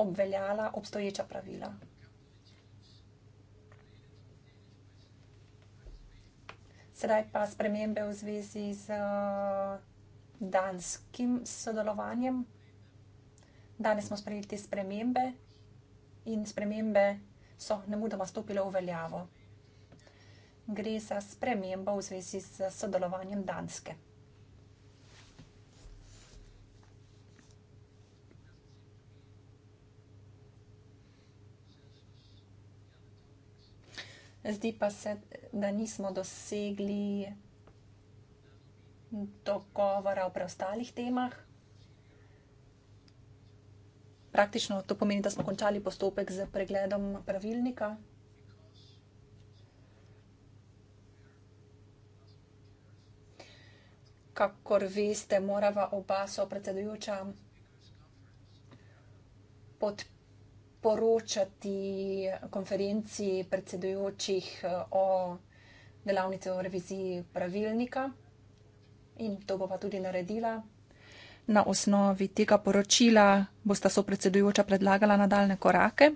S3: obveljala obstoječa pravila. Sedaj pa spremembe v zvezi z danskim sodelovanjem. Danes smo sprejeli te spremembe in spremembe so nemudoma stopile v veljavo. Gre za spremembo v zvezi z sodelovanjem danske. zdi pa se, da nismo dosegli dogovora o preostalih temah. Praktično to pomeni, da smo končali postopek z pregledom pravilnika. Kakor veste, morava oba so predsedujoča podpirati poročati konferenci predsedujočih eh, o delavnici o reviziji pravilnika in to bo pa tudi naredila. Na osnovi tega poročila bosta so predsedujoča predlagala nadaljne korake,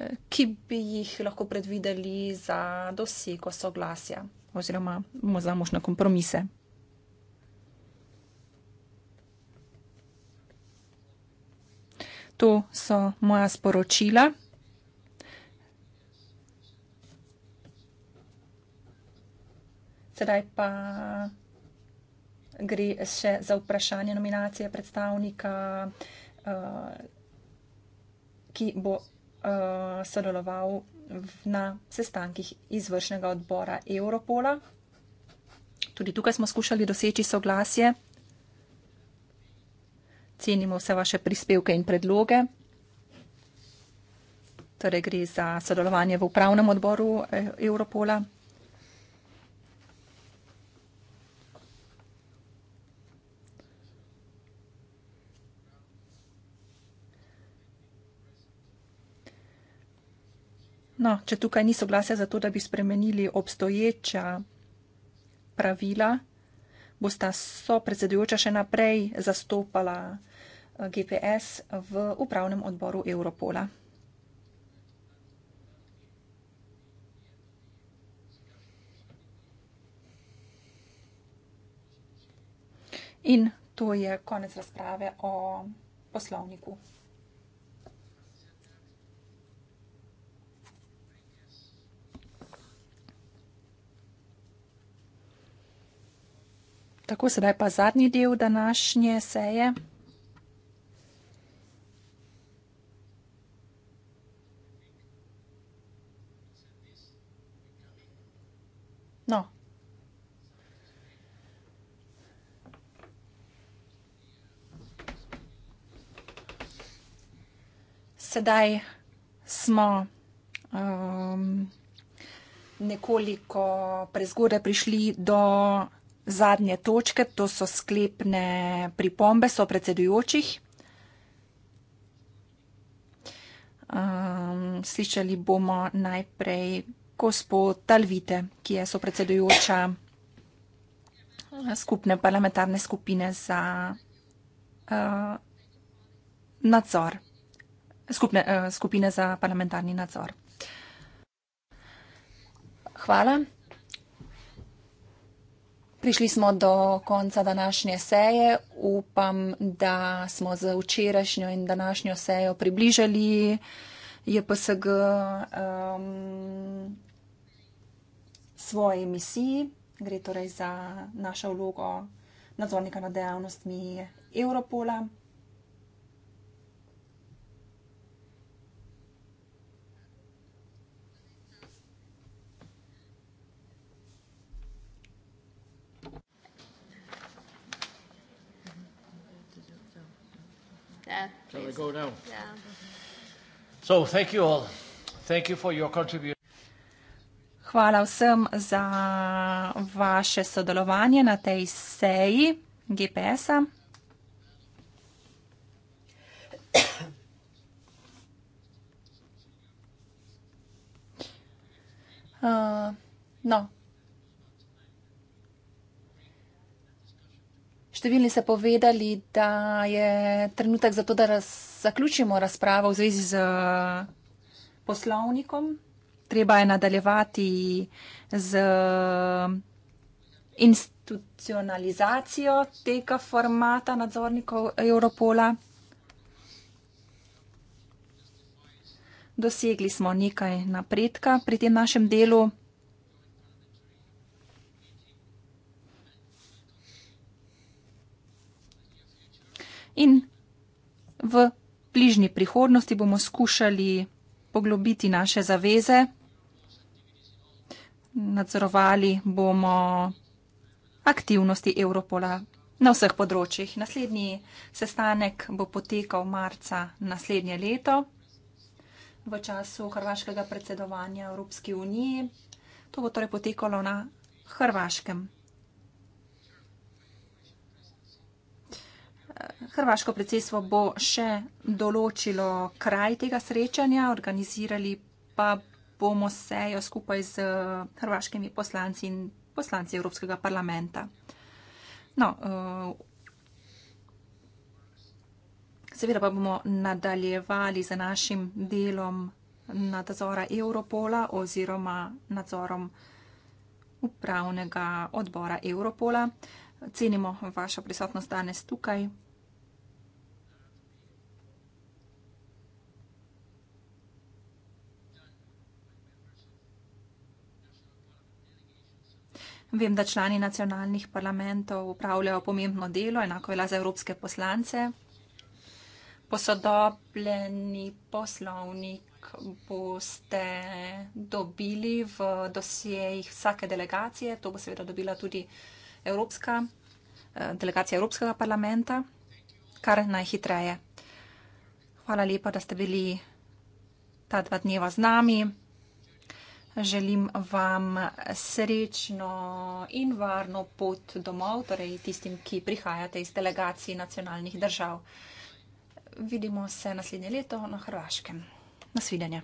S3: eh, ki bi jih lahko predvideli za dosego soglasja oziroma za možne kompromise. to so moja sporočila. Sedaj pa gre še za vprašanje nominacije predstavnika, eh, ki bo eh, sodeloval na sestankih izvršnega odbora Europola. Tudi tukaj smo skušali doseči soglasje. Cenimo vse vaše prispevke in predloge. Torej gre za sodelovanje v upravnem odboru eh, Europola. No, če tukaj ni soglasja za to, da bi spremenili obstoječa pravila, bosta so predsedujoča še naprej zastopala. GPS v upravnem odboru Europola. In to je konec razprave o poslovniku. Tako, sedaj pa zadnji del današnje seje. sedaj smo um, nekoliko prezgodaj prišli do zadnje točke, to so sklepne pripombe, so predsedujočih. Um, slišali bomo najprej gospod Talvite, ki je so predsedujoča skupne parlamentarne skupine za uh, nadzor skupne, eh, skupine za parlamentarni nadzor. Hvala. Prišli smo do konca današnje seje. Upam, da smo z včerajšnjo in današnjo sejo približali JPSG um, svoje misiji. Gre torej za našo vlogo nadzornika nad dejavnostmi Europola.
S4: Shall we go now? Yeah.
S1: So, thank you all. Thank you for your contribution.
S3: Hvala vsem za vaše sodelovanje na tej seji GPS-a. Uh, no. številni se povedali, da je trenutek za to, da raz, zaključimo razpravo v zvezi z eh, poslovnikom. Treba je nadaljevati z eh, institucionalizacijo tega formata nadzornikov Europola. Dosegli smo nekaj napredka pri tem našem delu. in v bližnji prihodnosti bomo skušali poglobiti naše zaveze. Nadzorovali bomo aktivnosti Evropola na vseh področjih. Naslednji sestanek bo potekal marca naslednje leto v času hrvaškega predsedovanja Evropski uniji. To bo torej potekalo na Hrvaškem. Hrvaško predsedstvo bo še določilo kraj tega srečanja, organizirali pa bomo sejo skupaj z eh, hrvaškimi poslanci in poslanci Evropskega parlamenta. No, eh, seveda pa bomo nadaljevali z našim delom nadzora Europola oziroma nadzorom upravnega odbora Europola. Cenimo vašo prisotnost danes tukaj. Vem, da člani nacionalnih parlamentov upravljajo pomembno delo, enako je za evropske poslance. Posodobljeni poslovnik boste dobili v dosjejih vsake delegacije, to bo seveda dobila tudi delegacija. Evropska, eh, delegacija Evropskega parlamenta, kar najhitreje. Hvala lepa, da ste bili ta dva dneva z nami. Želim vam srečno in varno pot domov, torej tistim, ki prihajate iz delegacij nacionalnih držav. Vidimo se naslednje leto na Hrvaškem. Nasvidenje.